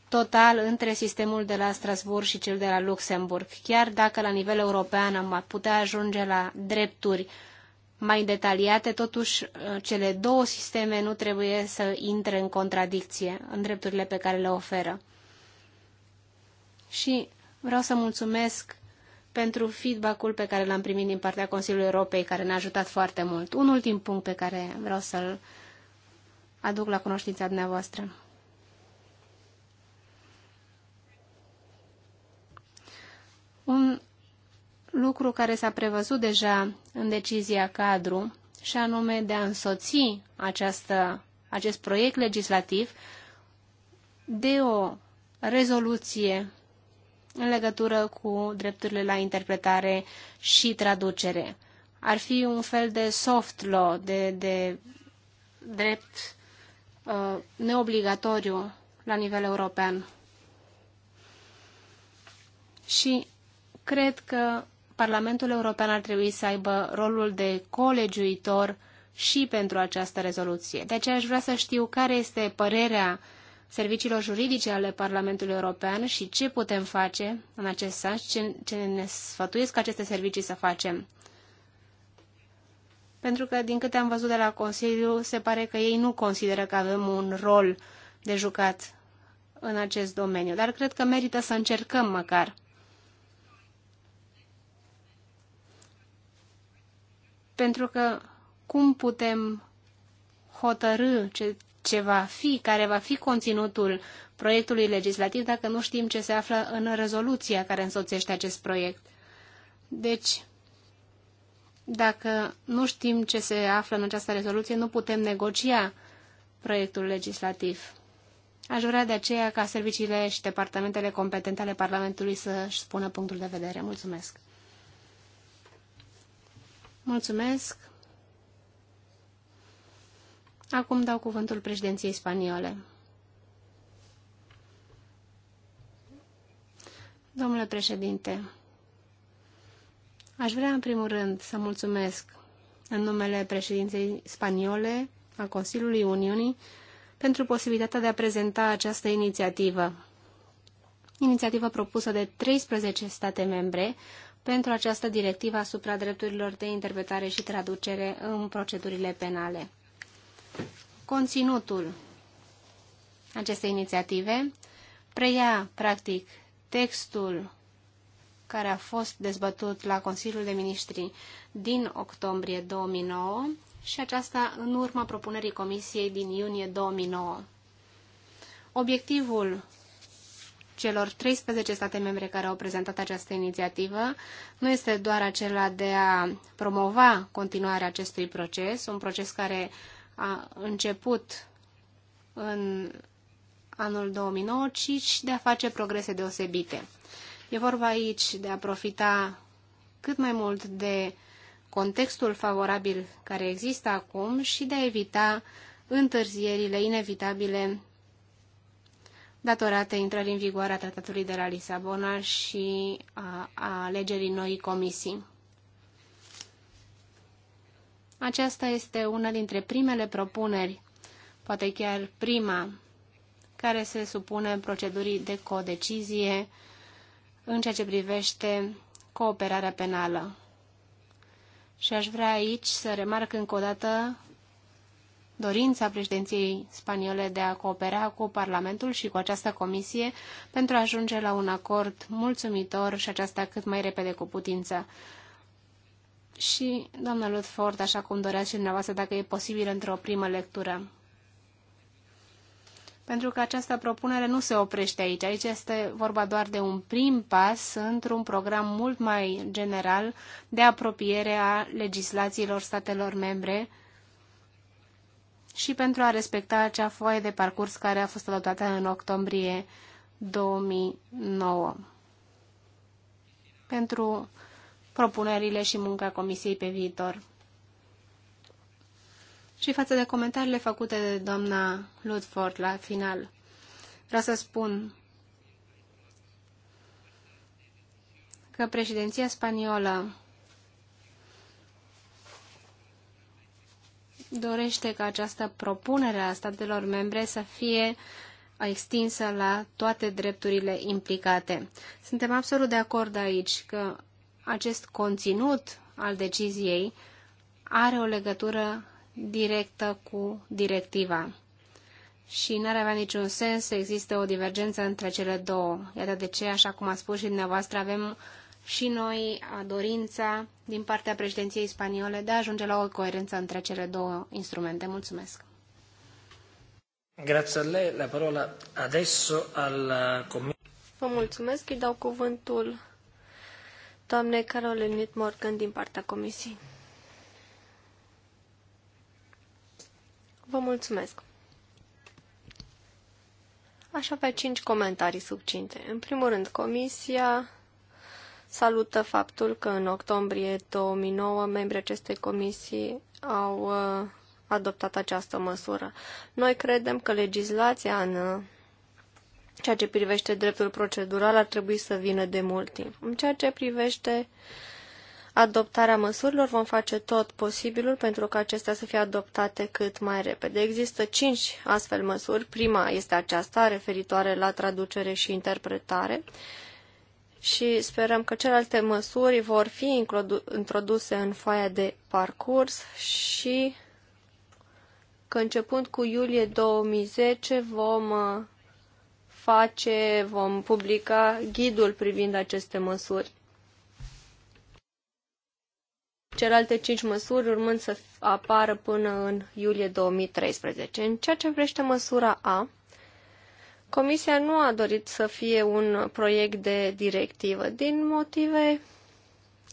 total între sistemul de la Strasbourg și cel de la Luxemburg, chiar dacă la nivel european am putea ajunge la drepturi mai detaliate, totuși cele două sisteme nu trebuie să intre în contradicție în drepturile pe care le oferă și vreau să mulțumesc pentru feedback-ul pe care l-am primit din partea Consiliului Europei, care ne-a ajutat foarte mult. Un ultim punct pe care vreau să-l aduc la cunoștința dumneavoastră. Un lucru care s-a prevăzut deja în decizia cadru, și anume de a însoți această, acest proiect legislativ de o rezoluție în legătură cu drepturile la interpretare și traducere. Ar fi un fel de soft law, de, de drept uh, neobligatoriu la nivel european. Și cred că Parlamentul European ar trebui să aibă rolul de colegiuitor și pentru această rezoluție. De aceea aș vrea să știu care este părerea serviciilor juridice ale Parlamentului European și ce putem face în acest sens, ce, ce ne sfătuiesc aceste servicii să facem. Pentru că, din câte am văzut de la Consiliu, se pare că ei nu consideră că avem un rol de jucat în acest domeniu, dar cred că merită să încercăm măcar. Pentru că cum putem hotărâ ce ce va fi, care va fi conținutul proiectului legislativ dacă nu știm ce se află în rezoluția care însoțește acest proiect. Deci, dacă nu știm ce se află în această rezoluție, nu putem negocia proiectul legislativ. Aș vrea de aceea ca serviciile și departamentele competente ale Parlamentului să-și spună punctul de vedere. Mulțumesc! Mulțumesc! Acum dau cuvântul președinției spaniole. Domnule președinte, aș vrea în primul rând să mulțumesc în numele președinței spaniole a Consiliului Uniunii pentru posibilitatea de a prezenta această inițiativă. Inițiativă propusă de 13 state membre pentru această directivă asupra drepturilor de interpretare și traducere în procedurile penale. Conținutul acestei inițiative preia, practic, textul care a fost dezbătut la Consiliul de Ministri din octombrie 2009 și aceasta în urma propunerii Comisiei din iunie 2009. Obiectivul celor 13 state membre care au prezentat această inițiativă nu este doar acela de a promova continuarea acestui proces, un proces care a început în anul 2009, ci de a face progrese deosebite. E vorba aici de a profita cât mai mult de contextul favorabil care există acum și de a evita întârzierile inevitabile datorate intrării în vigoare a Tratatului de la Lisabona și a, a alegerii noii comisii. Aceasta este una dintre primele propuneri, poate chiar prima, care se supune procedurii de codecizie în ceea ce privește cooperarea penală. Și aș vrea aici să remarc încă o dată dorința președinției spaniole de a coopera cu Parlamentul și cu această comisie pentru a ajunge la un acord mulțumitor și aceasta cât mai repede cu putință și, doamna Ludford, așa cum doreați și dumneavoastră, dacă e posibil într-o primă lectură. Pentru că această propunere nu se oprește aici. Aici este vorba doar de un prim pas într-un program mult mai general de apropiere a legislațiilor statelor membre și pentru a respecta acea foaie de parcurs care a fost adoptată în octombrie 2009. Pentru propunerile și munca Comisiei pe viitor. Și față de comentariile făcute de doamna Ludford la final, vreau să spun că președinția spaniolă dorește ca această propunere a statelor membre să fie extinsă la toate drepturile implicate. Suntem absolut de acord aici că acest conținut al deciziei are o legătură directă cu directiva. Și n-ar avea niciun sens să există o divergență între cele două. Iată de ce, așa cum a spus și dumneavoastră, avem și noi dorința din partea președinției spaniole de a ajunge la o coerență între cele două instrumente. Mulțumesc! Grazie a lei. La parola adesso al uh, Vă mulțumesc. Îi dau cuvântul Doamne Caroline Morgan din partea comisiei. Vă mulțumesc! Aș avea cinci comentarii subcinte. În primul rând, comisia salută faptul că în octombrie 2009 membrii acestei comisii au uh, adoptat această măsură. Noi credem că legislația în ceea ce privește dreptul procedural ar trebui să vină de mult timp. În ceea ce privește adoptarea măsurilor, vom face tot posibilul pentru ca acestea să fie adoptate cât mai repede. Există cinci astfel măsuri. Prima este aceasta, referitoare la traducere și interpretare și sperăm că celelalte măsuri vor fi introduse în foaia de parcurs și că începând cu iulie 2010 vom uh, face, vom publica ghidul privind aceste măsuri. Celelalte cinci măsuri urmând să apară până în iulie 2013. În ceea ce vrește măsura A, Comisia nu a dorit să fie un proiect de directivă, din motive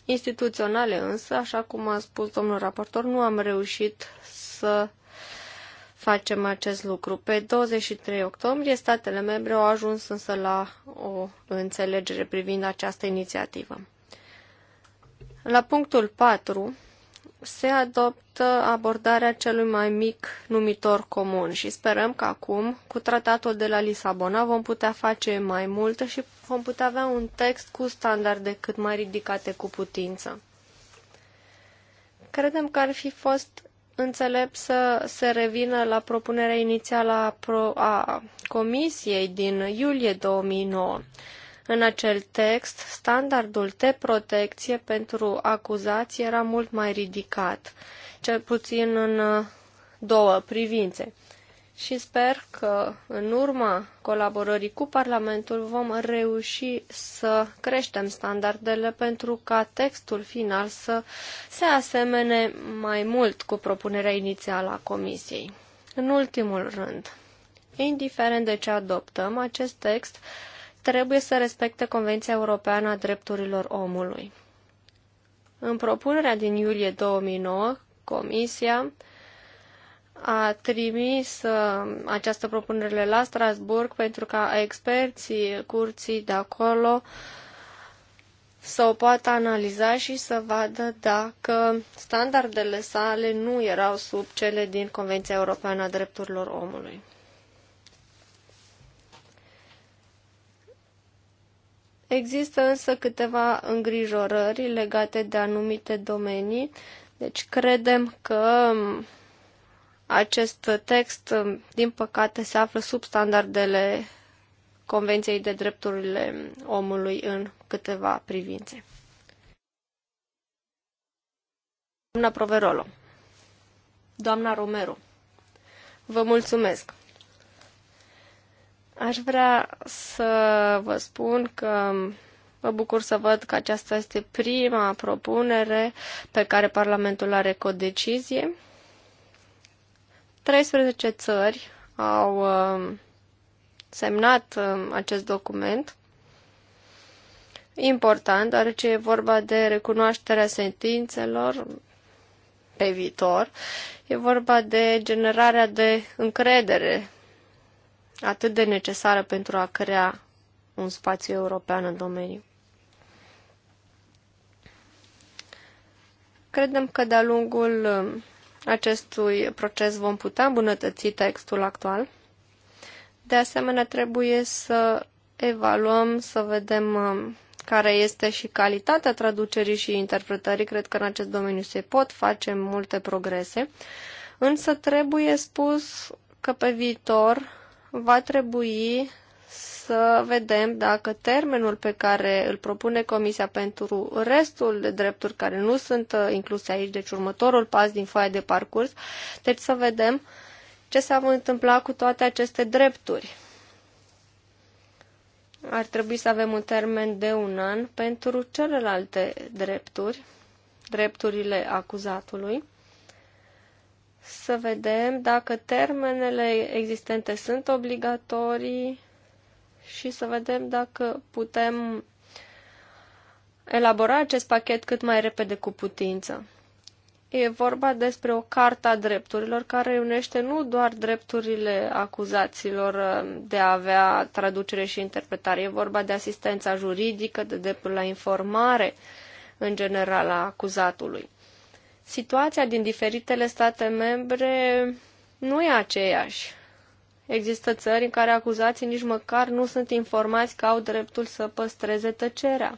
instituționale însă, așa cum a spus domnul raportor, nu am reușit să facem acest lucru. Pe 23 octombrie, statele membre au ajuns însă la o înțelegere privind această inițiativă. La punctul 4 se adoptă abordarea celui mai mic numitor comun și sperăm că acum, cu tratatul de la Lisabona, vom putea face mai mult și vom putea avea un text cu standarde cât mai ridicate cu putință. Credem că ar fi fost înțelept să se revină la propunerea inițială a, pro, a Comisiei din iulie 2009. În acel text, standardul de protecție pentru acuzați era mult mai ridicat, cel puțin în două privințe și sper că în urma colaborării cu Parlamentul vom reuși să creștem standardele pentru ca textul final să se asemene mai mult cu propunerea inițială a Comisiei. În ultimul rând, indiferent de ce adoptăm, acest text trebuie să respecte Convenția Europeană a Drepturilor Omului. În propunerea din iulie 2009, Comisia a trimis uh, această propunere la Strasburg pentru ca experții curții de acolo să o poată analiza și să vadă dacă standardele sale nu erau sub cele din Convenția Europeană a Drepturilor Omului. Există însă câteva îngrijorări legate de anumite domenii, deci credem că acest text, din păcate, se află sub standardele Convenției de Drepturile Omului în câteva privințe. Doamna Proverolo, doamna Romero, vă mulțumesc! Aș vrea să vă spun că mă bucur să văd că aceasta este prima propunere pe care Parlamentul are cu o decizie 13 țări au um, semnat um, acest document. Important, deoarece e vorba de recunoașterea sentințelor pe viitor. E vorba de generarea de încredere atât de necesară pentru a crea un spațiu european în domeniu. Credem că de-a lungul um, acestui proces vom putea îmbunătăți textul actual. De asemenea, trebuie să evaluăm, să vedem uh, care este și calitatea traducerii și interpretării. Cred că în acest domeniu se pot face multe progrese, însă trebuie spus că pe viitor va trebui să vedem dacă termenul pe care îl propune Comisia pentru restul de drepturi care nu sunt uh, incluse aici, deci următorul pas din foaia de parcurs, deci să vedem ce s-a întâmplat cu toate aceste drepturi. Ar trebui să avem un termen de un an pentru celelalte drepturi, drepturile acuzatului să vedem dacă termenele existente sunt obligatorii și să vedem dacă putem elabora acest pachet cât mai repede cu putință. E vorba despre o carta a drepturilor care unește nu doar drepturile acuzaților uh, de a avea traducere și interpretare, e vorba de asistența juridică, de dreptul la informare, în general, a acuzatului. Situația din diferitele state membre nu e aceeași. Există țări în care acuzații nici măcar nu sunt informați că au dreptul să păstreze tăcerea.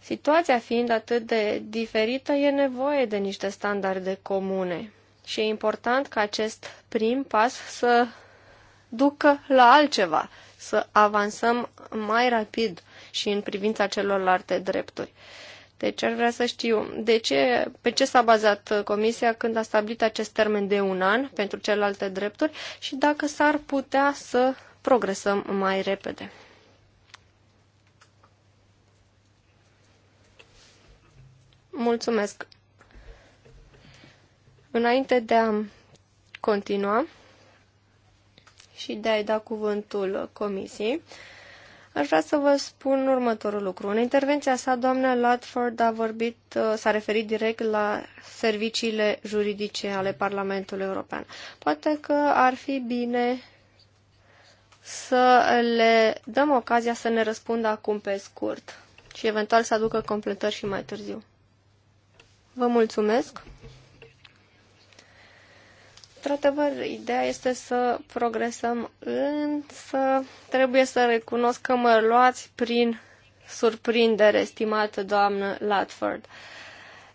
Situația fiind atât de diferită, e nevoie de niște standarde comune și e important ca acest prim pas să ducă la altceva, să avansăm mai rapid și în privința celorlalte drepturi. Deci aș vrea să știu de ce, pe ce s-a bazat Comisia când a stabilit acest termen de un an pentru celelalte drepturi și dacă s-ar putea să progresăm mai repede. Mulțumesc! Înainte de a continua și de a-i da cuvântul Comisiei, Aș vrea să vă spun următorul lucru. În intervenția sa, doamna Ludford a vorbit, uh, s-a referit direct la serviciile juridice ale Parlamentului European. Poate că ar fi bine să le dăm ocazia să ne răspundă acum pe scurt și eventual să aducă completări și mai târziu. Vă mulțumesc! Într-adevăr, ideea este să progresăm, însă trebuie să recunosc că mă luați prin surprindere, estimată doamnă Latford.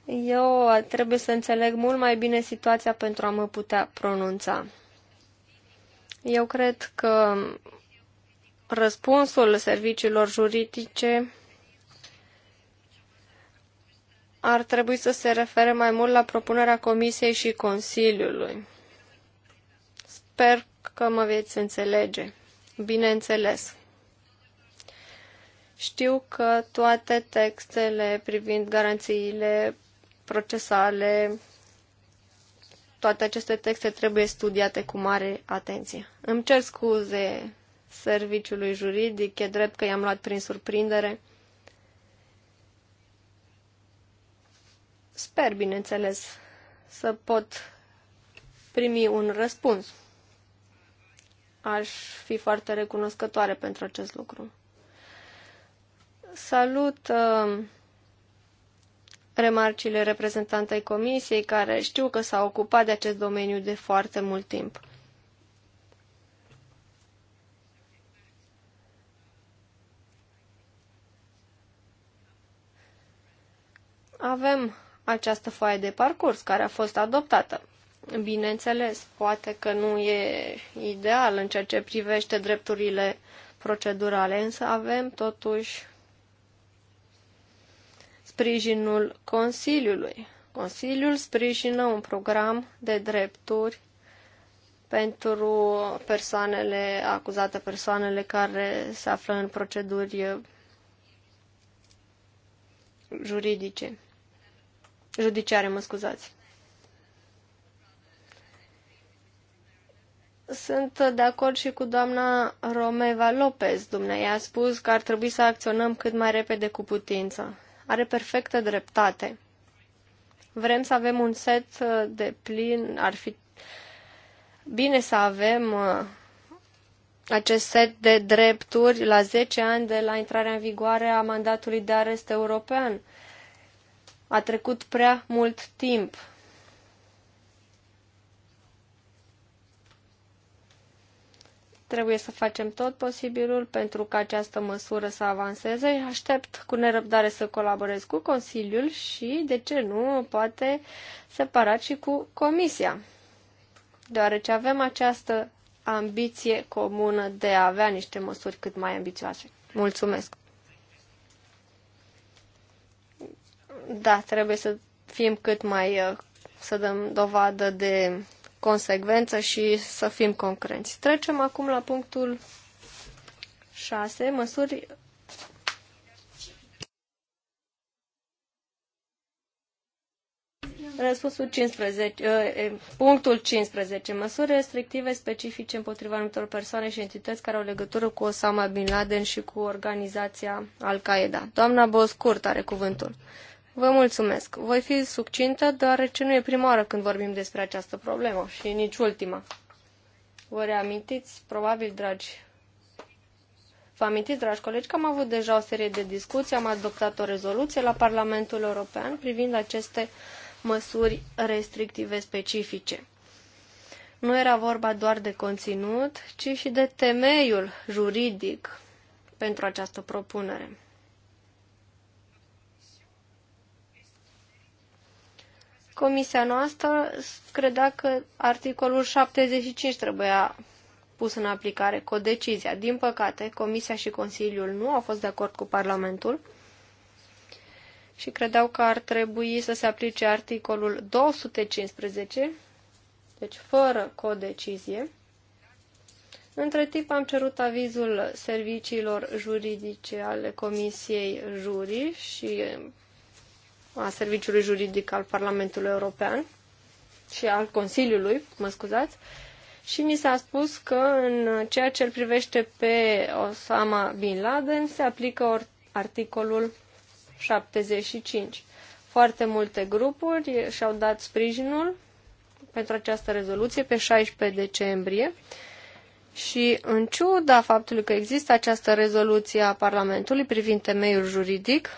Eu trebuie să înțeleg mult mai bine situația pentru a mă putea pronunța. Eu cred că răspunsul serviciilor juridice ar trebui să se refere mai mult la propunerea Comisiei și Consiliului. Sper că mă veți înțelege. Bineînțeles. Știu că toate textele privind garanțiile procesale, toate aceste texte trebuie studiate cu mare atenție. Îmi cer scuze serviciului juridic, e drept că i-am luat prin surprindere. Sper, bineînțeles, să pot primi un răspuns. Aș fi foarte recunoscătoare pentru acest lucru. Salut uh, remarcile reprezentantei comisiei, care știu că s au ocupat de acest domeniu de foarte mult timp. Avem această foaie de parcurs care a fost adoptată Bineînțeles, poate că nu e ideal în ceea ce privește drepturile procedurale, însă avem totuși sprijinul Consiliului. Consiliul sprijină un program de drepturi pentru persoanele acuzate, persoanele care se află în proceduri juridice, judiciare, mă scuzați. sunt de acord și cu doamna Romeva Lopez. Dumneia a spus că ar trebui să acționăm cât mai repede cu putință. Are perfectă dreptate. Vrem să avem un set uh, de plin, ar fi bine să avem uh, acest set de drepturi la 10 ani de la intrarea în vigoare a mandatului de arest european. A trecut prea mult timp Trebuie să facem tot posibilul pentru ca această măsură să avanseze. Aștept cu nerăbdare să colaborez cu Consiliul și, de ce nu, poate separat și cu Comisia. Deoarece avem această ambiție comună de a avea niște măsuri cât mai ambițioase. Mulțumesc! Da, trebuie să fim cât mai, să dăm dovadă de consecvență și să fim concurenți. Trecem acum la punctul 6, măsuri Răspunsul 15, ă, punctul 15. Măsuri restrictive specifice împotriva anumitor persoane și entități care au legătură cu Osama Bin Laden și cu organizația Al-Qaeda. Doamna Boscurt are cuvântul. Vă mulțumesc. Voi fi succintă, deoarece nu e prima oară când vorbim despre această problemă și nici ultima. Vă reamintiți, probabil, dragi... Vă amintiți, dragi colegi, că am avut deja o serie de discuții, am adoptat o rezoluție la Parlamentul European privind aceste măsuri restrictive specifice. Nu era vorba doar de conținut, ci și de temeiul juridic pentru această propunere. Comisia noastră credea că articolul 75 trebuia pus în aplicare cu decizia. Din păcate, Comisia și Consiliul nu au fost de acord cu Parlamentul și credeau că ar trebui să se aplice articolul 215, deci fără codecizie. Între timp am cerut avizul serviciilor juridice ale Comisiei Juri și a Serviciului Juridic al Parlamentului European și al Consiliului, mă scuzați, și mi s-a spus că în ceea ce îl privește pe Osama Bin Laden se aplică articolul 75. Foarte multe grupuri și-au dat sprijinul pentru această rezoluție pe 16 decembrie și în ciuda faptului că există această rezoluție a Parlamentului privind temeiul juridic,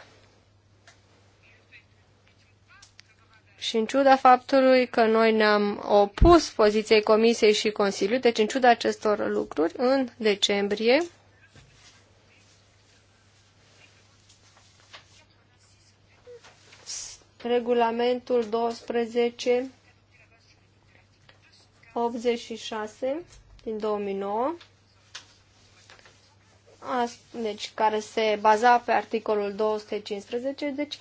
Și în ciuda faptului că noi ne-am opus poziției Comisiei și Consiliului, deci în ciuda acestor lucruri, în decembrie regulamentul 12 86 din 2009 deci care se baza pe articolul 215, deci uh,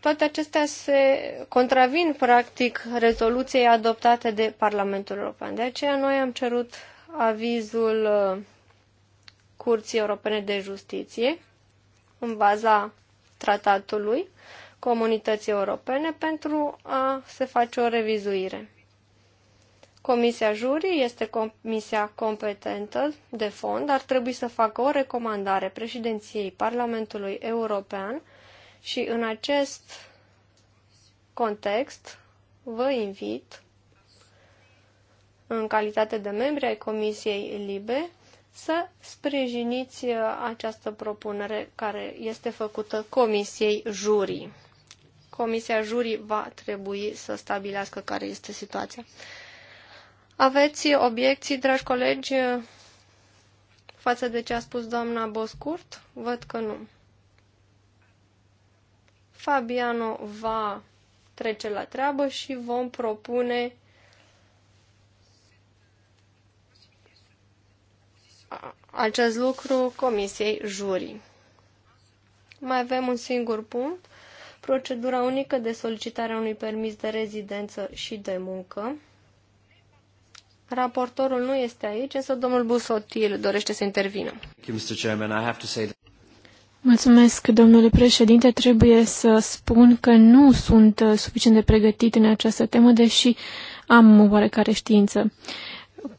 toate acestea se contravin, practic, rezoluției adoptate de Parlamentul European. De aceea noi am cerut avizul uh, Curții Europene de Justiție în baza tratatului comunității europene pentru a se face o revizuire. Comisia jurii este comisia competentă de fond, ar trebui să facă o recomandare președinției Parlamentului European – și în acest context vă invit, în calitate de membri ai Comisiei Libe, să sprijiniți uh, această propunere care este făcută Comisiei Jurii. Comisia Jurii va trebui să stabilească care este situația. Aveți obiecții, dragi colegi, uh, față de ce a spus doamna Boscurt? Văd că nu. Fabiano va trece la treabă și vom propune acest lucru Comisiei Jurii. Mai avem un singur punct, procedura unică de solicitare a unui permis de rezidență și de muncă. Raportorul nu este aici, însă domnul Busotil dorește să intervină. Mulțumesc, domnule președinte. Trebuie să spun că nu sunt uh, suficient de pregătit în această temă, deși am oarecare știință.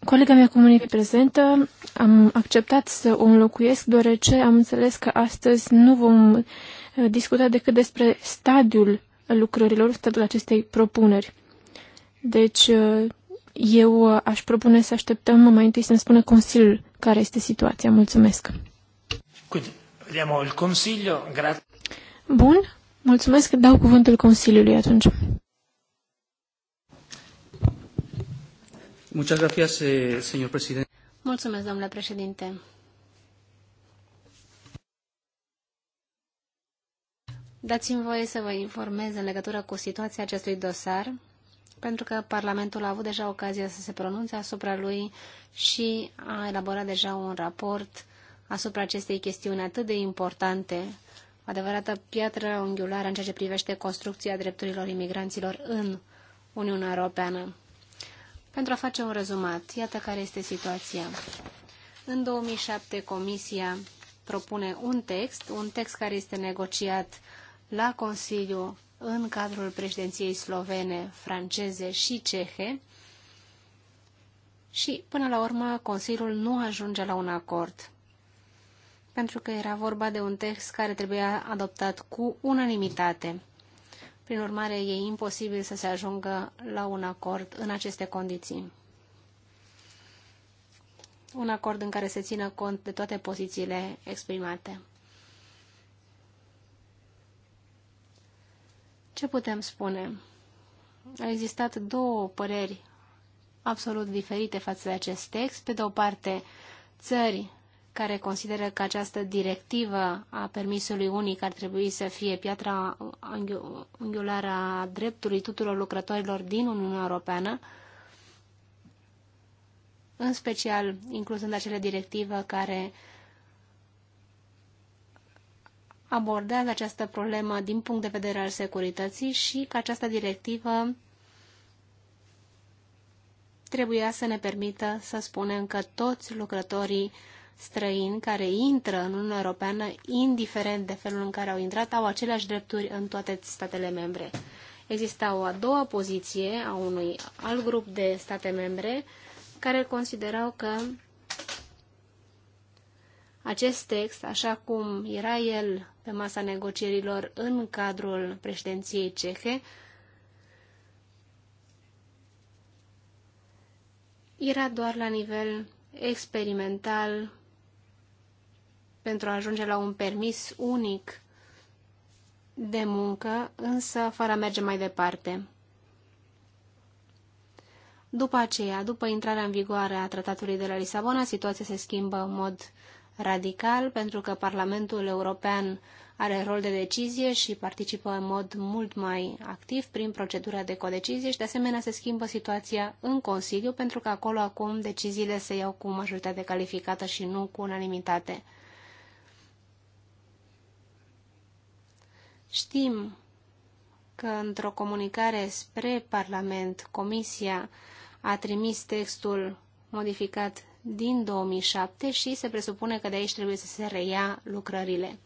Colega mea comunică prezentă, am acceptat să o înlocuiesc, deoarece am înțeles că astăzi nu vom uh, discuta decât despre stadiul lucrărilor, stadiul acestei propuneri. Deci, uh, eu aș propune să așteptăm mai întâi să-mi spună Consiliul care este situația. Mulțumesc. Good. Diamo il Consiglio, grazie. Bun, mulțumesc, dau cuvântul Consiliului atunci. Muchas gracias, eh, señor presidente. Mulțumesc, domnule președinte. Dați-mi voie să vă informez în legătură cu situația acestui dosar, pentru că Parlamentul a avut deja ocazia să se pronunțe asupra lui și a elaborat deja un raport asupra acestei chestiuni atât de importante, adevărată piatră unghiulară în ceea ce privește construcția drepturilor imigranților în Uniunea Europeană. Pentru a face un rezumat, iată care este situația. În 2007, Comisia propune un text, un text care este negociat la Consiliu în cadrul președinției slovene, franceze și cehe și, până la urmă, Consiliul nu ajunge la un acord pentru că era vorba de un text care trebuia adoptat cu unanimitate. Prin urmare, e imposibil să se ajungă la un acord în aceste condiții. Un acord în care se țină cont de toate pozițiile exprimate. Ce putem spune? Au existat două păreri absolut diferite față de acest text. Pe de o parte, țări care consideră că această directivă a permisului unic ar trebui să fie piatra unghiulară a dreptului tuturor lucrătorilor din Uniunea Europeană, în special incluzând acele directivă care abordează această problemă din punct de vedere al securității și că această directivă trebuia să ne permită să spunem că toți lucrătorii străini care intră în Uniunea Europeană, indiferent de felul în care au intrat, au aceleași drepturi în toate statele membre. Exista o a doua poziție a unui alt grup de state membre care considerau că acest text, așa cum era el pe masa negocierilor în cadrul președinției cehe, era doar la nivel experimental pentru a ajunge la un permis unic de muncă, însă fără a merge mai departe. După aceea, după intrarea în vigoare a tratatului de la Lisabona, situația se schimbă în mod radical, pentru că Parlamentul European are rol de decizie și participă în mod mult mai activ prin procedura de codecizie și, de asemenea, se schimbă situația în Consiliu, pentru că acolo acum deciziile se iau cu majoritate calificată și nu cu unanimitate. Știm că într-o comunicare spre Parlament, Comisia a trimis textul modificat din 2007 și se presupune că de aici trebuie să se reia lucrările.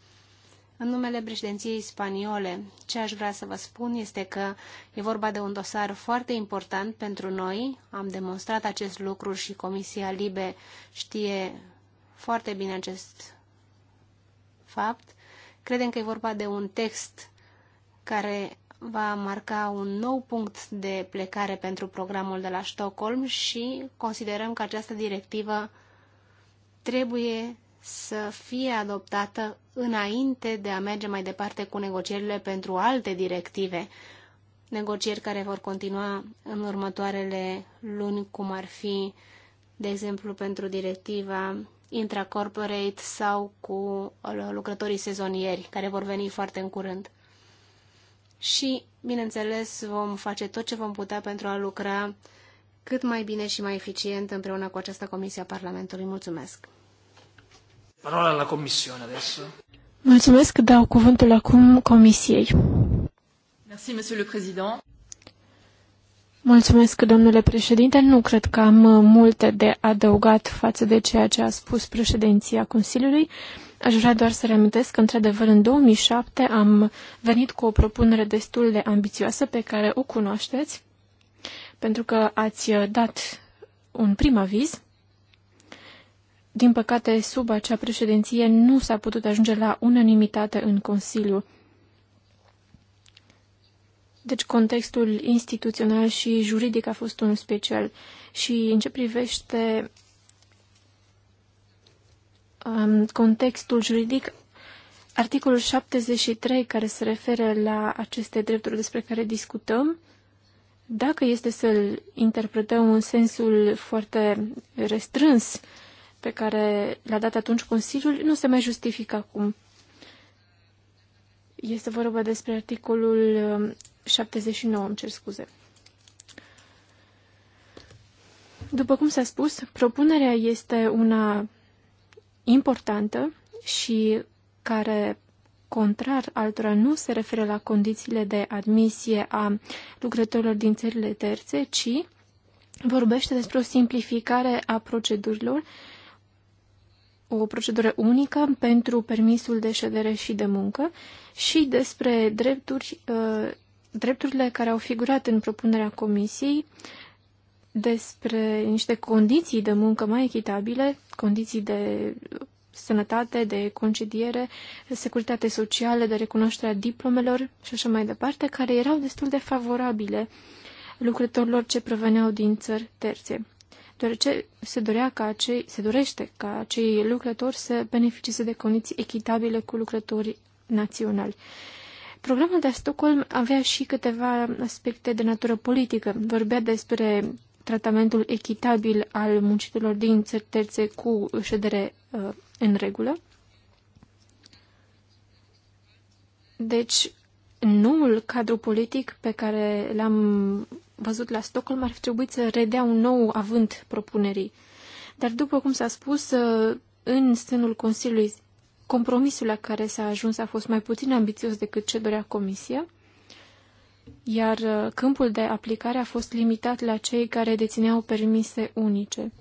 În numele președinției spaniole, ce aș vrea să vă spun este că e vorba de un dosar foarte important pentru noi. Am demonstrat acest lucru și Comisia Libe știe foarte bine acest fapt. Credem că e vorba de un text care va marca un nou punct de plecare pentru programul de la Stockholm și considerăm că această directivă trebuie să fie adoptată înainte de a merge mai departe cu negocierile pentru alte directive, negocieri care vor continua în următoarele luni, cum ar fi, de exemplu, pentru directiva intracorporate sau cu lucrătorii sezonieri, care vor veni foarte în curând. Și, bineînțeles, vom face tot ce vom putea pentru a lucra cât mai bine și mai eficient împreună cu această comisie a Parlamentului. Mulțumesc! Parola la comisiune adesso. Mulțumesc, dau cuvântul acum comisiei. Merci, monsieur le président. Mulțumesc, domnule președinte. Nu cred că am uh, multe de adăugat față de ceea ce a spus președinția Consiliului. Aș vrea doar să reamintesc că, într-adevăr, în 2007 am venit cu o propunere destul de ambițioasă pe care o cunoașteți, pentru că ați uh, dat un prim aviz. Din păcate, sub acea președinție nu s-a putut ajunge la unanimitate în Consiliu. Deci contextul instituțional și juridic a fost unul special. Și în ce privește um, contextul juridic, articolul 73 care se referă la aceste drepturi despre care discutăm, dacă este să-l interpretăm în sensul foarte restrâns pe care l-a dat atunci Consiliul, nu se mai justifică acum. Este vorba despre articolul um, 79, îmi cer scuze. După cum s-a spus, propunerea este una importantă și care, contrar altora, nu se referă la condițiile de admisie a lucrătorilor din țările terțe, ci vorbește despre o simplificare a procedurilor, o procedură unică pentru permisul de ședere și de muncă și despre drepturi uh, drepturile care au figurat în propunerea comisiei despre niște condiții de muncă mai echitabile, condiții de sănătate, de concediere, de securitate socială, de recunoașterea diplomelor și așa mai departe, care erau destul de favorabile lucrătorilor ce proveneau din țări terțe, deoarece se, dorea ca acei, se dorește ca acei lucrători să beneficieze de condiții echitabile cu lucrătorii naționali. Programul de Stockholm avea și câteva aspecte de natură politică. Vorbea despre tratamentul echitabil al muncitorilor din țări terțe cu ședere uh, în regulă. Deci, noul cadru politic pe care l-am văzut la Stockholm ar fi trebuit să redea un nou avânt propunerii. Dar, după cum s-a spus, uh, în stânul Consiliului Compromisul la care s-a ajuns a fost mai puțin ambițios decât ce dorea Comisia, iar uh, câmpul de aplicare a fost limitat la cei care dețineau permise unice.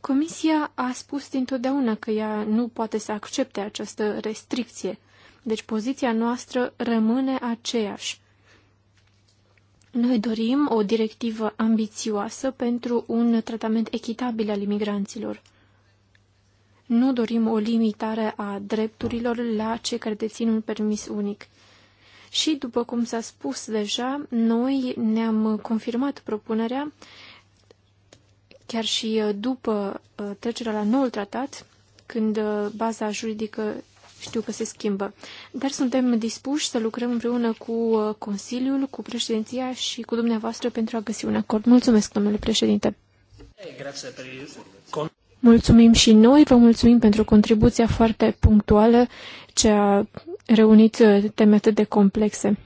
Comisia a spus dintotdeauna că ea nu poate să accepte această restricție, deci poziția noastră rămâne aceeași. Noi dorim o directivă ambițioasă pentru un tratament echitabil al imigranților. Nu dorim o limitare a drepturilor la cei care dețin un permis unic. Și, după cum s-a spus deja, noi ne-am confirmat propunerea, chiar și uh, după uh, trecerea la noul tratat, când uh, baza juridică știu că se schimbă. Dar suntem dispuși să lucrăm împreună cu Consiliul, cu președinția și cu dumneavoastră pentru a găsi un acord. Mulțumesc, domnule președinte! Mulțumim și noi, vă mulțumim pentru contribuția foarte punctuală ce a reunit uh, teme atât de complexe.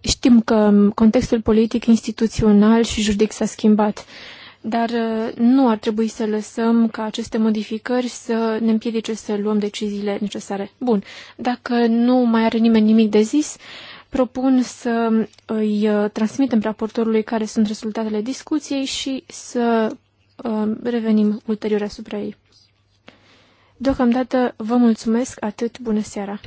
Știm că um, contextul politic, instituțional și juridic s-a schimbat, dar uh, nu ar trebui să lăsăm ca aceste modificări să ne împiedice să luăm deciziile necesare. Bun, dacă nu mai are nimeni nimic de zis, Propun să îi uh, transmitem raportorului care sunt rezultatele discuției și să uh, revenim ulterior asupra ei. Deocamdată vă mulțumesc atât, bună seara!